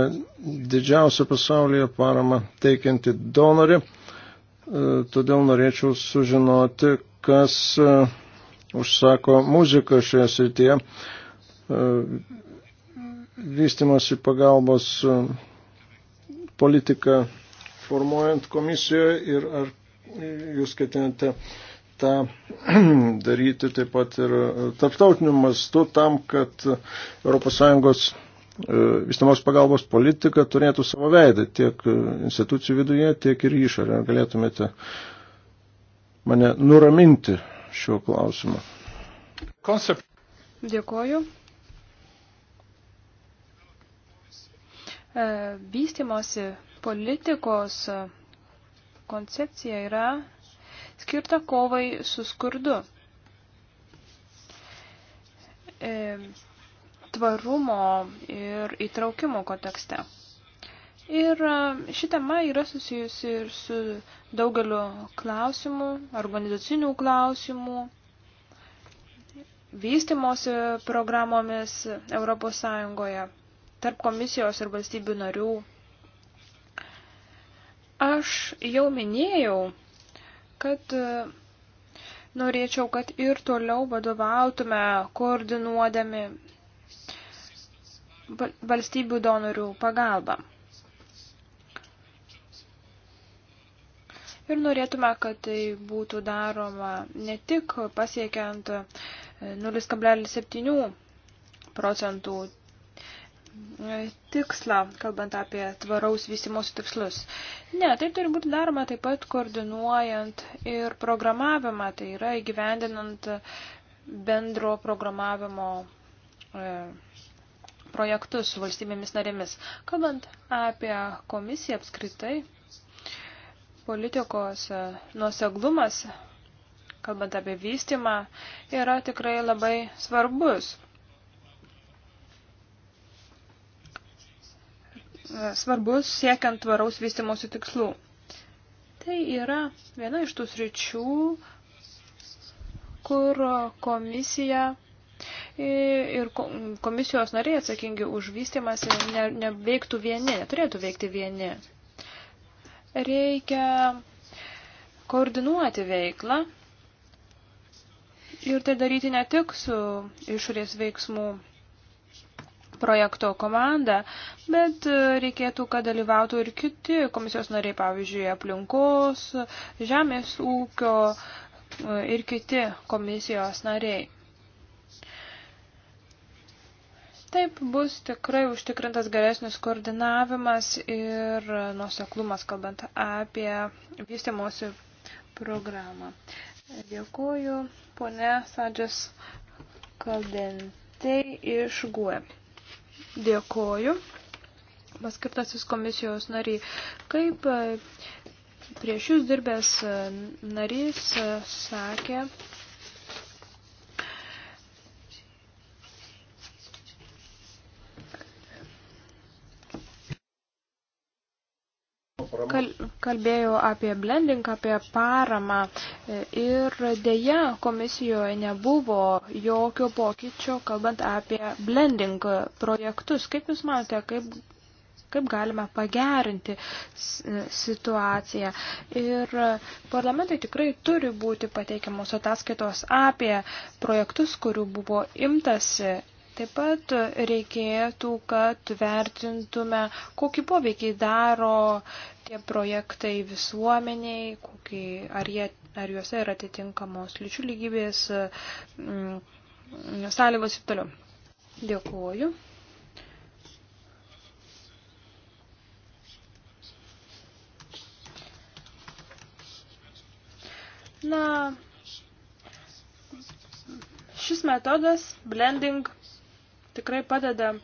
didžiausia pasaulyje parama teikianti donori. E, todėl norėčiau sužinoti, kas e, užsako muziką šioje srityje E, vystimosi pagalbos e, politiką formuojant komisijoje ir ar jūs ketinate tą daryti taip pat ir e, tarptautiniu mastu tam, kad ES vystimos pagalbos politika turėtų savo veidą tiek institucijų viduje, tiek ir išorė. Ar galėtumėte mane nuraminti šiuo klausimu? Koncept. Dėkoju. E, vystimosi politikos koncepcija yra skirta kovai su skurdu. E, tvarumo ir įtraukimo kontekste. Ir e, ši tema yra susijusi ir su daugeliu klausimų, organizacinių klausimų, vystimosi programomis Europos Sąjungoje tarp komisijos ir valstybių narių. Aš jau minėjau, kad e, norėčiau, kad ir toliau vadovautume koordinuodami valstybių donorių pagalbą. Ir norėtume, kad tai būtų daroma ne tik pasiekiant 0,7 e, procentų E, tikslą, kalbant apie tvaraus vystimos tikslus. Ne, taip turi būti daroma taip pat koordinuojant ir programavimą, tai yra įgyvendinant bendro programavimo e, projektus su valstybėmis narėmis. Kalbant apie komisiją apskritai, politikos e, nuoseglumas, kalbant apie vystimą, yra tikrai labai svarbus. E, svarbus siekiant tvaraus vystimosi tikslų. Tai yra viena iš tų sričių, kur komisija ir komisijos nariai atsakingi už vystimas ne, neveiktų vieni, neturėtų veikti vieni. Reikia koordinuoti veiklą ir tai daryti ne tik su išorės veiksmų projekto komanda, bet e, reikėtų, kad dalyvautų ir kiti komisijos nariai, pavyzdžiui, aplinkos, žemės ūkio e, ir kiti komisijos nariai. Taip bus tikrai užtikrintas geresnis koordinavimas ir nuseklumas, kalbant apie vystimosi programą. Dėkuoju, ponė Sadžas Kaldentai iš GUE. Dėkoju. Paskirtasis komisijos nariai. Kaip e, prieš jūs dirbęs e, narys e, sakė, Kal, kalbėjau apie blending, apie paramą e, ir dėja komisijoje nebuvo jokio pokyčio, kalbant apie blending projektus. Kaip Jūs manote, kaip, kaip galime pagerinti e, situaciją? Ir parlamentai tikrai turi būti pateikiamos ataskaitos apie projektus, kurių buvo imtasi Taip pat reikėtų, kad vertintume, kokį poveikį daro tie projektai visuomeniai, kokį, ar, jie, ar juose yra atitinkamos lyčių lygybės mm, sąlygos ir toliau. Dėkuoju. Na, šis metodas, blending, tikrai padeda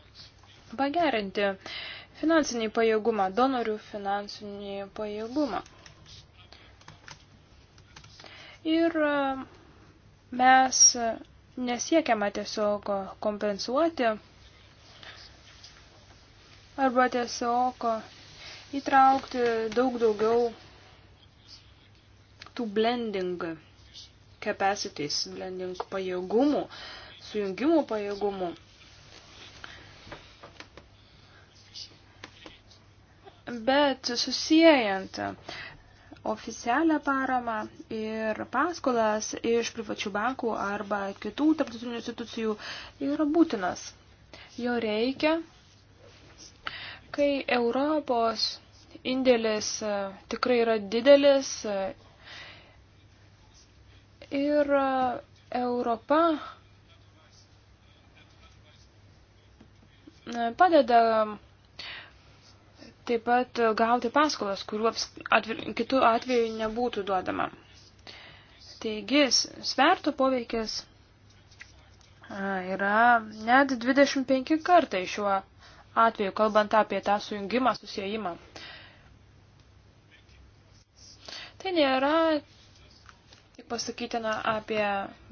pagerinti uh, finansinį pajėgumą, donorių finansinį pajėgumą. Ir e, mes nesiekiame tiesiog kompensuoti arba tiesiog įtraukti daug daugiau tų blending capacities, blending pajėgumų, sujungimų pajėgumų. Bet susijęjant oficialią paramą ir paskolas iš privačių bankų arba kitų tarptautinių institucijų yra būtinas. Jo reikia, kai Europos indėlis e, tikrai yra didelis e, ir e, Europa padeda taip pat gauti paskolas, kurių atvir, kitų atveju nebūtų duodama. Taigi, sverto poveikis yra net 25 kartai šiuo atveju, kalbant apie tą sujungimą, susijimą. Tai nėra tik pasakytina apie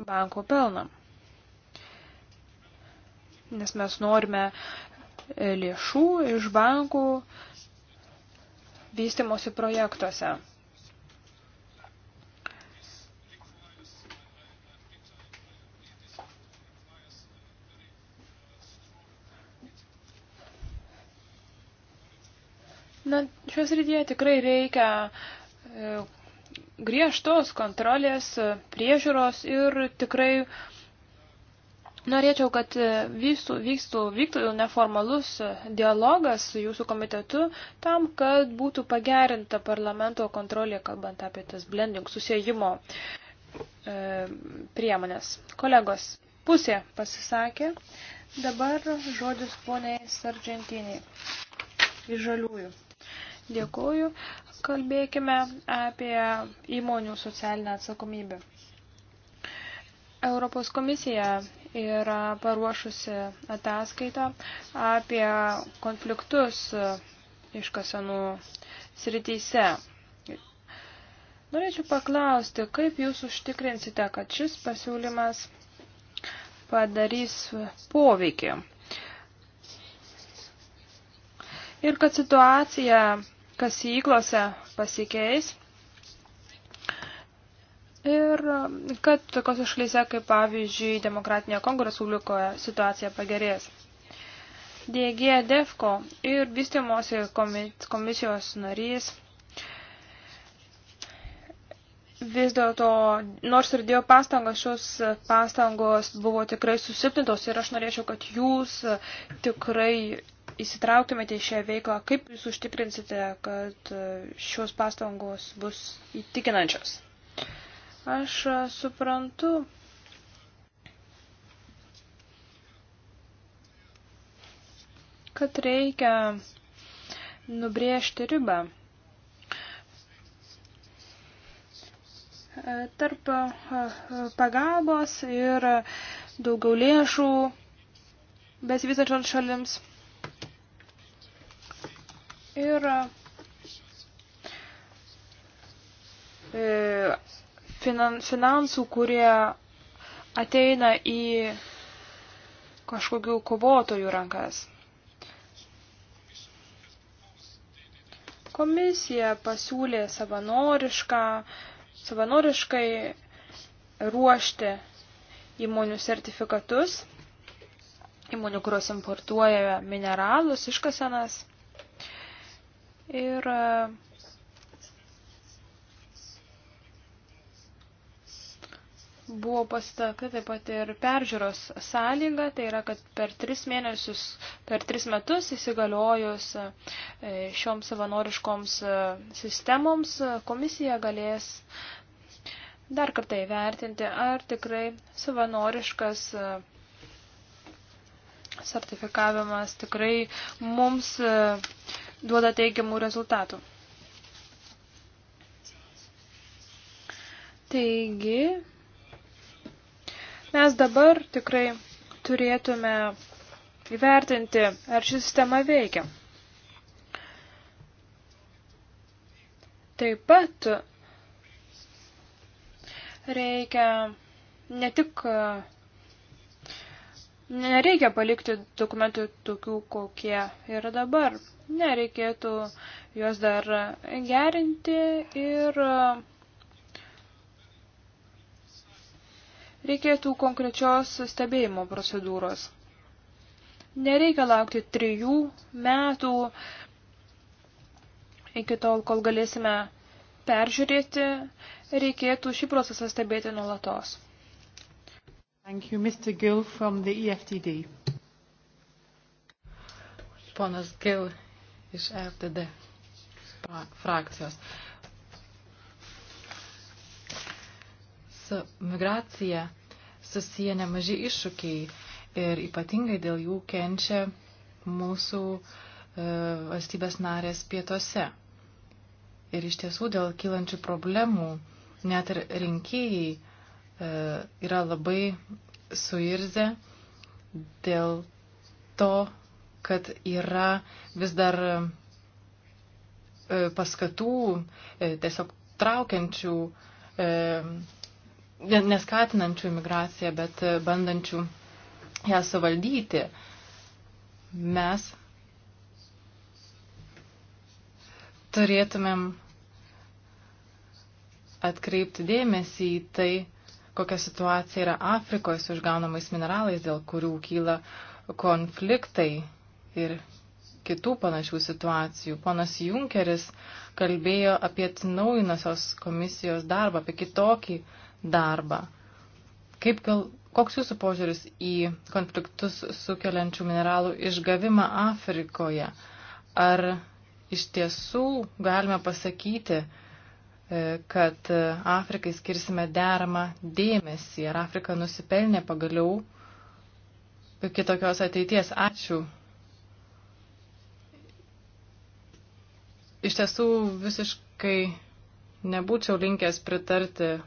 banko pelną. Nes mes norime e, lėšų iš bankų, uh, vystimosi projektuose. Na, šios rytyje tikrai reikia e, griežtos kontrolės, priežiūros ir tikrai Norėčiau, kad e, vystų, vykstų, vyktų neformalus e, dialogas su jūsų komitetu tam, kad būtų pagerinta parlamento kontrolė, kalbant apie tas blending susijimo e, priemonės. Kolegos, pusė pasisakė. Dabar žodis poniai Sargentiniai iš žaliųjų. Dėkuoju. Kalbėkime apie įmonių socialinę atsakomybę. Europos komisija yra paruošusi ataskaitą apie konfliktus iškasenų srityse. Norėčiau paklausti, kaip jūs užtikrinsite, kad šis pasiūlymas padarys poveikį ir kad situacija kasyklose pasikeis Ir kad tokiose šalyse, kaip pavyzdžiui, Demokratinėje Kongo Respublikoje situacija pagerės. DG DEFCO ir vystimosi komisijos narys vis dėlto, nors ir dėjo pastangas, šios pastangos buvo tikrai susipnintos ir aš norėčiau, kad jūs tikrai įsitrauktumėte į šią veiklą. Kaip jūs užtikrinsite, kad šios pastangos bus įtikinančios? Aš suprantu. kad reikia nubrėžti ribą tarp pagalbos ir daugiau lėšų besivystančioms šalims. Ir e, finansų, kurie ateina į kažkokių kovotojų rankas. Komisija pasiūlė savanorišką, savanoriškai ruošti įmonių sertifikatus, įmonių, kurios importuoja mineralus, iškasenas. Ir uh, buvo pasitaka taip pat ir peržiūros sąlyga, tai yra, kad per tris mėnesius, per tris metus įsigaliojus e, šioms savanoriškoms e, sistemoms e, komisija galės dar kartą įvertinti, ar tikrai savanoriškas sertifikavimas tikrai mums duoda teigiamų rezultatų. Taigi, Mes dabar tikrai turėtume įvertinti, ar ši sistema veikia. Taip pat reikia ne tik Nereikia palikti dokumentų tokių, kokie yra dabar. Nereikėtų juos dar gerinti ir reikėtų konkrečios stebėjimo procedūros. Nereikia laukti trijų metų iki tol, kol galėsime peržiūrėti, reikėtų šį procesą stebėti nuolatos. Thank you, Mr. Gill from the EFTD. Ponas Gill iš e FTD frakcijos. su migracija susiję nemaži iššūkiai ir ypatingai dėl jų kenčia mūsų e, valstybės narės pietuose. Ir iš tiesų dėl kylančių problemų net ir rinkėjai e, yra labai suirzę dėl to, kad yra vis dar e, paskatų e, tiesiog traukiančių e, neskatinančių imigraciją, bet bandančių ją suvaldyti, mes turėtumėm atkreipti dėmesį į tai, kokia situacija yra Afrikoje su išgaunamais mineralais, dėl kurių kyla konfliktai ir kitų panašių situacijų. Ponas Junkeris kalbėjo apie atsinaujinosios komisijos darbą, apie kitokį darbą. Kaip gal, koks jūsų požiūris į konfliktus sukeliančių mineralų išgavimą Afrikoje? Ar iš tiesų galime pasakyti, e, kad Afrikai skirsime deramą dėmesį? Ar Afrika nusipelnė pagaliau kitokios ateities? Ačiū. Iš tiesų visiškai nebūčiau linkęs pritarti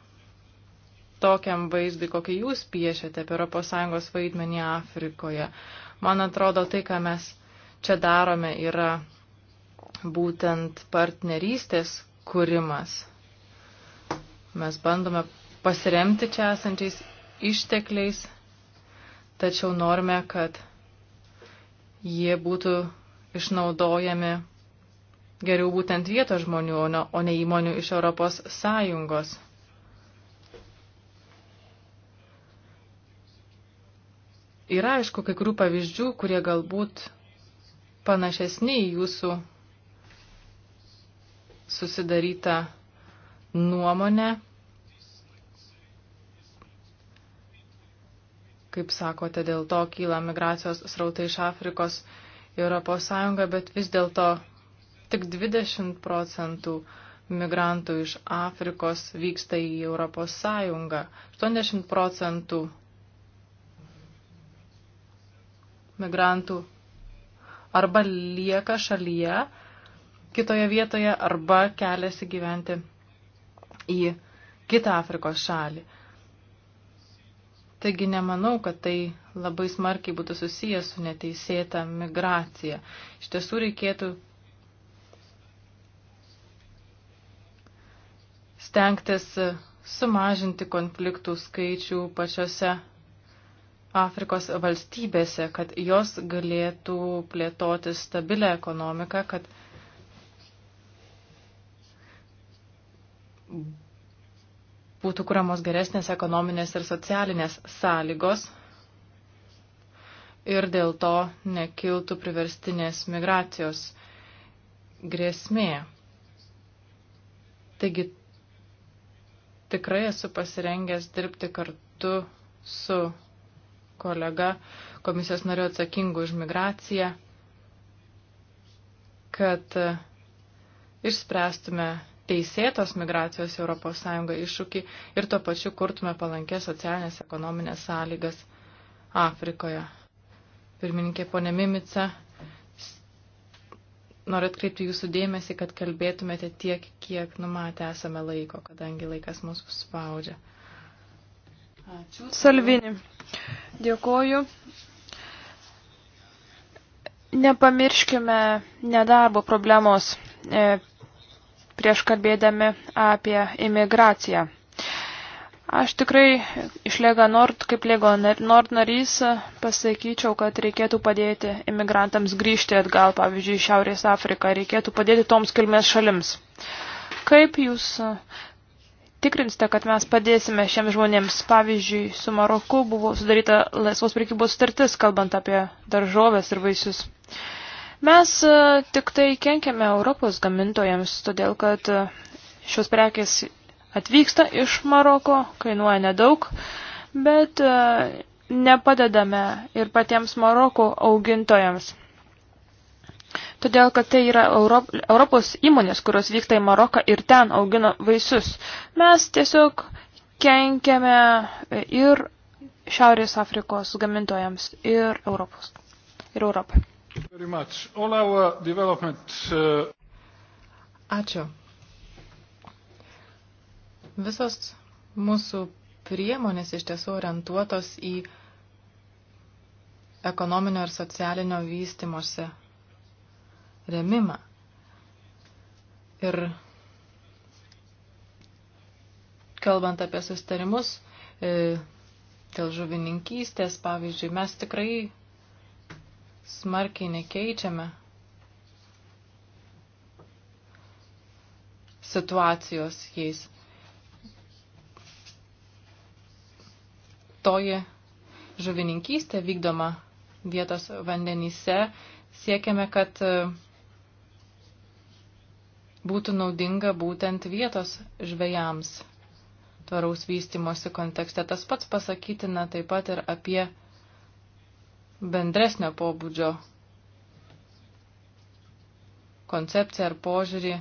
tokiam vaizdui, kokį jūs piešiate apie ES vaidmenį Afrikoje. Man atrodo, tai, ką mes čia darome, yra būtent partnerystės kūrimas. Mes bandome pasiremti čia esančiais ištekliais, tačiau norime, kad jie būtų išnaudojami geriau būtent vietos žmonių, o ne įmonių iš Europos Sąjungos. Yra, aišku, kai kurių pavyzdžių, kurie galbūt panašesni į jūsų susidarytą nuomonę. Kaip sakote, dėl to kyla migracijos srautai iš Afrikos į Europos Sąjungą, bet vis dėlto tik 20 procentų migrantų iš Afrikos vyksta į Europos Sąjungą. 80 procentų migrantų arba lieka šalyje kitoje vietoje arba keliasi gyventi į kitą Afrikos šalį. Taigi nemanau, kad tai labai smarkiai būtų susijęs su neteisėta migracija. Iš tiesų reikėtų stengtis sumažinti konfliktų skaičių pačiose Afrikos valstybėse, kad jos galėtų plėtoti stabilę ekonomiką, kad būtų kuriamos geresnės ekonominės ir socialinės sąlygos ir dėl to nekiltų priverstinės migracijos grėsmė. Taigi tikrai esu pasirengęs dirbti kartu su kolega komisijos nariu atsakingu už migraciją, kad e, išspręstume teisėtos migracijos ES iššūkį ir tuo pačiu kurtume palankės socialinės ekonominės sąlygas Afrikoje. Pirmininkė ponė Mimica, noriu atkreipti jūsų dėmesį, kad kalbėtumėte tiek, kiek numatę esame laiko, kadangi laikas mūsų spaudžia. Ačiū. Salvini. Dėkoju. Nepamirškime nedarbo problemos e, prieš kalbėdami apie imigraciją. Aš tikrai iš Lega Nord, kaip Lego Nord narys, pasakyčiau, kad reikėtų padėti imigrantams grįžti atgal, pavyzdžiui, Šiaurės Afriką, reikėtų padėti toms kilmės šalims. Kaip jūs tikrinsite, kad mes padėsime šiems žmonėms? Pavyzdžiui, su Maroku buvo sudaryta laisvos prekybos sutartis, kalbant apie daržovės ir vaisius. Mes e, tik tai kenkiame Europos gamintojams, todėl kad e, šios prekės atvyksta iš Maroko, kainuoja nedaug, bet e, nepadedame ir patiems Maroko augintojams todėl kad tai yra Europos įmonės, kurios vyksta į Maroką ir ten augina vaisius. Mes tiesiog kenkiame ir Šiaurės Afrikos gamintojams ir Europos. Ir Europai. Uh, Ačiū. Visos mūsų priemonės iš tiesų orientuotos į ekonominio ir socialinio vystimosi remimą. Ir kalbant apie sustarimus e, dėl žuvininkystės, pavyzdžiui, mes tikrai smarkiai nekeičiame situacijos jais. Toji žuvininkystė vykdoma vietos vandenyse siekiame, kad e, būtų naudinga būtent vietos žvejams tvaraus vystimosi kontekste. Tas pats pasakytina taip pat ir apie bendresnio pobūdžio koncepciją ar požiūrį,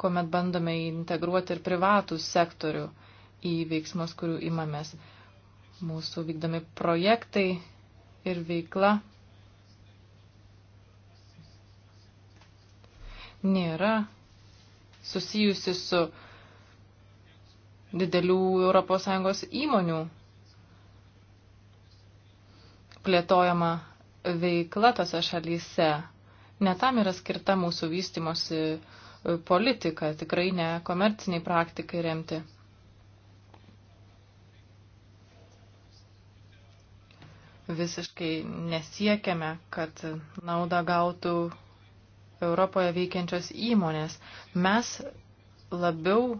kuomet bandome integruoti ir privatų sektorių į veiksmus, kurių imamės. Mūsų vykdomi projektai ir veikla nėra susijusi su didelių ES įmonių plėtojama veikla tose šalyse. Netam yra skirta mūsų vystimosi e, politika, tikrai ne komerciniai praktikai remti. Visiškai nesiekiame, kad naudą gautų Europoje veikiančios įmonės. Mes labiau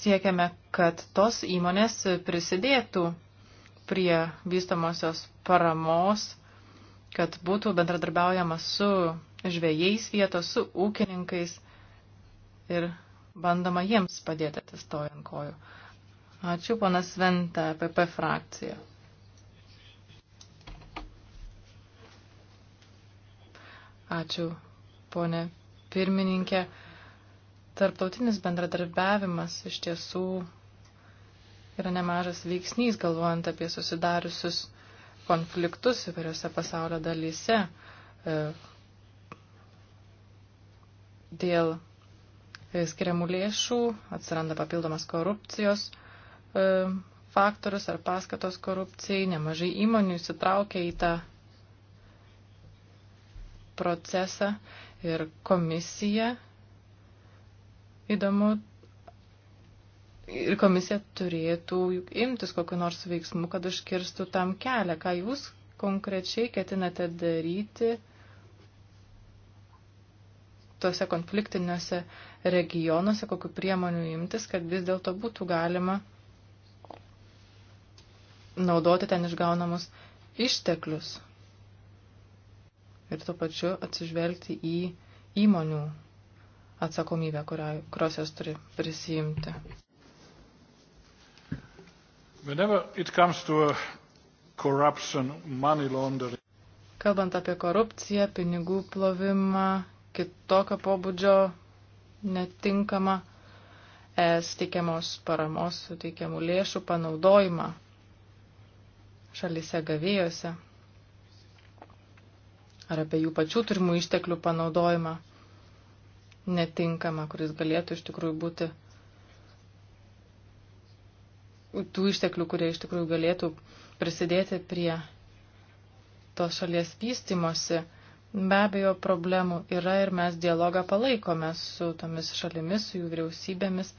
siekiame, kad tos įmonės prisidėtų prie vystamosios paramos, kad būtų bendradarbiaujama su žvėjais vietos, su ūkininkais ir bandoma jiems padėti atsistojant kojų. Ačiū, ponas Venta, PP frakcija. Ačiū, ponė pirmininkė. Tarptautinis bendradarbiavimas iš tiesų yra nemažas veiksnys, galvojant apie susidariusius konfliktus įvairiose pasaulio dalyse e, dėl skiriamų lėšų, atsiranda papildomas korupcijos e, faktorius ar paskatos korupcijai, nemažai įmonių įsitraukia į tą procesą ir komisija. Įdomu, ir komisija turėtų imtis kokiu nors veiksmu, kad užkirstų tam kelią. Ką jūs konkrečiai ketinate daryti tose konfliktiniuose regionuose, kokiu priemonių imtis, kad vis dėlto būtų galima naudoti ten išgaunamus išteklius ir tuo pačiu atsižvelgti į įmonių atsakomybę, kurios jas turi prisijimti. Kalbant apie korupciją, pinigų plovimą, kitokio pobūdžio netinkamą es teikiamos paramos suteikiamų lėšų panaudojimą šalyse gavėjose ar apie jų pačių turimų išteklių panaudojimą netinkamą, kuris galėtų iš tikrųjų būti tų išteklių, kurie iš tikrųjų galėtų prisidėti prie tos šalies vystimosi. Be abejo, problemų yra ir mes dialogą palaikome su tomis šalimis, su jų vyriausybėmis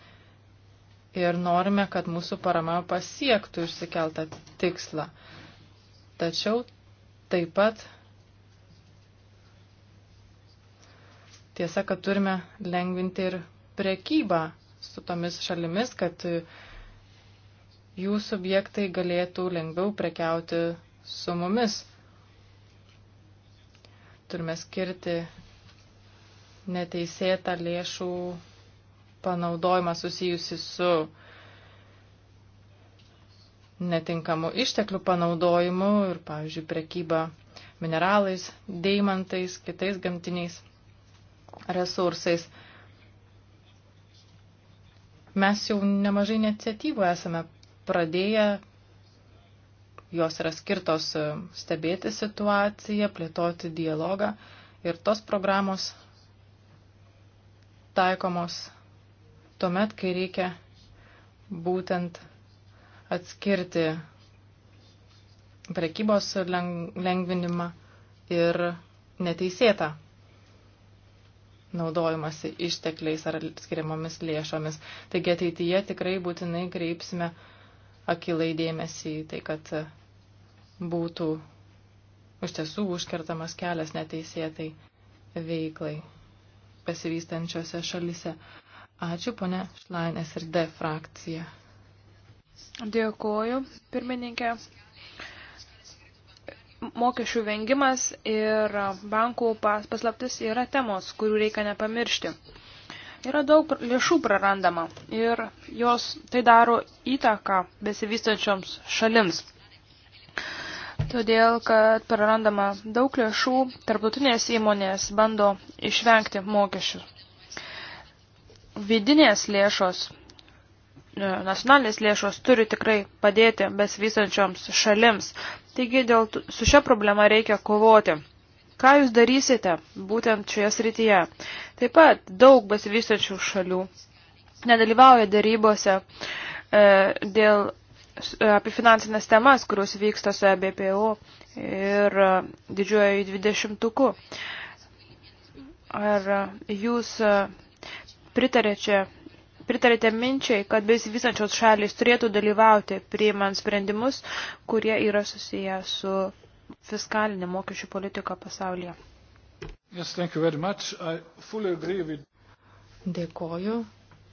ir norime, kad mūsų parama pasiektų išsikeltą tikslą. Tačiau taip pat Tiesa, kad turime lengvinti ir prekybą su tomis šalimis, kad jų subjektai galėtų lengviau prekiauti su mumis. Turime skirti neteisėtą lėšų panaudojimą susijusi su netinkamu išteklių panaudojimu ir, pavyzdžiui, prekyba mineralais, deimantais, kitais gamtiniais resursais. Mes jau nemažai iniciatyvų esame pradėję, jos yra skirtos stebėti situaciją, plėtoti dialogą ir tos programos taikomos tuomet, kai reikia būtent atskirti prekybos lengvinimą ir neteisėtą naudojimasi ištekliais ar skiriamomis lėšomis. Taigi ateityje tikrai būtinai kreipsime akilai dėmesį į tai, kad būtų iš tiesų užkertamas kelias neteisėtai veiklai pasivystančiose šalise. Ačiū, ponė Šlainės ir D frakcija. Dėkoju, pirmininkė mokesčių vengimas ir bankų paslaptis yra temos, kurių reikia nepamiršti. Yra daug lėšų prarandama ir jos tai daro įtaką besivystančioms šalims. Todėl, kad prarandama daug lėšų, tarptautinės įmonės bando išvengti mokesčių. Vidinės lėšos e, nacionalinės lėšos turi tikrai padėti besivystančioms šalims, Taigi dėl su šia problema reikia kovoti. Ką jūs darysite būtent šioje srityje? Taip pat daug besivystančių šalių nedalyvauja darybose e, dėl e, apie finansinės temas, kurios vyksta su EBPO ir e, didžiuoju dvidešimtuku. Ar e, jūs pritarėte pritarėte minčiai, kad besivysančios šalys turėtų dalyvauti priimant sprendimus, kurie yra susiję su fiskalinė mokesčių politika pasaulyje. Yes, thank you very much. I fully agree with... Dėkoju,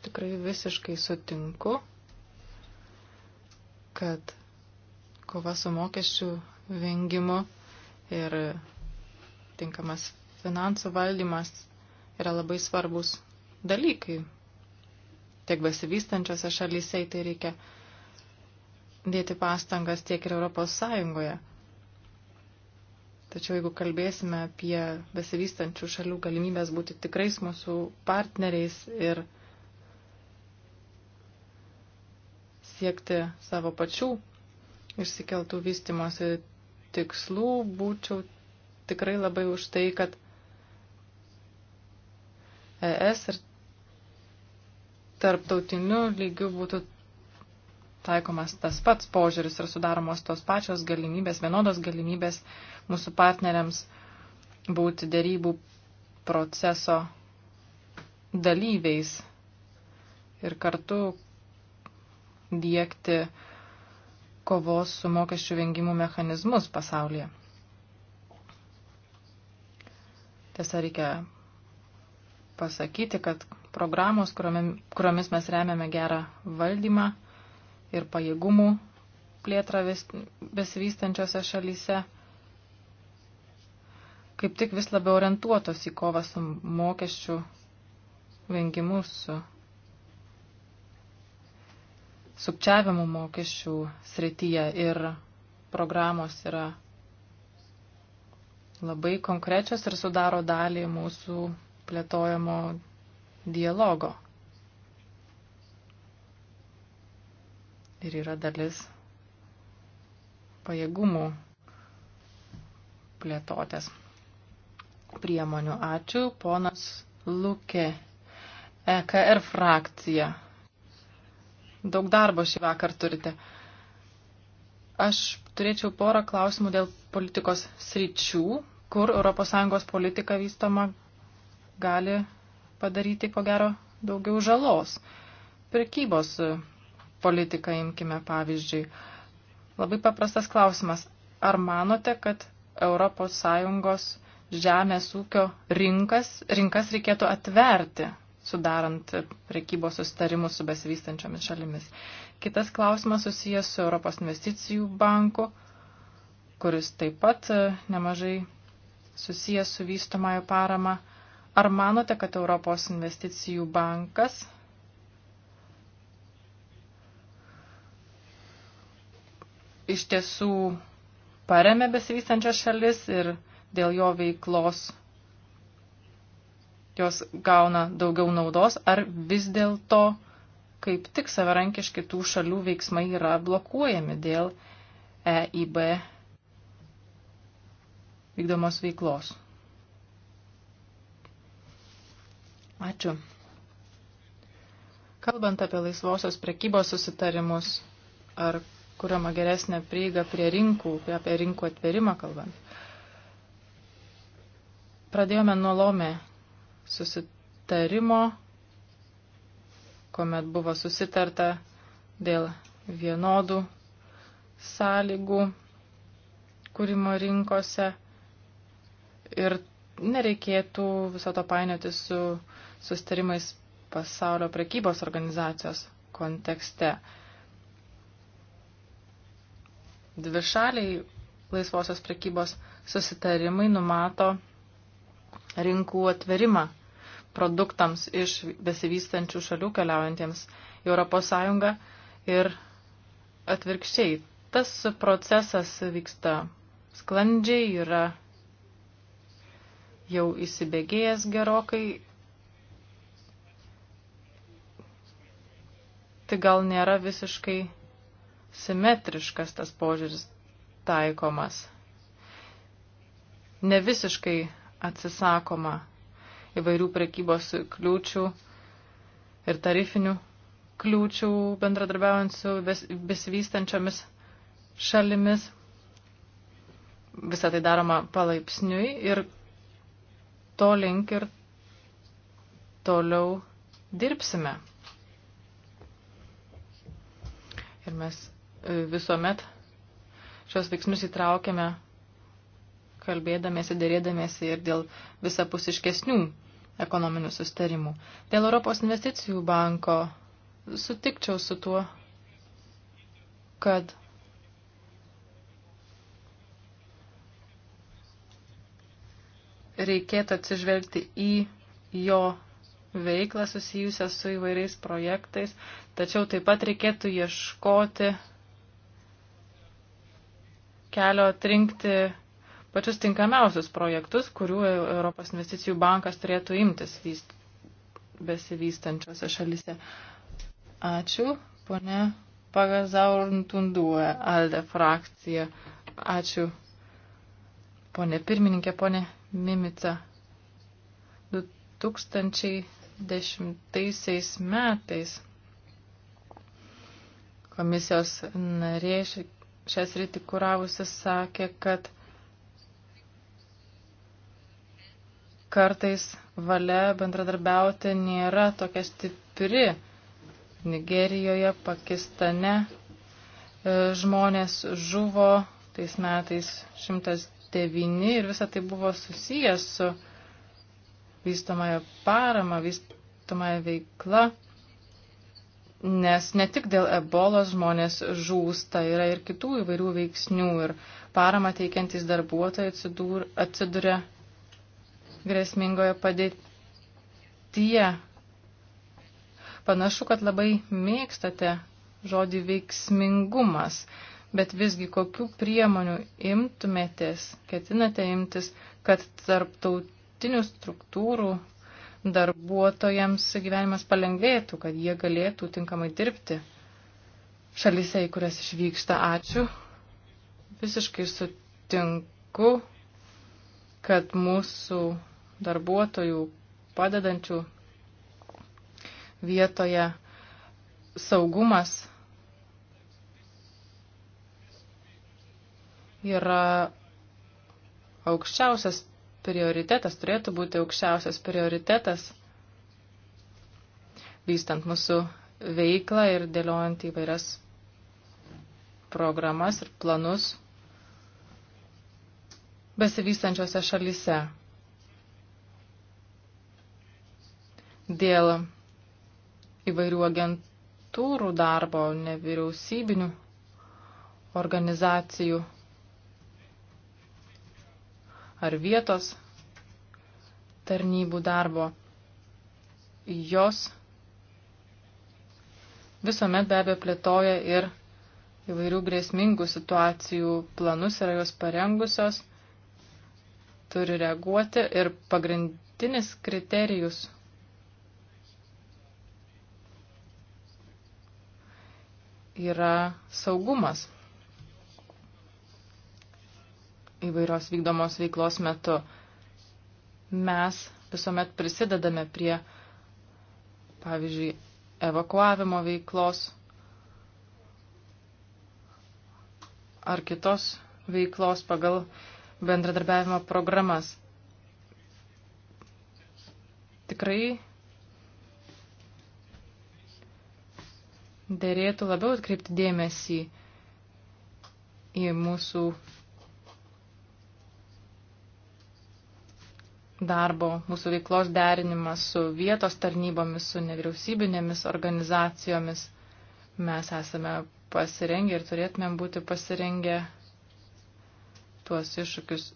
tikrai visiškai sutinku, kad kova su mokesčių vengimu ir tinkamas finansų valdymas yra labai svarbus dalykai tiek besivystančiose šalyse, į tai reikia dėti pastangas tiek ir Europos Sąjungoje. Tačiau jeigu kalbėsime apie besivystančių šalių galimybės būti tikrais mūsų partneriais ir siekti savo pačių išsikeltų vystimosi tikslų, būčiau tikrai labai už tai, kad ES ir tarptautiniu lygiu būtų taikomas tas pats požiūris ir sudaromos tos pačios galimybės, vienodos galimybės mūsų partneriams būti dėrybų proceso dalyviais ir kartu dėkti kovos su mokesčių vengimų mechanizmus pasaulyje. Tiesa, reikia pasakyti, kad programos, kuriomis mes remiame gerą valdymą ir pajėgumų plėtrą besivystančiose šalyse, kaip tik vis labiau orientuotos į kovą su mokesčių vengimu, su sukčiavimu mokesčių srityje ir programos yra labai konkrečios ir sudaro dalį mūsų plėtojamo dialogo. Ir yra dalis pajėgumų plėtotės priemonių. Ačiū, ponas Lukė, EKR frakcija. Daug darbo šį vakar turite. Aš turėčiau porą klausimų dėl politikos sričių, kur ES politika vystoma gali padaryti, ko gero, daugiau žalos. Prekybos politiką imkime pavyzdžiui. Labai paprastas klausimas. Ar manote, kad ES žemės ūkio rinkas, rinkas reikėtų atverti, sudarant prekybos sustarimus su besivystančiomis šalimis? Kitas klausimas susijęs su Europos investicijų banku, kuris taip pat nemažai susijęs su vystomajo parama Ar manote, kad Europos investicijų bankas iš tiesų paremė besivystančias šalis ir dėl jo veiklos jos gauna daugiau naudos, ar vis dėlto kaip tik savarankiškai tų šalių veiksmai yra blokuojami dėl EIB vykdomos veiklos. Ačiū. Kalbant apie laisvosios prekybos susitarimus, ar kuriama geresnė prieiga prie rinkų, apie rinkų atverimą kalbant, pradėjome nuo lomė susitarimo, kuomet buvo susitarta dėl vienodų sąlygų kūrimo rinkose ir nereikėtų viso to painioti su sustarimais pasaulio prekybos organizacijos kontekste. Dvišaliai laisvosios prekybos susitarimai numato rinkų atverimą produktams iš besivystančių šalių keliaujantiems į ES ir atvirkščiai. Tas procesas vyksta sklandžiai, yra jau įsibėgėjęs gerokai tai gal nėra visiškai simetriškas tas požiūris taikomas. Ne visiškai atsisakoma įvairių prekybos kliūčių ir tarifinių kliūčių bendradarbiaujant su besivystančiomis šalimis. Visą tai daroma palaipsniui ir to link ir toliau dirbsime. Ir mes e, visuomet šios veiksmus įtraukiame, kalbėdamėsi, dėrėdamėsi ir dėl visapusiškesnių ekonominių sustarimų. Dėl Europos investicijų banko sutikčiau su tuo, kad reikėtų atsižvelgti į jo veiklą susijusią su įvairiais projektais, tačiau taip pat reikėtų ieškoti kelio atrinkti pačius tinkamiausius projektus, kurių Europos investicijų bankas turėtų imtis vyst, besivystančiose šalise. Ačiū, ponė Pagazaurntundue, Alde frakcija. Ačiū, ponė pirmininkė, ponė Mimica. 2000 2010 metais komisijos narė šias rytį kuravusi sakė, kad kartais valia bendradarbiauti nėra tokia stipri. Nigerijoje, Pakistane e, žmonės žuvo tais metais 109 ir visa tai buvo susijęs su vystamąją paramą, vystamąją veiklą, nes ne tik dėl ebolos žmonės žūsta, yra ir kitų įvairių veiksnių ir paramą teikiantys darbuotojai atsidur, atsiduria grėsmingoje padėtyje. Panašu, kad labai mėgstate žodį veiksmingumas, bet visgi kokių priemonių imtumėtės, ketinate imtis, kad tarptautiniai dabartinių struktūrų darbuotojams gyvenimas palengvėtų, kad jie galėtų tinkamai dirbti šalyse, į kurias išvyksta. Ačiū. Visiškai sutinku, kad mūsų darbuotojų padedančių vietoje saugumas yra aukščiausias prioritetas, turėtų būti aukščiausias prioritetas, vystant mūsų veiklą ir dėliojant įvairias programas ir planus besivystančiose šalyse. Dėl įvairių agentūrų darbo, nevyriausybinių organizacijų ar vietos tarnybų darbo, jos visuomet be abejo plėtoja ir įvairių grėsmingų situacijų planus yra jos parengusios, turi reaguoti ir pagrindinis kriterijus yra saugumas įvairios vykdomos veiklos metu. Mes visuomet prisidedame prie, pavyzdžiui, evakuavimo veiklos ar kitos veiklos pagal bendradarbiavimo programas. Tikrai dėrėtų labiau atkreipti dėmesį į mūsų darbo, mūsų veiklos derinimas su vietos tarnybomis, su nevyriausybinėmis organizacijomis. Mes esame pasirengę ir turėtumėm būti pasirengę tuos iššūkius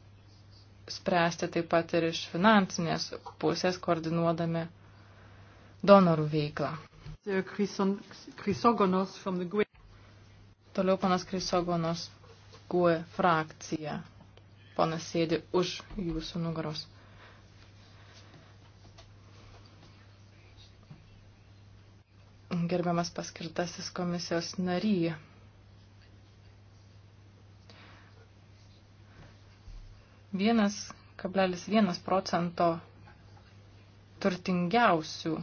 spręsti taip pat ir iš finansinės pusės, koordinuodami donorų veiklą. E. Toliau panas Krisogonos GUE frakcija. Ponas sėdi už jūsų nugaros. gerbiamas paskirtasis komisijos nary. Vienas kablelis vienas procento turtingiausių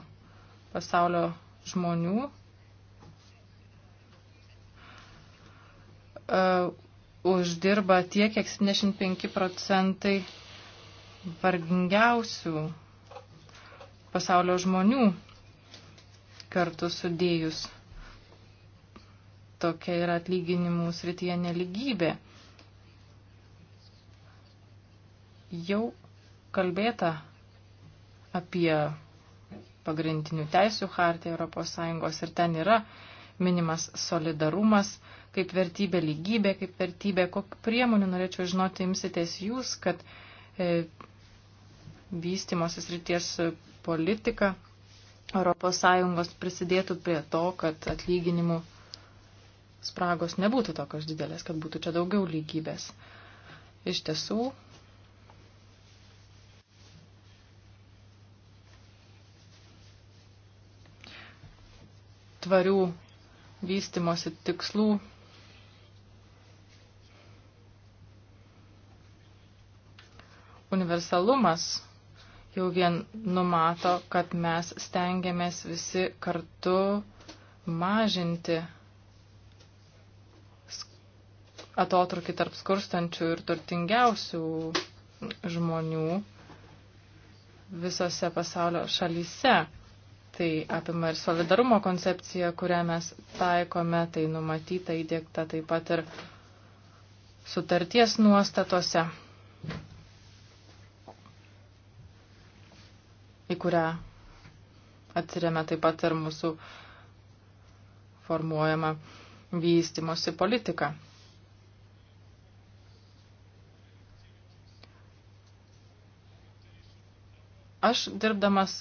pasaulio žmonių uh, uždirba tiek, kiek 75 procentai vargingiausių pasaulio žmonių kartu sudėjus. Tokia yra atlyginimų srityje neligybė. Jau kalbėta apie pagrindinių teisių hartį ES ir ten yra minimas solidarumas kaip vertybė, lygybė kaip vertybė. Kokiu priemonių norėčiau žinoti imsitės jūs, kad e, vystimosis ryties politika ES prisidėtų prie to, kad atlyginimų spragos nebūtų tokios didelės, kad būtų čia daugiau lygybės. Iš tiesų, tvarių vystimosi tikslų universalumas jau vien numato, kad mes stengiamės visi kartu mažinti atotrukį tarp skurstančių ir turtingiausių žmonių visose pasaulio šalyse. Tai apima ir solidarumo koncepcija, kurią mes taikome, tai numatyta įdėkta taip pat ir sutarties nuostatose. į kurią atsiriame taip pat ir mūsų formuojama vystimosi politika. Aš dirbdamas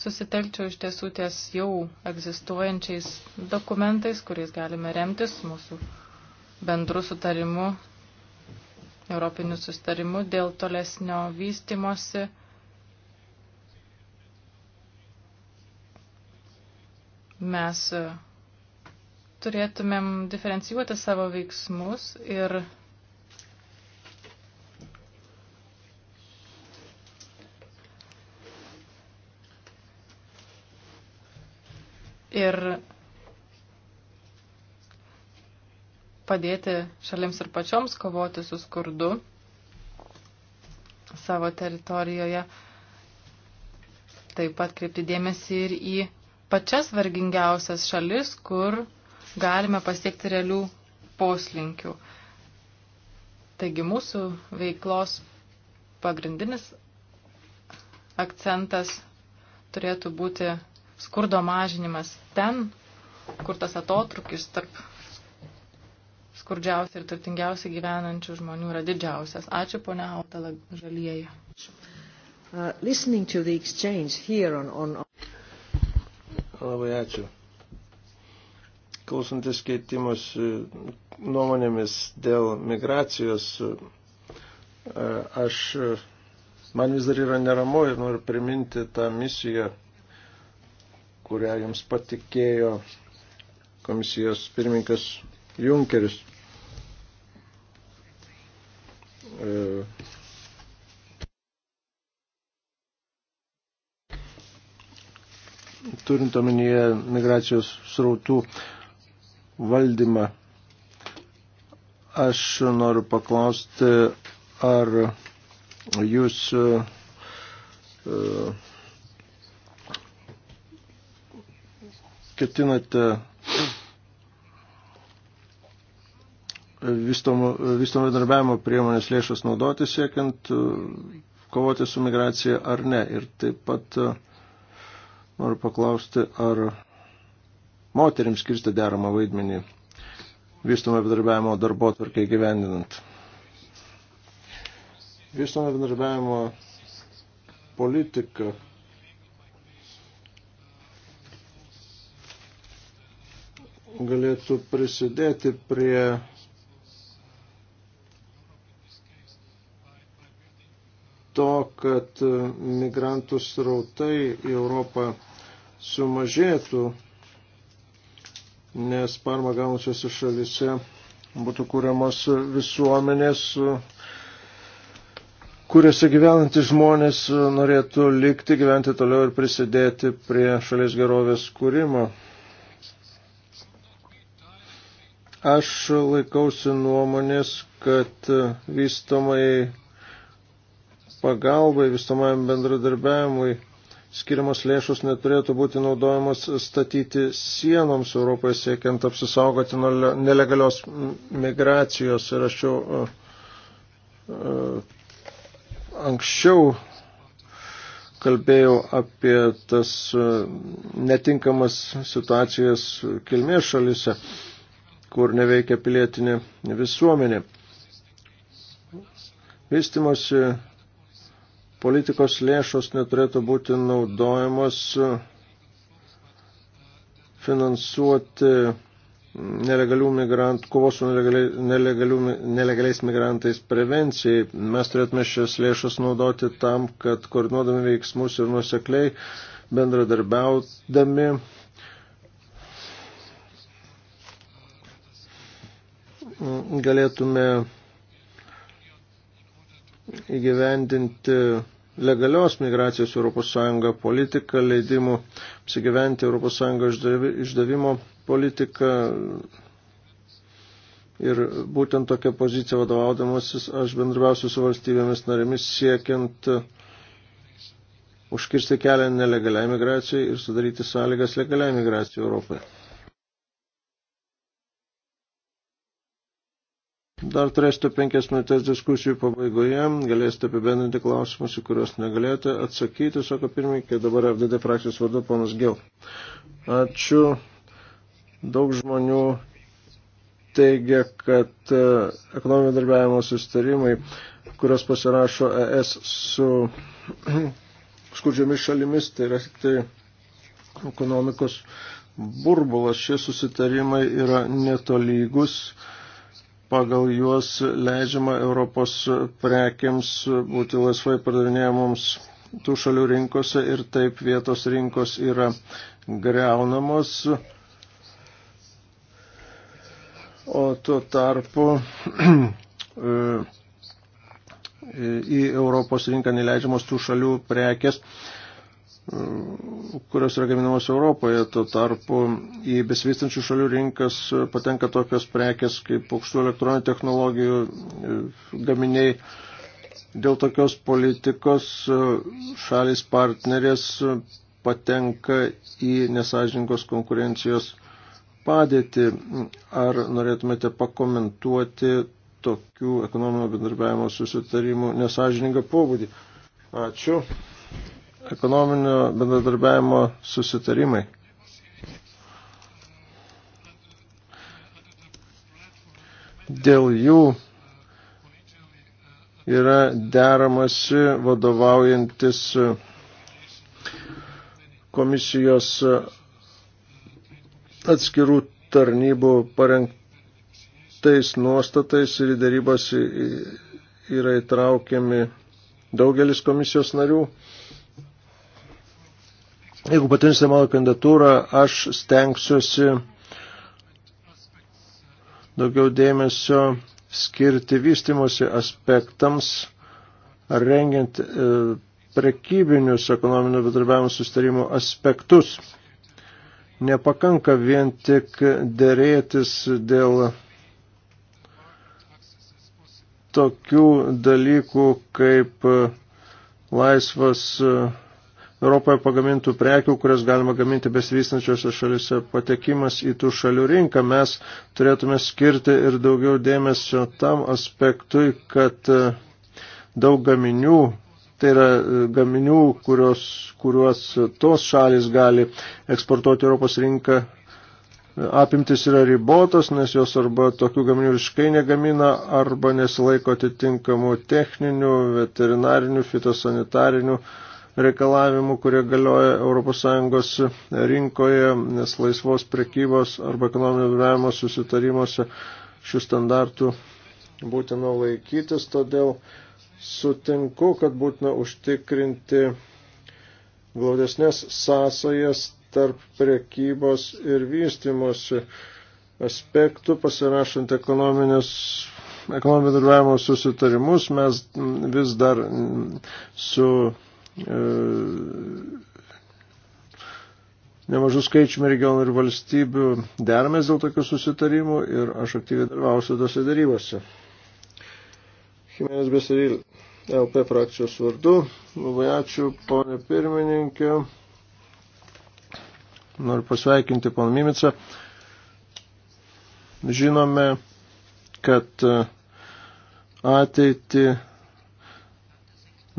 susitelkčiau iš tiesų ties jau egzistuojančiais dokumentais, kuriais galime remtis mūsų bendrų sutarimų, europinių sustarimų dėl tolesnio vystimosi Mes e, turėtumėm diferencijuoti savo veiksmus ir ir padėti šalims ir pačioms kovoti su skurdu savo teritorijoje. Taip pat kreipti dėmesį ir į pačias vargingiausias šalis, kur galime pasiekti realių poslinkių. Taigi mūsų veiklos pagrindinis akcentas turėtų būti skurdo mažinimas ten, kur tas atotrukis tarp skurdžiausiai ir turtingiausiai gyvenančių žmonių yra didžiausias. Ačiū, ponia Autala, žalieji. Uh, listening to the exchange here on, on Labai ačiū. Klausantis keitimus e, nuomonėmis dėl migracijos, e, aš, e, man vis dar yra neramu ir noriu priminti tą misiją, kurią jums patikėjo komisijos pirmininkas Junkeris. E, turint omenyje migracijos srautų valdymą. Aš noriu paklausti, ar jūs e, ketinate vystomo darbiavimo priemonės lėšas naudoti siekiant e, kovoti su migracija ar ne. Ir taip pat uh, Noriu paklausti, ar moteriams skirsti deramą vaidmenį vystomą bendarbiavimo darbo tvarkai gyvendinant. Vystomą bendarbiavimo politika galėtų prisidėti prie to, kad migrantų srautai į Europą sumažėtų, nes parma gaunančiose šalise būtų kūriamos visuomenės, kuriuose gyvenantys žmonės norėtų likti, gyventi toliau ir prisidėti prie šalies gerovės kūrimo. Aš laikausi nuomonės, kad vystomai pagalbai, vystomajam bendradarbiavimui skiriamos lėšos neturėtų būti naudojamos statyti sienoms Europoje siekiant apsisaugoti nuo nelegalios migracijos. Ir aš jau e, e, anksčiau kalbėjau apie tas e, netinkamas situacijas kilmės šalise, kur neveikia pilietinė visuomenė. Vystimosi politikos lėšos neturėtų būti naudojamos e, finansuoti nelegalių migrantų, kovos su nelegaliais migrantais prevencijai. Mes turėtume šias lėšas naudoti tam, kad koordinuodami veiksmus ir nusekliai bendradarbiaudami galėtume įgyvendinti legalios migracijos ES politiką, leidimų apsigyventi ES išdavimo politiką. Ir būtent tokia pozicija vadovaudamasis aš bendrausiu su valstybėmis narėmis siekiant užkirsti kelią nelegaliai migracijai ir sudaryti sąlygas legaliai migracijai Europoje. Dar turėsite penkias minutės diskusijų pabaigoje, galėsite apibendrinti klausimus, į kuriuos negalėjote atsakyti, sako pirmininkė, dabar FDD frakcijos vardu ponas Gil. Ačiū. Daug žmonių teigia, kad e, ekonominio darbiavimo sustarimai, kurios pasirašo ES su skurdžiomis šalimis, tai yra tik tai ekonomikos burbulas. Šie susitarimai yra netolygus pagal juos leidžiama Europos prekiams būti laisvai pardavinėjamoms tų šalių rinkose ir taip vietos rinkos yra greunamos. O tuo tarpu į Europos rinką neleidžiamos tų šalių prekės kurios yra gaminamos Europoje. Tuo tarpu į besivystančių šalių rinkas patenka tokios prekes kaip aukštų elektroninių technologijų e, gaminiai. Dėl tokios politikos e, šalis partnerės patenka į nesažingos konkurencijos padėtį. Ar norėtumėte pakomentuoti tokių ekonominio bendarbiavimo susitarimų nesažiningą pobūdį? Ačiū ekonominio bendradarbiavimo susitarimai. Dėl jų yra deramasi vadovaujantis komisijos atskirų tarnybų parengtais nuostatais ir į darybas yra įtraukiami daugelis komisijos narių. Jeigu patinsite mano kandidatūrą, aš stengsiuosi daugiau dėmesio skirti vystimosi aspektams, rengiant e, prekybinius ekonominio bedarbiavimo sustarimo aspektus. Nepakanka vien tik dėrėtis dėl tokių dalykų kaip e, laisvas e, Europoje pagamintų prekių, kurias galima gaminti besivystančiose šalise, patekimas į tų šalių rinką, mes turėtume skirti ir daugiau dėmesio tam aspektui, kad e, daug gaminių, tai yra e, gaminių, kurios, kuriuos tos šalis gali eksportuoti Europos rinką, apimtis yra ribotos, nes jos arba tokių gaminių visiškai negamina, arba nesilaiko atitinkamų techninių, veterinarinių, fitosanitarinių reikalavimų, kurie galioja ES rinkoje, nes laisvos prekybos arba ekonominio gyvenimo susitarimuose šių standartų būtina laikytis, todėl sutinku, kad būtina užtikrinti glaudesnės sąsajas tarp prekybos ir vystimosi aspektų, pasirašant ekonominės ekonominio dalyvavimo susitarimus mes vis dar su E, nemažų skaičių regionų ir valstybių deramės dėl tokių susitarimų ir aš aktyviai dalyvausiu tose darybose. Jimenez Besaril, LP frakcijos vardu. Labai ačiū, ponė pirmininkė. Noriu pasveikinti poną Mimicą. Žinome, kad ateitį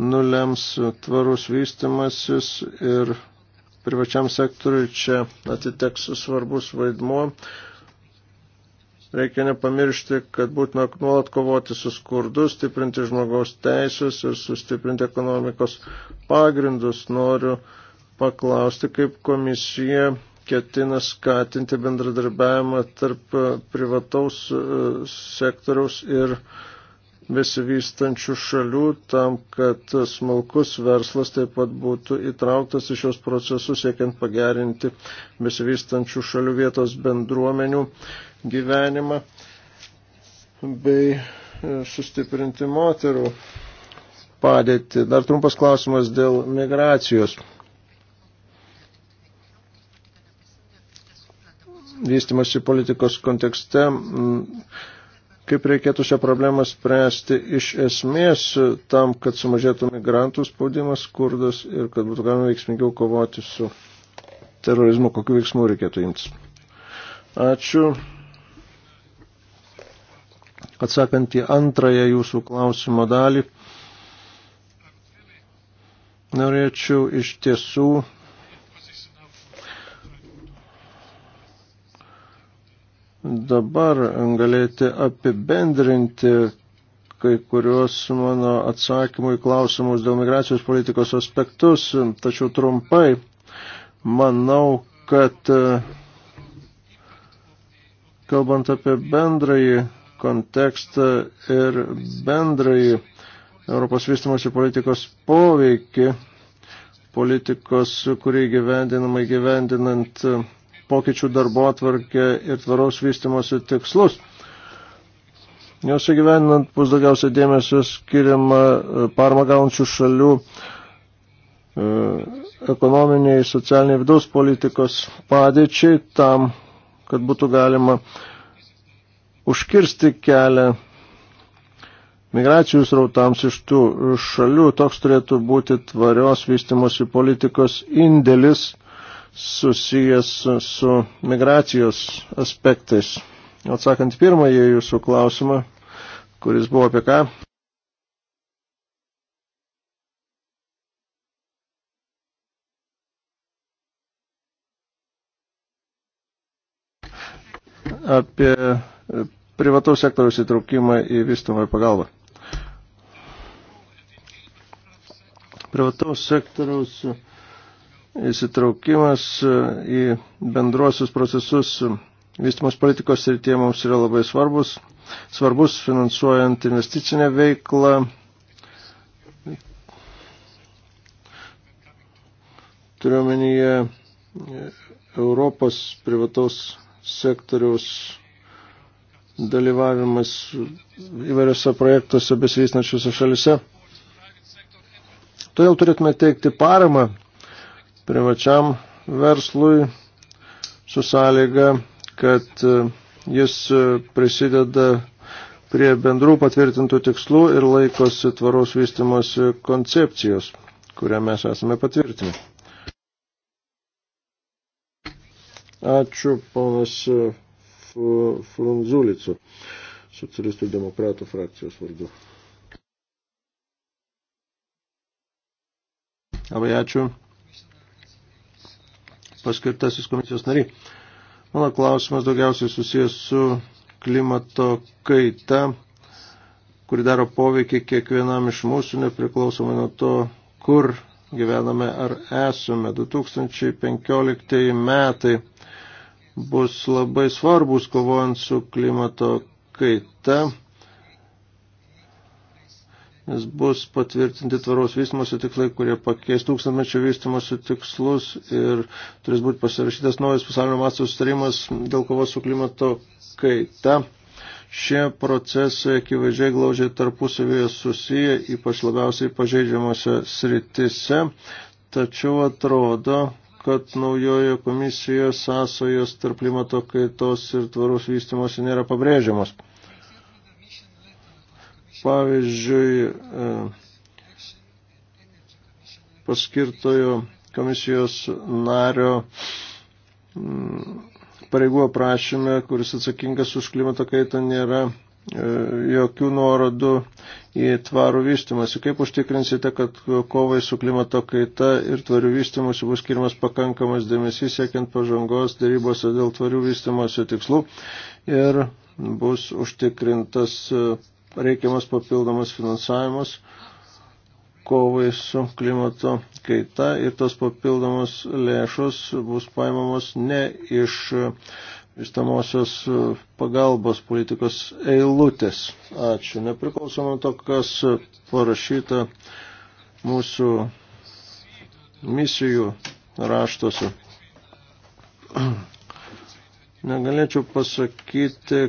nulems tvarus vystimasis ir privačiam sektoriui čia atiteks svarbus vaidmuo. Reikia nepamiršti, kad būtina nuolat kovoti su skurdu, stiprinti žmogaus teisės ir sustiprinti ekonomikos pagrindus. Noriu paklausti, kaip komisija ketina skatinti bendradarbiavimą tarp privataus e, sektoriaus ir uh, besivystančių šalių tam, kad smulkus verslas taip pat būtų įtrauktas į šios procesus, siekiant pagerinti besivystančių šalių vietos bendruomenių gyvenimą bei e, sustiprinti moterų padėtį. Dar trumpas klausimas dėl migracijos. Vystimasi politikos kontekste. M, kaip reikėtų šią problemą spręsti iš esmės tam, kad sumažėtų migrantų spaudimas, skurdas ir kad būtų galima veiksmingiau kovoti su terorizmu, kokiu veiksmu reikėtų imtis. Ačiū. Atsakant į antrąją jūsų klausimo dalį, norėčiau iš tiesų dabar galėti apibendrinti kai kuriuos mano atsakymų į klausimus dėl migracijos politikos aspektus, tačiau trumpai manau, kad kalbant apie bendrąjį kontekstą ir bendrąjį Europos vystimosi politikos poveikį, politikos, kurį gyvendinama gyvendinant pokyčių darbo atvarkę ir tvaraus vystimosi tikslus. Jos įgyveninant bus daugiausia dėmesio skiriama e, parma gaunančių šalių e, ekonominiai, socialiniai vidaus politikos padėčiai tam, kad būtų galima užkirsti kelią migracijų srautams iš tų šalių. Toks turėtų būti tvarios vystimosi politikos indėlis susijęs su migracijos aspektais. Atsakant pirmąjį jūsų klausimą, kuris buvo apie ką. Apie privataus sektoriaus įtraukimą į vystomą pagalbą. Privataus sektoriaus įsitraukimas e, į bendruosius procesus e, vystimos politikos srityje mums yra labai svarbus, svarbus finansuojant investicinę veiklą. Turiuomenyje e, Europos privataus sektoriaus dalyvavimas įvairiose projektuose besivysnačiuose šalise. Todėl turėtume teikti paramą privačiam verslui su sąlyga, kad e, jis e, prisideda prie bendrų patvirtintų tikslų ir laikosi tvaraus vystimosi koncepcijos, kurią mes esame patvirtinę. Ačiū ponas e, Frunzulicu, socialistų demokratų frakcijos vardu. Labai ačiū paskirtasis komisijos nariai. Mano klausimas daugiausiai susijęs su klimato kaita, kuri daro poveikį kiekvienam iš mūsų, nepriklausomai nuo to, kur gyvename ar esame. 2015 metai bus labai svarbus kovojant su klimato kaita nes bus patvirtinti tvaraus vystimosi tikslai, kurie pakeis tūkstantmečio vystimosi tikslus ir turės būti pasirašytas naujas pasaulio masto sustarimas dėl kovos su klimato kaita. Šie procesai akivaizdžiai glaudžiai tarpusavėje susiję, ypač labiausiai pažeidžiamose sritise, tačiau atrodo, kad naujojo komisijoje sąsojos tarp klimato kaitos ir tvaraus vystimosi nėra pabrėžiamos. Pavyzdžiui, e, paskirtojo komisijos nario mm, pareigų aprašyme, kuris atsakingas už klimato kaitą, nėra e, jokių nuorodų į tvarų vystimąsi. Kaip užtikrinsite, kad kovai su klimato kaita ir tvarių vystimusi bus skirimas pakankamas dėmesys, siekiant pažangos darybose dėl tvarių vystimosi tikslų ir bus užtikrintas e, reikiamas papildomas finansavimas kovai su klimato kaita ir tos papildomos lėšos bus paimamos ne iš vystamosios pagalbos politikos eilutės. Ačiū. Nepriklausomai to, kas parašyta mūsų misijų raštuose. Negalėčiau pasakyti,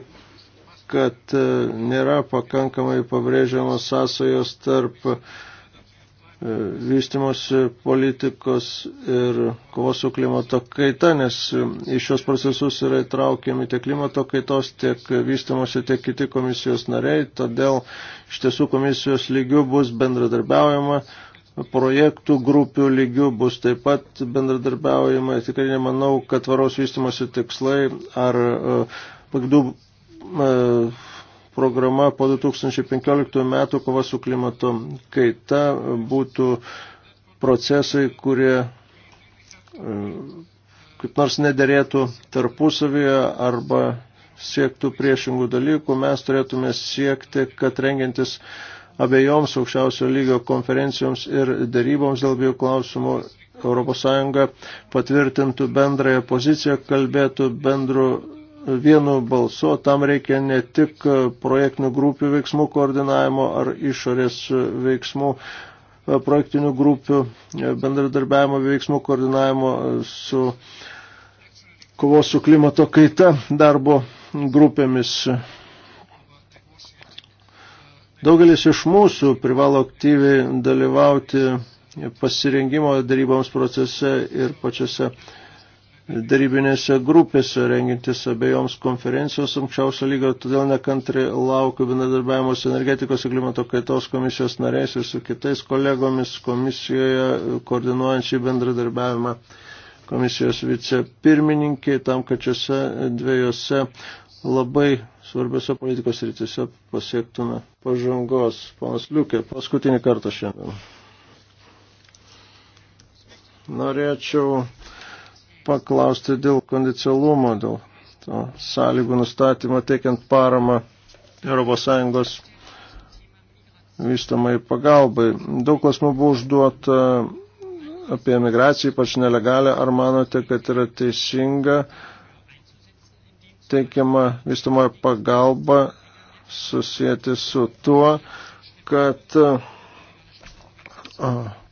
kad e, nėra pakankamai pabrėžiamos sąsajos tarp e, vystimosi politikos ir kovos su klimato kaita, nes e, į šios procesus yra įtraukiami tiek klimato kaitos, tiek vystimosi, tiek kiti komisijos nariai, todėl iš tiesų komisijos lygių bus bendradarbiaujama, projektų grupių lygių bus taip pat bendradarbiaujama, tikrai nemanau, kad varos vystimosi tikslai ar pagrindų E, programa po 2015 metų kova su klimato kaita būtų procesai, kurie e, kaip nors nederėtų tarpusavyje arba siektų priešingų dalykų, mes turėtume siekti, kad rengiantis abejoms aukščiausio lygio konferencijoms ir daryboms dėl abiejų klausimų ES patvirtintų bendrąją poziciją, kalbėtų bendru vienu balsu, tam reikia ne tik projektinių grupių veiksmų koordinavimo ar išorės veiksmų e, projektinių grupių e, bendradarbiavimo veiksmų koordinavimo su kovos su klimato kaita darbo grupėmis. Daugelis iš mūsų privalo aktyviai dalyvauti pasirengimo daryboms procese ir pačiose darybinėse grupėse rengintis abejoms konferencijos aukščiausio lygio, todėl nekantri laukiu bendradarbiavimo su energetikos ir klimato kaitos komisijos nariais ir su kitais kolegomis komisijoje koordinuojančiai bendradarbiavimą komisijos vicepirmininkiai, tam, kad šiuose dviejose labai svarbiose politikos rytise pasiektume pažangos. Panas Liukė, paskutinį kartą šiandien. Norėčiau paklausti dėl kondicionalumo, dėl to sąlygų nustatymo teikiant paramą ES vystamai pagalbai. Daug klausimų buvo užduota apie emigraciją, ypač nelegalę. Ar manote, kad yra teisinga teikiama vystamoji pagalba susijęti su tuo, kad uh,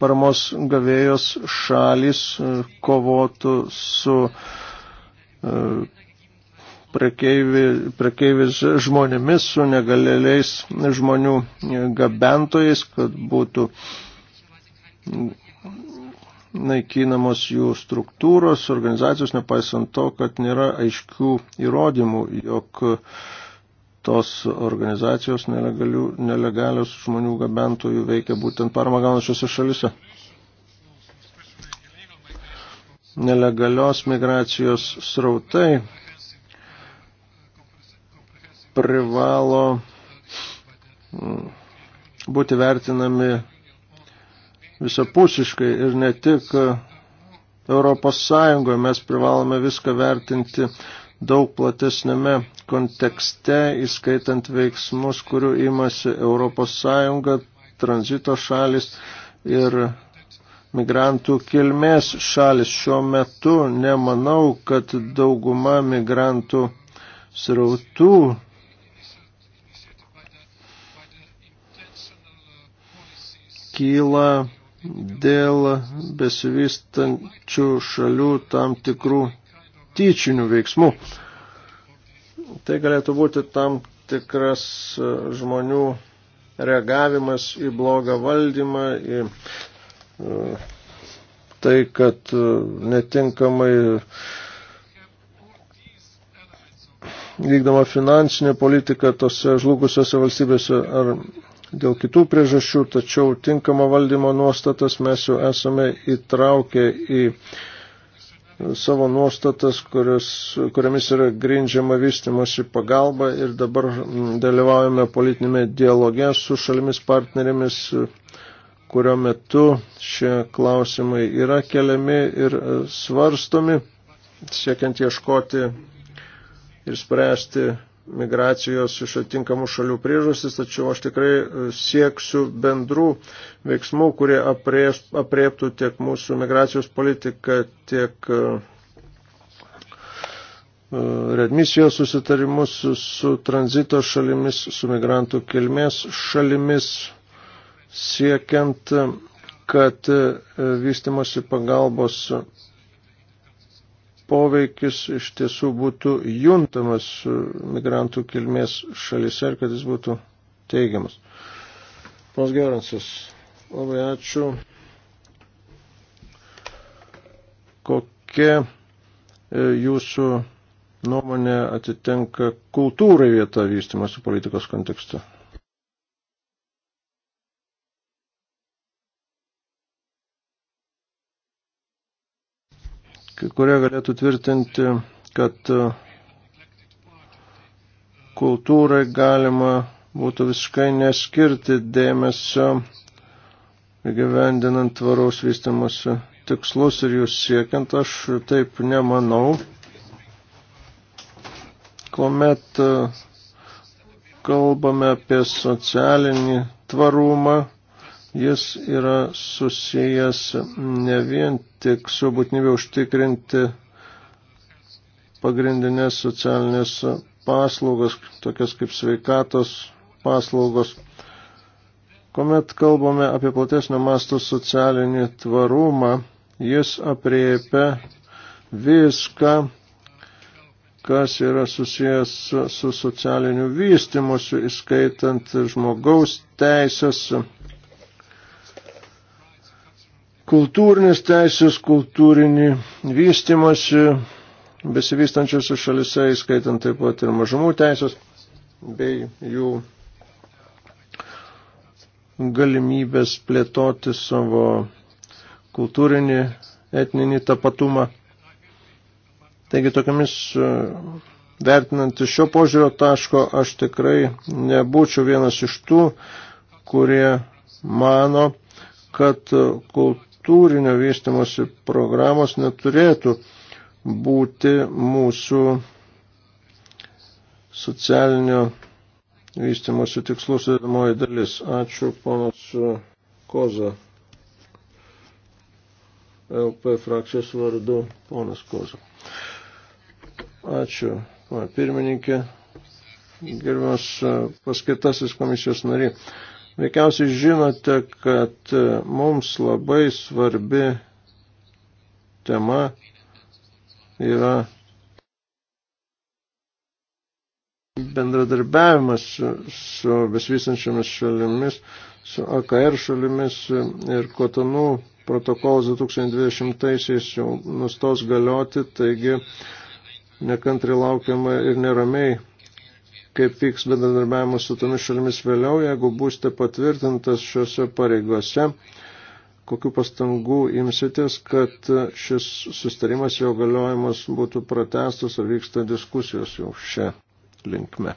paramos gavėjos šalis kovotų su prekeivis žmonėmis, su negalėliais žmonių gabentojais, kad būtų naikinamos jų struktūros, organizacijos, nepaisant to, kad nėra aiškių įrodymų, jog uh, tos organizacijos nelegalių, nelegalios žmonių gabentojų veikia būtent parama gaunančiose šalise. Nelegalios migracijos srautai privalo mm, būti vertinami visapusiškai ir ne tik Europos Sąjungoje mes privalome viską vertinti daug platesnėme kontekste, įskaitant veiksmus, kurių imasi Europos Sąjunga, tranzito šalis ir migrantų kilmės šalis. Šiuo metu nemanau, kad dauguma migrantų srautų kyla dėl besivystančių šalių tam tikrų tyčinių veiksmų. Tai galėtų būti tam tikras e, žmonių reagavimas į blogą valdymą, į e, tai, kad e, netinkamai vykdoma finansinė politika tose žlugusiose valstybėse ar dėl kitų priežasčių, tačiau tinkamą valdymo nuostatas mes jau esame įtraukę į savo nuostatas, kurios, kuriamis yra grindžiama vystimosi pagalba ir dabar mm, dalyvaujame politinėme dialoge su šalimis partnerėmis, kurio metu šie klausimai yra keliami ir e, svarstomi, siekiant ieškoti ir spręsti migracijos iš atinkamų šalių priežastis, tačiau aš tikrai e, sieksiu bendrų veiksmų, kurie apriektų tiek mūsų migracijos politiką, tiek e, e, redmisijos susitarimus su, su tranzito šalimis, su migrantų kilmės šalimis, siekiant, kad vystimosi pagalbos poveikis iš tiesų būtų juntamas migrantų kilmės šalise ir kad jis būtų teigiamas. Pons Geransas, labai ačiū. Kokia e, jūsų nuomonė atitenka kultūrai vieta vystimosi politikos kontekste? kurie galėtų tvirtinti, kad e, kultūrai galima būtų visiškai neskirti dėmesio gyvendinant tvaraus vystimus tikslus ir jūs siekiant, aš taip nemanau. Komet e, kalbame apie socialinį tvarumą, Jis yra susijęs ne vien tik su būtinybė užtikrinti pagrindinės socialinės paslaugos, tokias kaip sveikatos paslaugos. Komet kalbame apie platesnio masto socialinį tvarumą, jis apriepia viską, kas yra susijęs su, su socialiniu vystimusiu, įskaitant žmogaus teisės, kultūrinės teisės, kultūrinį vystimąsi besivystančiose šalise, įskaitant taip pat ir mažumų teisės bei jų galimybės plėtoti savo kultūrinį, etninį tapatumą. Taigi tokiamis e, vertinant iš šio požiūrio taško, aš tikrai nebūčiau vienas iš tų, kurie mano, kad kultūrinį turinio vystimosi programos neturėtų būti mūsų socialinio vystimosi tikslų sudėdamoji dalis. Ačiū, ponas Koza. LP frakcijos vardu, ponas Koza. Ačiū, pana pirmininkė. Gerbiamas paskaitasis komisijos nariai. Veikiausiai žinote, kad mums labai svarbi tema yra bendradarbiavimas su, su besvystančiomis šalimis, su AKR šalimis ir kotonų protokolas 2020-aisiais jau nustos galioti, taigi nekantri laukiama ir neramiai kaip vyks bendradarbiavimas su tomis šalimis vėliau, jeigu būsite patvirtintas šiuose pareigose, kokiu pastangu imsitės, kad šis sustarimas jo galiojimas būtų pratestas ar vyksta diskusijos jau šią linkme.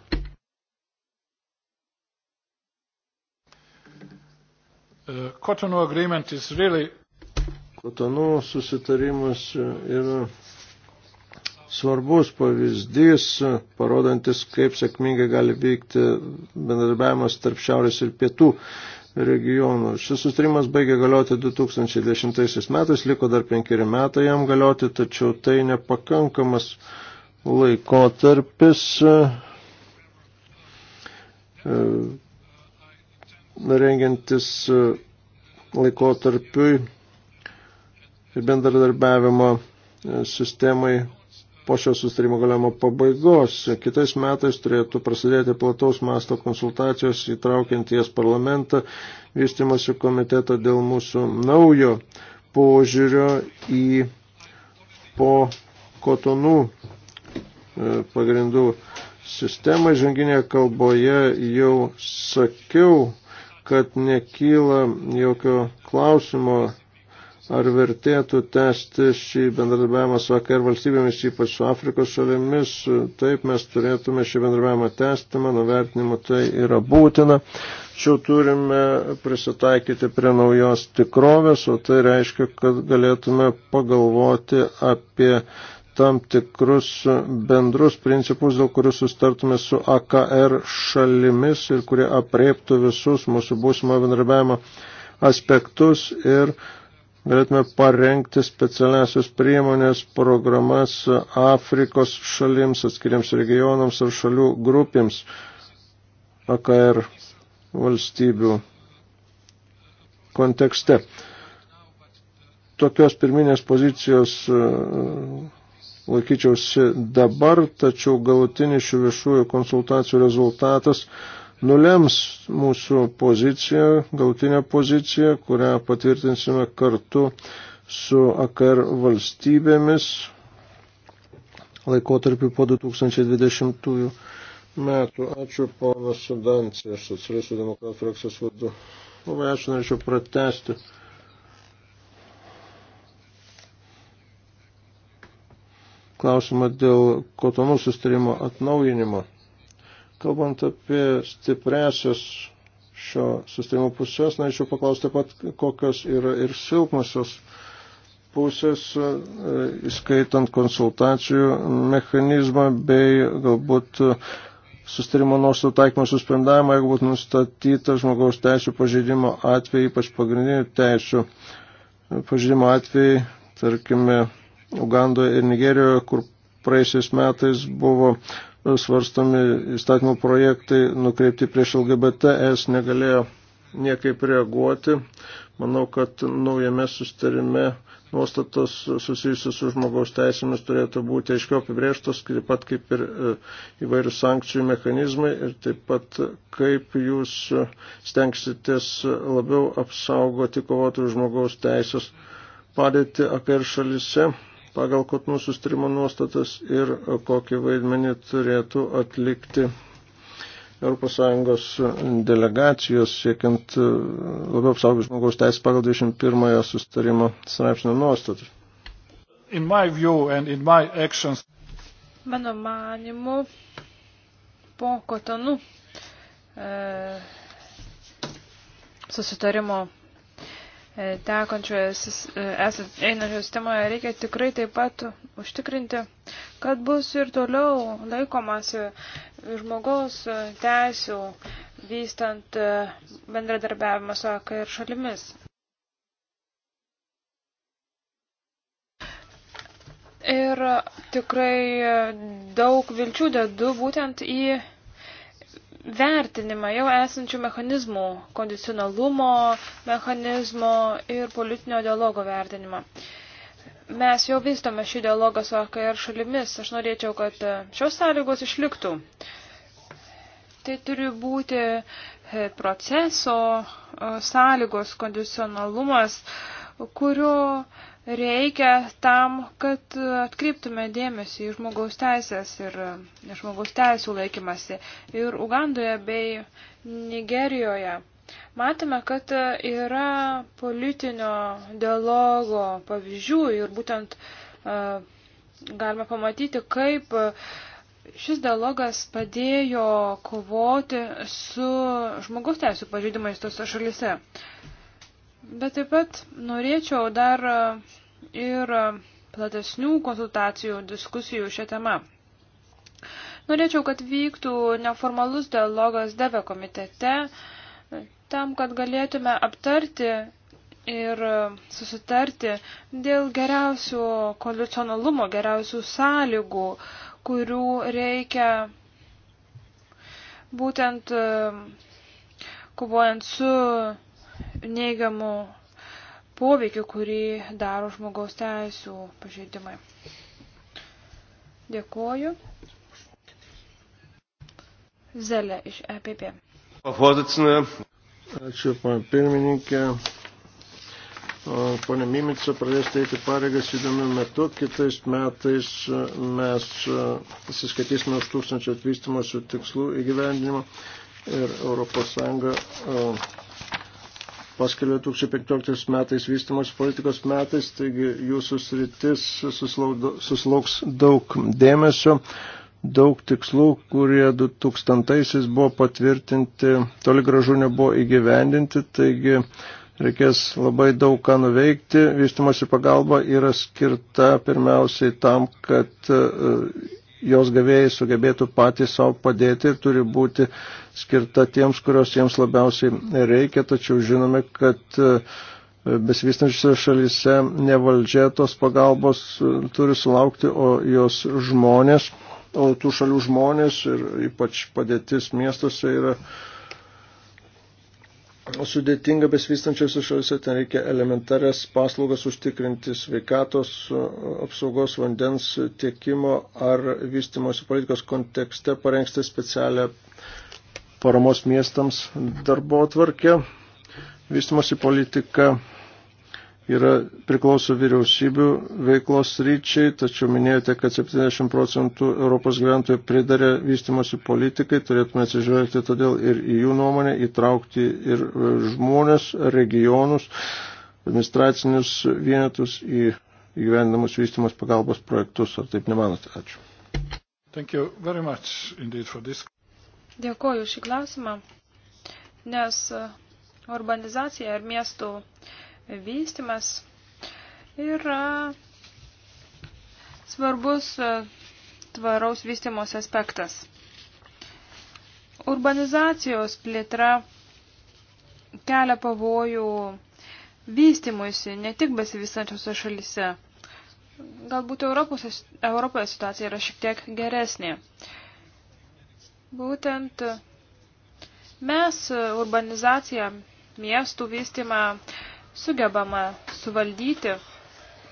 Kotonų uh, really... susitarimas yra svarbus pavyzdys, parodantis, kaip sėkmingai gali vykti bendradarbiavimas tarp šiaurės ir pietų regionų. Šis sustarimas baigė galioti 2010 metais, liko dar penkeri metai jam galioti, tačiau tai nepakankamas laikotarpis e, rengiantis e, laikotarpiui ir bendradarbiavimo e, sistemai po šio sustarimo galiamo pabaigos. Kitais metais turėtų prasidėti plataus masto konsultacijos įtraukiant jas parlamentą, vystimosi komitetą dėl mūsų naujo požiūrio į po kotonų e, pagrindų sistemą. Žanginėje kalboje jau sakiau, kad nekyla jokio klausimo ar vertėtų tęsti šį bendradarbiavimą su AKR valstybėmis, ypač su Afrikos šalimis. Taip mes turėtume šį bendradarbiavimą tęsti, mano vertinimu tai yra būtina. Čia turime prisitaikyti prie naujos tikrovės, o tai reiškia, kad galėtume pagalvoti apie tam tikrus bendrus principus, dėl kurių sustartume su AKR šalimis ir kurie apreiptų visus mūsų būsimo bendrabiavimo aspektus ir uh, galėtume parengti specialiasios priemonės programas Afrikos šalims, atskiriams regionams ar šalių grupėms AKR valstybių kontekste. Tokios pirminės pozicijos e, laikyčiausi dabar, tačiau galutinis šių viešųjų konsultacijų rezultatas nulems mūsų poziciją, galtinę poziciją, kurią patvirtinsime kartu su AKR valstybėmis laikotarpiu po 2020 metų. Ačiū ponas Sudancija, aš socialistų demokratų frakcijos vadu. Labai ačiū, norėčiau pratesti. Klausimą dėl kotonų sustarimo atnaujinimo. Kalbant apie stipresias šio sustarimo pusės, norėčiau paklausti taip pat, kokios yra ir silpnosios pusės, e, įskaitant konsultacijų mechanizmą bei galbūt sustarimo nuostatų taikymo suspendavimą, jeigu būtų nustatyta žmogaus teisų pažeidimo atvejai, ypač pagrindinių teisų pažeidimo atvejai, tarkime, Ugandoje ir Nigerijoje, kur praeisiais metais buvo e, svarstomi įstatymų projektai nukreipti prieš LGBTS negalėjo niekaip reaguoti. Manau, kad naujame sustarime nuostatos susijusios su žmogaus teisėmis turėtų būti aiškiau apibrėžtos, taip pat kaip ir e, įvairių sankcijų mechanizmai ir taip pat kaip jūs stengsitės labiau apsaugoti kovotojų žmogaus teisės padėti AKR šalise pagal kotnų sustrimo nuostatas ir kokį vaidmenį turėtų atlikti ES delegacijos siekiant e, labiau apsaugoti žmogaus teisę pagal 21 sustarimo straipsnio nuostatas. In my view and in my actions. Mano manimu, po kotonų e, susitarimo E, tekančioje e, einančioje sistemoje reikia tikrai taip pat užtikrinti, kad bus ir toliau laikomasi žmogaus teisų vystant e, bendradarbiavimą su AK ir šalimis. Ir tikrai daug vilčių dedu būtent į vertinimą jau esančių mechanizmų, kondicionalumo mechanizmo ir politinio dialogo vertinimą. Mes jau vystome šį dialogą su AKR šalimis. Aš norėčiau, kad šios sąlygos išliktų. Tai turi būti e, proceso e, sąlygos, kondicionalumas, kurio reikia tam, kad atkreiptume dėmesį į žmogaus teisės ir žmogaus teisų laikymasi ir Ugandoje bei Nigerijoje. Matome, kad yra politinio dialogo pavyzdžių ir būtent e, galime pamatyti, kaip šis dialogas padėjo kovoti su žmogaus teisų pažeidimais tose šalise. Bet taip pat norėčiau dar e, ir e, platesnių konsultacijų, diskusijų šią temą. Norėčiau, kad vyktų neformalus dialogas DEVE komitete, e, tam, kad galėtume aptarti ir susitarti dėl geriausių koalicionalumo, geriausių sąlygų, kurių reikia būtent kovojant su neigiamų poveikių, kurį daro žmogaus teisų pažeidimai. Dėkuoju. Zelė iš EPP. Ačiū, pan pirmininkė. Pone Mimica pradės teikti pareigas įdomių metų. Kitais metais mes pasiskaitysime už tūkstančio atvystymosi tikslų įgyvendinimo ir Europos Sąjunga paskelbė 2015 metais vystimos politikos metais, taigi jūsų sritis susilauks daug dėmesio, daug tikslų, kurie 2000-aisiais buvo patvirtinti, toli gražu nebuvo įgyvendinti, taigi reikės labai daug ką nuveikti. Vystimosi pagalba yra skirta pirmiausiai tam, kad jos gavėjai sugebėtų patys savo padėti ir turi būti skirta tiems, kurios jiems labiausiai reikia, tačiau žinome, kad e, besivystančiose šalyse ne valdžia tos pagalbos e, turi sulaukti, o jos žmonės, o tų šalių žmonės ir ypač padėtis miestuose yra sudėtinga besvystančiose šalise, ten reikia elementarias paslaugas užtikrinti sveikatos, apsaugos vandens tiekimo ar vystimosi politikos kontekste parengsti specialią paramos miestams darbo atvarkę. Vystimosi politika yra priklauso vyriausybių veiklos ryčiai, tačiau minėjote, kad 70 procentų Europos gyventojų pridarė vystimosi politikai, turėtume atsižvelgti todėl ir į jų nuomonę, įtraukti ir e, žmonės, regionus, administracinius vienetus į įgyvendamus vystimos pagalbos projektus. Ar taip nemanote? Ačiū. Thank you very much indeed for this. Dėkuoju šį klausimą, nes urbanizacija ir miestų uh, vystimas yra svarbus e, tvaraus vystimos aspektas. Urbanizacijos plėtra kelia pavojų vystimuisi ne tik besivystančiose šalise. Galbūt Europos, Europoje situacija yra šiek tiek geresnė. Būtent mes urbanizaciją, miestų vystimą sugebama suvaldyti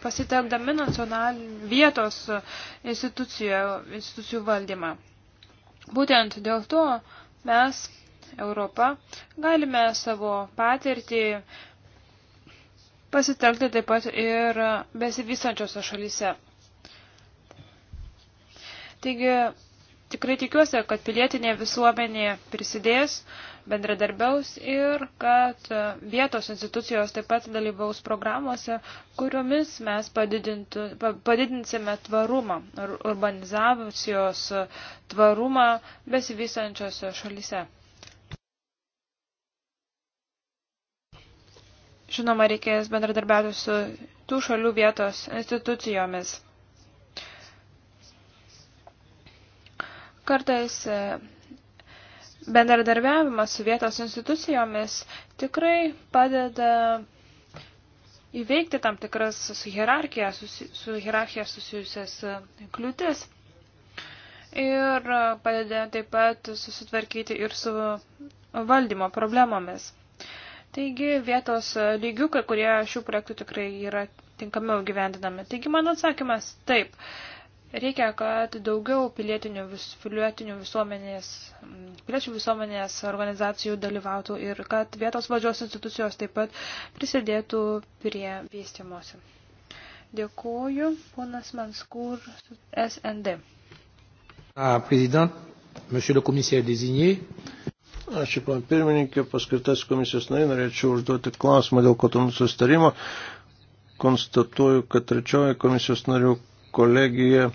pasitelkdami vietos institucijų, institucijų valdymą. Būtent dėl to mes, Europa, galime savo patirtį pasitelkti taip pat ir besivystančiose šalyse. Taigi, tikrai tikiuosi, kad pilietinė visuomenė prisidės uh, bendradarbiaus ir kad vietos institucijos taip pat dalyvaus programuose, kuriomis mes padidinsime tvarumą, urbanizacijos tvarumą besivysančiose šalyse. Žinoma, reikės bendradarbiauti su tų šalių vietos institucijomis. Kartais bendradarbiavimas su vietos institucijomis tikrai padeda įveikti tam tikras su hierarchija, susi, su hierarchija susijusias e, kliūtis. Ir e, padeda taip pat susitvarkyti ir su valdymo problemomis. Taigi vietos lygių, kai kurie šių projektų tikrai yra tinkamiau gyvendinami. Taigi mano atsakymas taip. Uh, Reikia, kad daugiau pilietinių, vis, pilietinių visuomenės, piliečių visuomenės organizacijų dalyvautų ir kad vietos valdžios institucijos taip pat prisidėtų prie vystimosi. Dėkuoju, ponas Manskur, SND. Ah, Prezident, monsieur le commissaire désigné. Ačiū, pan pirmininkė, paskirtas komisijos nai, norėčiau užduoti klausimą dėl kotonų sustarimo. Konstatuoju, kad trečioji komisijos narių kolegija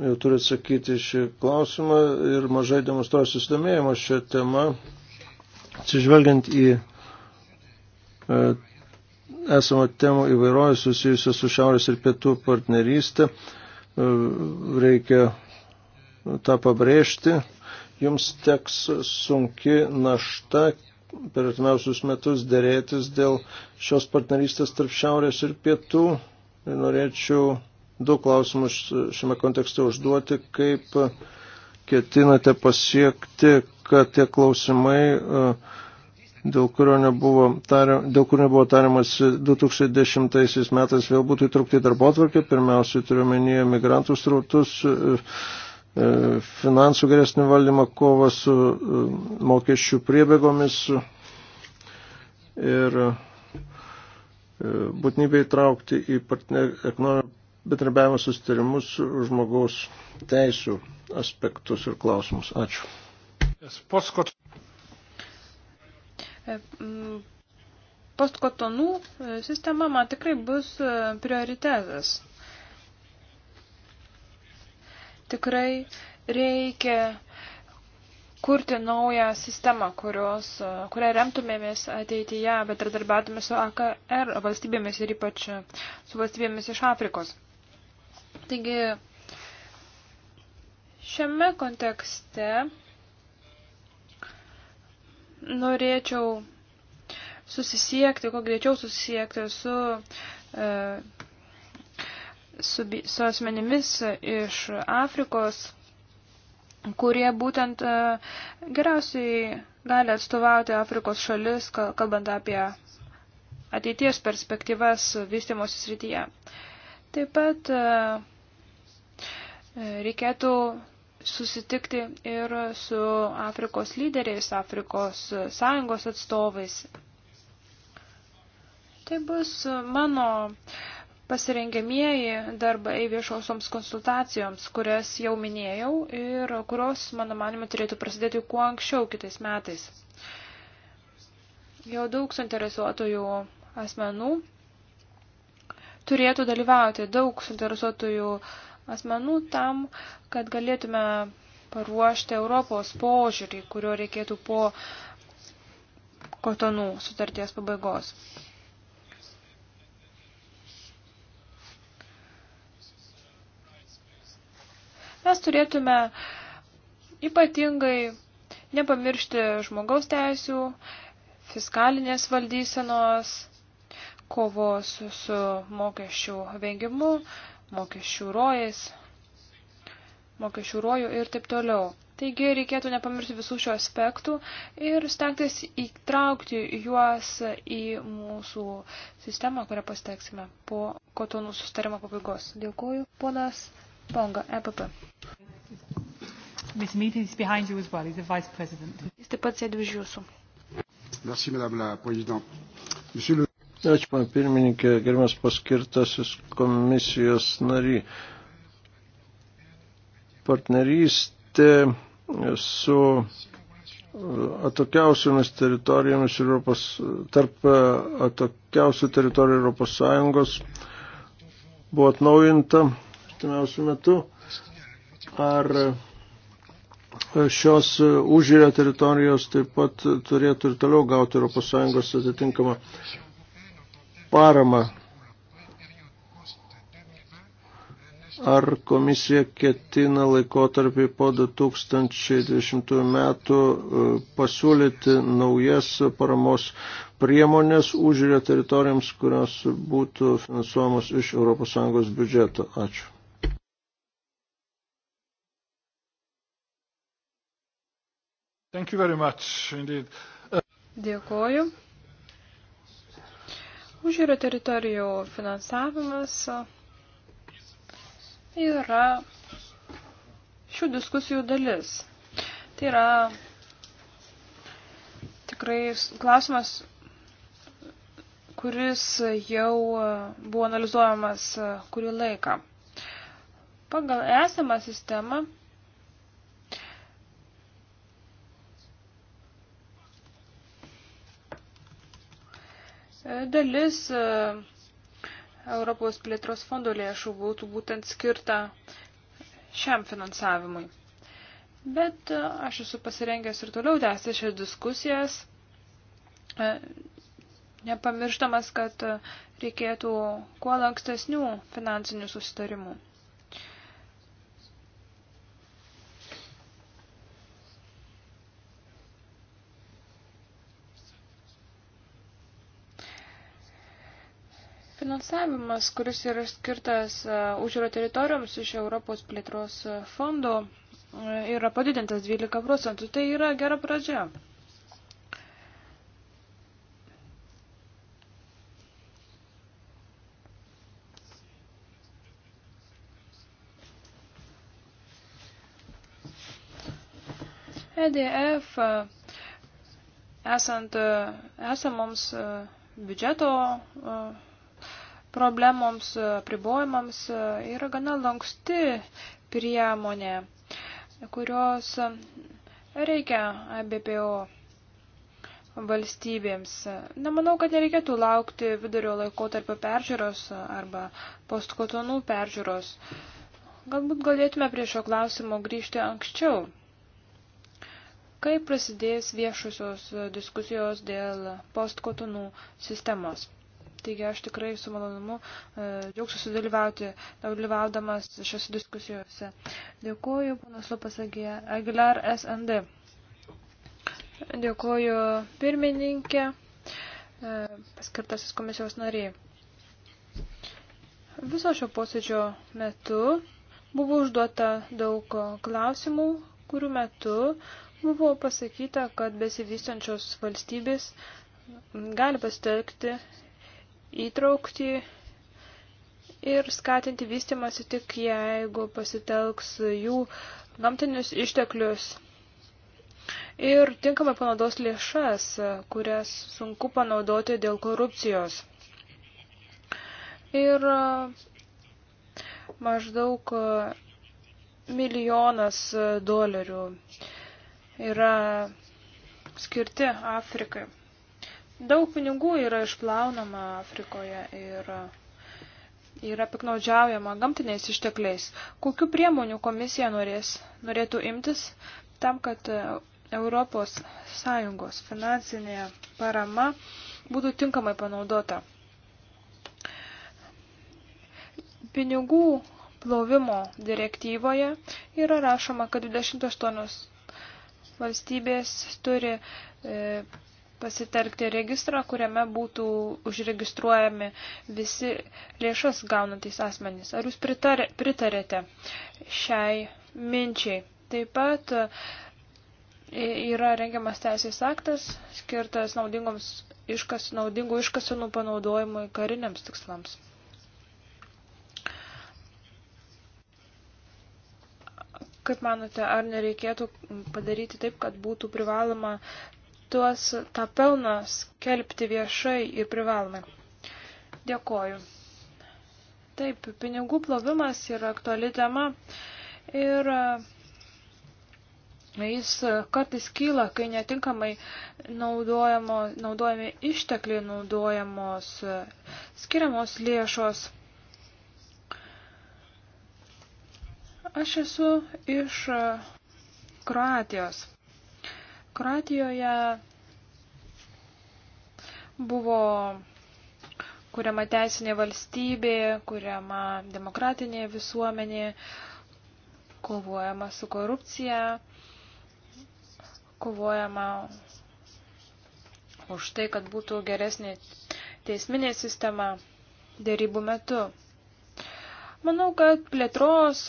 jau turi atsakyti šį klausimą ir mažai demonstruoja susidomėjimą šią temą. Atsižvelgiant į e, esamą temų įvairovę susijusią su Šiaurės ir Pietų partnerystė, e, reikia tą pabrėžti. Jums teks sunki našta per atmiausius metus dėrėtis dėl šios partnerystės tarp Šiaurės ir Pietų Norėčiau du klausimus šiame kontekste užduoti, kaip ketinate pasiekti, kad tie klausimai, e, dėl kurio nebuvo, tariam, dėl kurio nebuvo tariamas 2010 metais, vėl būtų įtraukti darbo atvarkė, pirmiausiai turiu menyje migrantų srautus, e, e, finansų geresnį valdymą, kovą su mokesčių priebėgomis ir E, būtinybė įtraukti į bendrabiavimo sustarimus žmogaus teisų aspektus ir klausimus. Ačiū. Postkotonų e, e, sistema man tikrai bus prioritetas. Tikrai reikia kurti naują sistemą, kurios, e, kurią remtumėmės ateityje, bet ir darbėtume su AKR valstybėmis ir ypač e, su valstybėmis iš Afrikos. Taigi, šiame kontekste norėčiau susisiekti, kuo greičiau susisiekti su, e, su, su asmenimis iš Afrikos kurie būtent e, geriausiai gali atstovauti Afrikos šalis, kalbant apie ateities perspektyvas vystimosi srityje. Taip pat e, reikėtų susitikti ir su Afrikos lyderiais, Afrikos sąjungos atstovais. Tai bus mano uh, pasirengiamieji darbai viešosioms konsultacijoms, kurias jau minėjau ir kurios, mano manimo, turėtų prasidėti kuo anksčiau kitais metais. Jau daug suinteresuotojų asmenų turėtų dalyvauti, daug suinteresuotojų asmenų tam, kad galėtume paruošti Europos požiūrį, kurio reikėtų po kotonų sutarties pabaigos. Mes turėtume ypatingai nepamiršti žmogaus teisių, fiskalinės valdysenos, kovos su, su mokesčių vengimu, mokesčių rojais, mokesčių rojų ir taip toliau. Taigi reikėtų nepamiršti visų šių aspektų ir stengtis įtraukti juos į mūsų sistemą, kurią pasteksime po kotonų sustarimo pabaigos. Dėkuoju, ponas Ponga, EPP. Miss Mead is behind you as well. He's the vice president. Jis taip pat sėdi už jūsų. Merci, madame la présidente. Monsieur le... Ačiū, pan pirmininkė, gerimas paskirtasis komisijos nary. Partnerystė su uh, atokiausiomis teritorijomis Europos, tarp uh, atokiausių teritorijų Europos Sąjungos buvo atnaujinta artimiausių metų, ar šios užžiūrė teritorijos taip pat turėtų ir toliau gauti ES atitinkamą paramą. Ar komisija ketina laikotarpį po 2020 metų e, pasiūlyti naujas paramos priemonės užžiūrė teritorijoms, kurios būtų finansuomos iš ES biudžeto? Ačiū. Thank you very much indeed. Uh... Dėkoju. Užjūrio teritorijų finansavimas yra šių diskusijų dalis. Tai yra tikrai klausimas, kuris jau buvo analizuojamas kurį laiką. Pagal esamą sistemą dalis e, Europos plėtros fondo lėšų būtų būtent skirta šiam finansavimui. Bet e, aš esu pasirengęs ir toliau tęsti šias diskusijas, e, nepamirštamas, kad reikėtų kuo lankstesnių finansinių susitarimų. finansavimas, kuris yra skirtas e, užsienio teritorijoms iš Europos plėtros e, fondo, e, yra padidintas 12 procentų. Tai yra gera pradžia. EDF esant esamoms biudžeto problemoms, pribojimams e, yra gana lanksti priemonė, kurios reikia ABPO valstybėms. Nemanau, kad nereikėtų laukti vidurio laikotarpio peržiūros arba postkotonų peržiūros. Galbūt galėtume prie šio klausimo grįžti anksčiau. Kai prasidės viešusios diskusijos dėl postkotonų sistemos? Taigi aš tikrai su malonumu e, džiaugsiu dalyvauti, dalyvaudamas šiose diskusijose. Dėkuoju, panas Lopasagė, Aguilar SND. Dėkuoju pirmininkė, e, paskirtasis komisijos nariai. Viso šio posėdžio metu buvo užduota daug klausimų, kurių metu buvo pasakyta, kad besivystančios valstybės gali pasitelkti įtraukti ir skatinti vystimasi tik jeigu pasitelks jų gamtinius išteklius ir tinkamai panaudos lėšas, kurias sunku panaudoti dėl korupcijos. Ir maždaug milijonas dolerių yra skirti Afrikai. Daug pinigų yra išplaunama Afrikoje ir yra piknaudžiaujama gamtiniais ištekliais. Kokiu priemonių komisija norės, norėtų imtis tam, kad Europos Sąjungos finansinė parama būtų tinkamai panaudota? Pinigų plovimo direktyvoje yra rašoma, kad 28 valstybės turi e, pasitelkti registrą, kuriame būtų užregistruojami visi lėšas gaunantys asmenys. Ar jūs pritarė, pritarėte šiai minčiai? Taip pat e, yra rengiamas teisės aktas skirtas naudingoms iškas, naudingų iškasenų panaudojimui kariniams tikslams. Kaip manote, ar nereikėtų padaryti taip, kad būtų privaloma tuos tą pelną skelbti viešai ir privalomai. Dėkoju. Taip, pinigų plovimas yra aktuali tema ir e, jis kartais kyla, kai netinkamai naudojami ištekliai naudojamos e, skiriamos lėšos. Aš esu iš e, Kroatijos. Kroatijoje buvo kuriama teisinė valstybė, kuriama demokratinė visuomenė, kovojama su korupcija, kovojama už tai, kad būtų geresnė teisminė sistema dėrybų metu. Manau, kad plėtros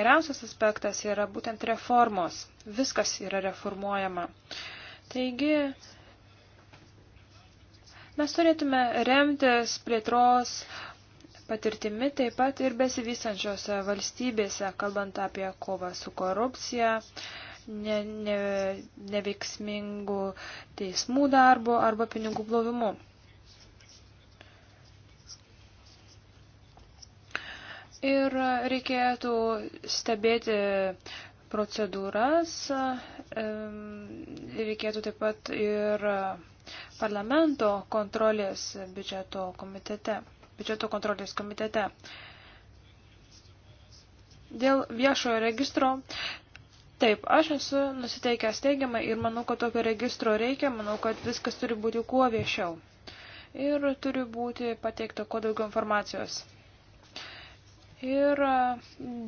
geriausias aspektas yra būtent reformos viskas yra reformuojama. Taigi, mes turėtume remtis plėtros patirtimi taip pat ir besivystančiose valstybėse, kalbant apie kovą su korupcija, ne, ne, neveiksmingų teismų darbu arba pinigų plovimu. Ir reikėtų stebėti procedūras, reikėtų taip pat ir parlamento kontrolės biudžeto komitete, biudžeto kontrolės komitete. Dėl viešojo registro, taip, aš esu nusiteikęs teigiamai ir manau, kad tokio registro reikia, manau, kad viskas turi būti kuo viešiau. Ir turi būti pateikta kuo daugiau informacijos ir e,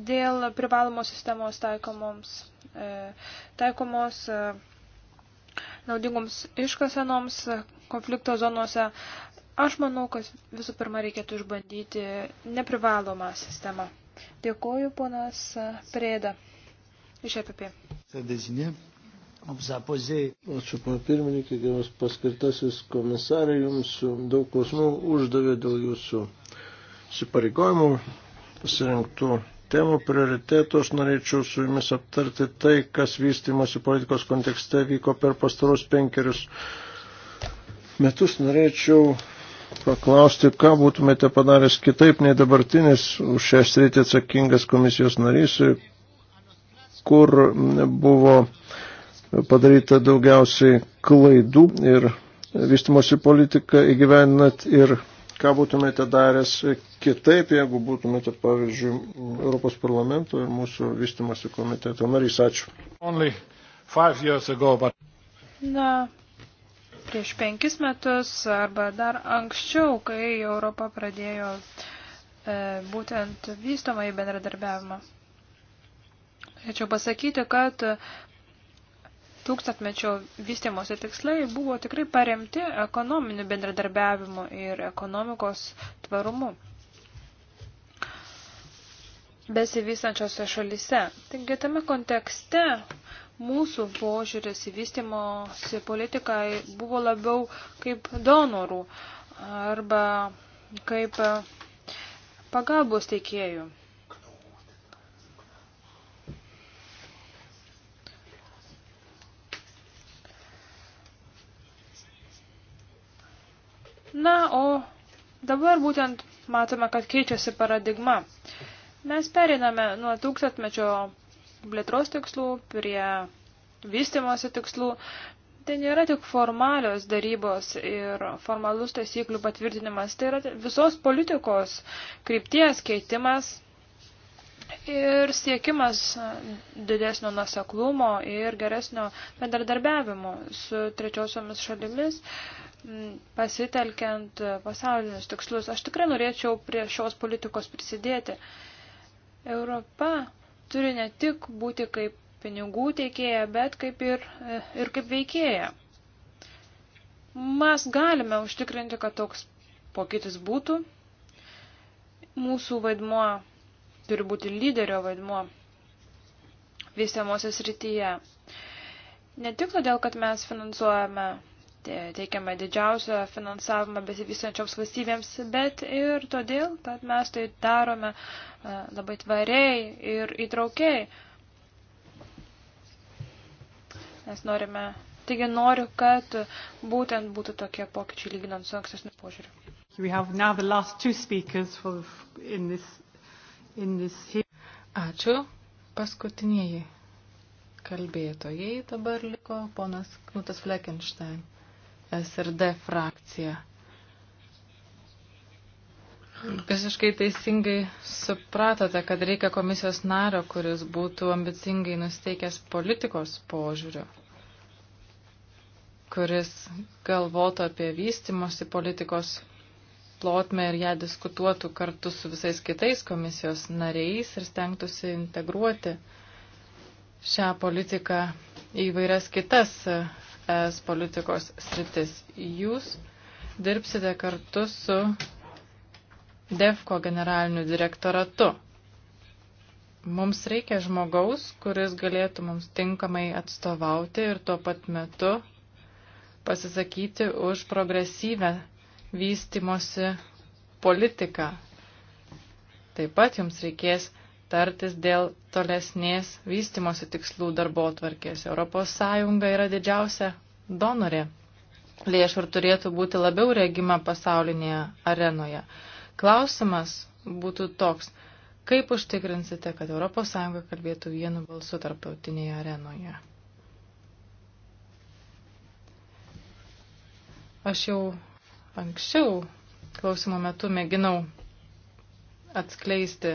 dėl privalomos sistemos taikomoms, e, taikomos e, naudingoms iškasenoms konflikto zonuose. Aš manau, kad visų pirma reikėtų išbandyti neprivalomą sistemą. Dėkuoju, ponas Prėda. Iš EPP. Ačiū, pana pirmininkė, geras paskirtasis komisarė, jums daug klausimų uždavė dėl jūsų įsipareigojimų pasirinktų temų prioritetų aš norėčiau su jumis aptarti tai, kas vystimosi politikos kontekste vyko per pastarus penkerius metus. Norėčiau paklausti, ką būtumėte padaręs kitaip nei dabartinis už šią sritį atsakingas komisijos narys, kur buvo padaryta daugiausiai klaidų ir vystimosi politiką įgyvendinat ir ką būtumėte daręs kitaip, jeigu būtumėte, pavyzdžiui, Europos parlamento ir mūsų vystimasi komiteto narys. Ačiū. Ago, but... Na, prieš penkis metus arba dar anksčiau, kai Europa pradėjo e, būtent vystomą į bendradarbiavimą. Norėčiau pasakyti, kad tūkstantmečio vystimosi tikslai buvo tikrai paremti ekonominiu bendradarbiavimu ir ekonomikos tvarumu besivystančiose šalyse. Taigi tame kontekste mūsų požiūris į vystimosi politiką buvo labiau kaip donorų arba kaip pagalbos teikėjų. Na, o dabar būtent matome, kad keičiasi paradigma. Mes periname nuo tūkstantmečio plėtros tikslų prie vystimosi tikslų. Tai nėra tik formalios darybos ir formalus taisyklių patvirtinimas, tai yra visos politikos krypties keitimas ir siekimas didesnio nuseklumo ir geresnio bendradarbiavimo su trečiosiomis šalimis, pasitelkiant pasaulinius tikslus. Aš tikrai norėčiau prie šios politikos prisidėti. Europa turi ne tik būti kaip pinigų teikėja, bet kaip ir, ir kaip veikėja. Mes galime užtikrinti, kad toks pokytis būtų. Mūsų vaidmuo turi būti lyderio vaidmuo vystiamosios rytyje. Ne tik todėl, kad mes finansuojame, teikiame didžiausią finansavimą besivystančioms valstybėms, bet ir todėl, kad mes tai darome labai tvariai ir įtraukiai. Mes norime, taigi noriu, kad būtent būtų tokie pokyčiai lyginant su ankstesniu požiūriu. We have now the last two speakers for, in this Ačiū. Paskutinieji kalbėtojai dabar liko ponas Knutas Fleckenstein, SRD frakcija. Visiškai teisingai supratote, kad reikia komisijos nario, kuris būtų ambicingai nusteikęs politikos požiūriu, kuris galvotų apie vystimosi politikos plotmę ir ją diskutuotų kartu su visais kitais komisijos nariais ir stengtųsi integruoti šią politiką į vairias kitas e, es politikos sritis. Jūs dirbsite kartu su DEFCO generaliniu direktoratu. Mums reikia žmogaus, kuris galėtų mums tinkamai atstovauti ir tuo pat metu pasisakyti už progresyvę vystimosi politiką. Taip pat jums reikės tartis dėl tolesnės vystimosi tikslų darbo atvarkės. Europos Sąjunga yra didžiausia donorė lėšų ir turėtų būti labiau regima pasaulinėje arenoje. Klausimas būtų toks, kaip užtikrinsite, kad ES kalbėtų vienu balsu tarptautinėje arenoje? Aš jau anksčiau klausimo metu mėginau atskleisti,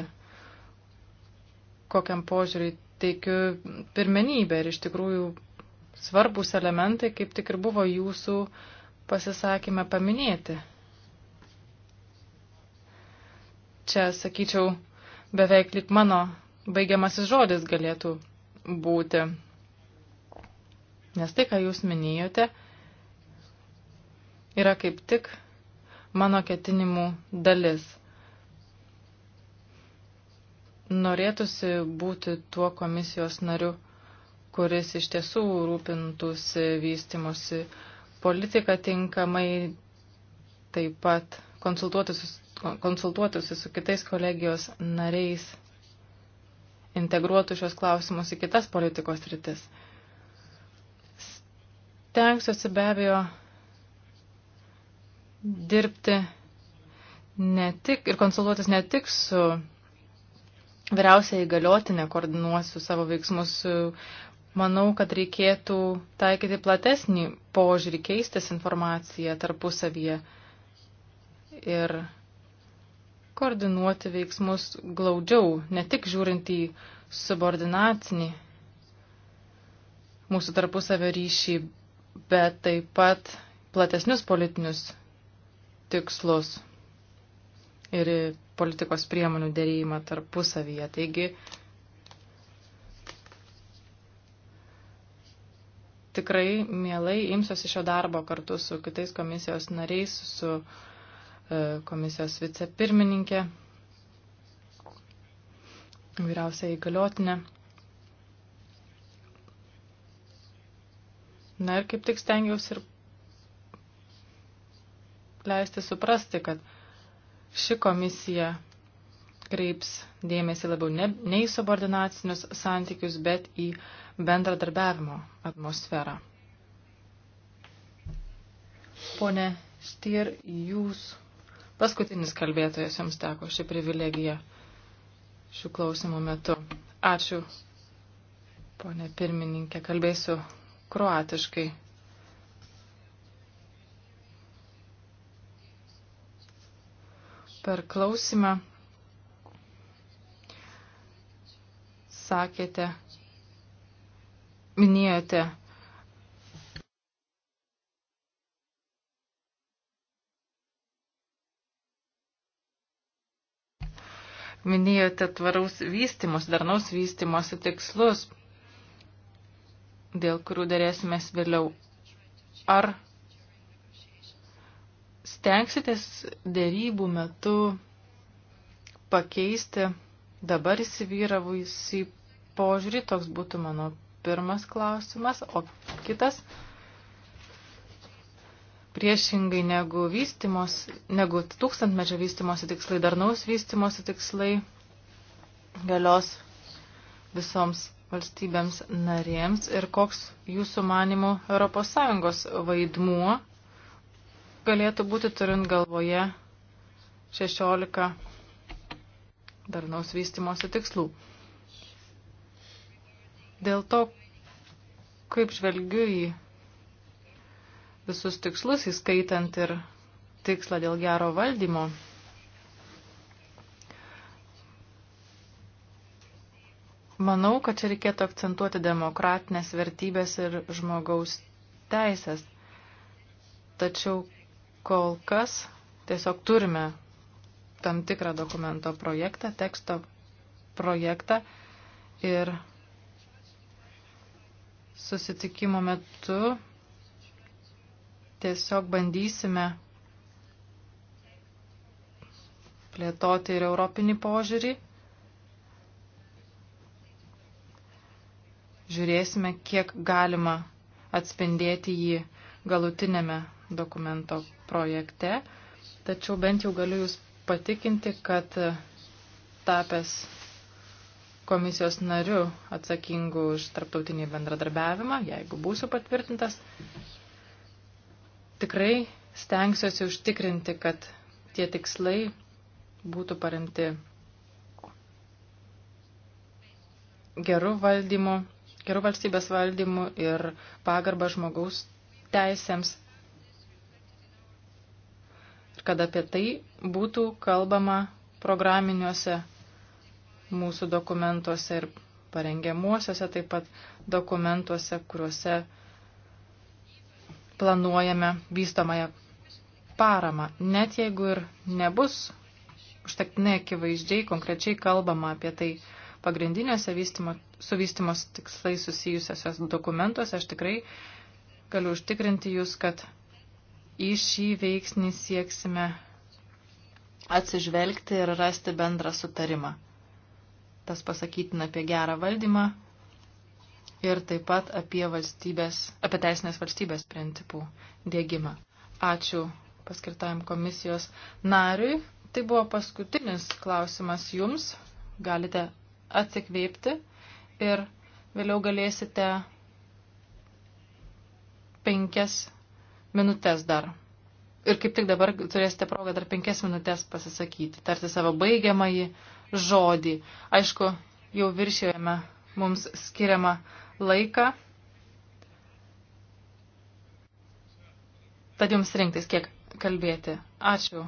kokiam požiūriui teikiu pirmenybę ir iš tikrųjų svarbus elementai kaip tik ir buvo jūsų pasisakymę paminėti. Čia, sakyčiau, beveik lik mano baigiamasis žodis galėtų būti. Nes tai, ką jūs minėjote, yra kaip tik mano ketinimų dalis. Norėtųsi būti tuo komisijos nariu, kuris iš tiesų rūpintųsi vystimosi politiką tinkamai, taip pat konsultuotųsi, konsultuotųsi su kitais kolegijos nariais, integruotų šios klausimus į kitas politikos rytis. Stengsiuosi be abejo dirbti ne tik ir konsultuotis ne tik su vyriausia įgaliotinė, koordinuosiu savo veiksmus. Manau, kad reikėtų taikyti platesnį požiūrį, keistis informaciją tarpusavyje ir koordinuoti veiksmus glaudžiau, ne tik žiūrint į subordinacinį mūsų tarpusavio ryšį, bet taip pat platesnius politinius tikslus ir politikos priemonių dėrėjimą tarpusavyje. Taigi tikrai mielai imsiuosi šio darbo kartu su kitais komisijos nariais, su e, komisijos vicepirmininkė, vyriausia įgaliotinė. Na ir kaip tik stengiausi ir leisti suprasti, kad ši komisija kreips dėmesį labiau ne, ne į subordinacinius santykius, bet į bendradarbiavimo atmosferą. Pone Štir, jūs paskutinis kalbėtojas jums teko ši privilegija šių klausimų metu. Ačiū, ponė pirmininkė, kalbėsiu kroatiškai. per klausimą sakėte, minėjote, minėjote tvaraus vystimus, darnaus vystimosi tikslus, dėl kurių dėrėsimės vėliau. Ar stengsitės dėrybų metu pakeisti dabar įsivyravusį požiūrį, toks būtų mano pirmas klausimas, o kitas priešingai negu vystimos, negu tūkstantmečio vystimosi tikslai, darnaus vystimosi tikslai galios visoms valstybėms narėms ir koks jūsų manimų ES vaidmuo galėtų būti turint galvoje 16 darnaus vystimosi tikslų. Dėl to, kaip žvelgiu į visus tikslus, įskaitant ir tikslą dėl gero valdymo, manau, kad čia reikėtų akcentuoti demokratinės vertybės ir žmogaus teisės. Tačiau Kol kas tiesiog turime tam tikrą dokumento projektą, teksto projektą ir susitikimo metu tiesiog bandysime plėtoti ir europinį požiūrį. Žiūrėsime, kiek galima atspindėti jį galutinėme dokumento projekte, tačiau bent jau galiu Jūs patikinti, kad tapęs komisijos nariu atsakingu už tarptautinį bendradarbiavimą, jeigu būsiu patvirtintas, tikrai stengsiuosi užtikrinti, kad tie tikslai būtų paremti gerų valdymų, gerų valstybės valdymų ir pagarbą žmogaus teisėms kad apie tai būtų kalbama programiniuose mūsų dokumentuose ir parengiamuosiuose taip pat dokumentuose, kuriuose planuojame vystamąją paramą. Net jeigu ir nebus užtektinai akivaizdžiai, konkrečiai kalbama apie tai pagrindinėse vystimo, su vystimos tikslai susijusiosios dokumentuose, aš tikrai galiu užtikrinti jūs, kad į šį veiksnį sieksime atsižvelgti ir rasti bendrą sutarimą. Tas pasakytina apie gerą valdymą ir taip pat apie, valstybės, apie teisinės valstybės principų dėgymą. Ačiū paskirtajam komisijos nariui. Tai buvo paskutinis klausimas jums. Galite atsikvėpti ir vėliau galėsite penkias minutės dar. Ir kaip tik dabar turėsite progą dar penkias minutės pasisakyti, tarti savo baigiamąjį žodį. Aišku, jau viršėjame mums skiriamą laiką. Tad jums rinktis, kiek kalbėti. Ačiū,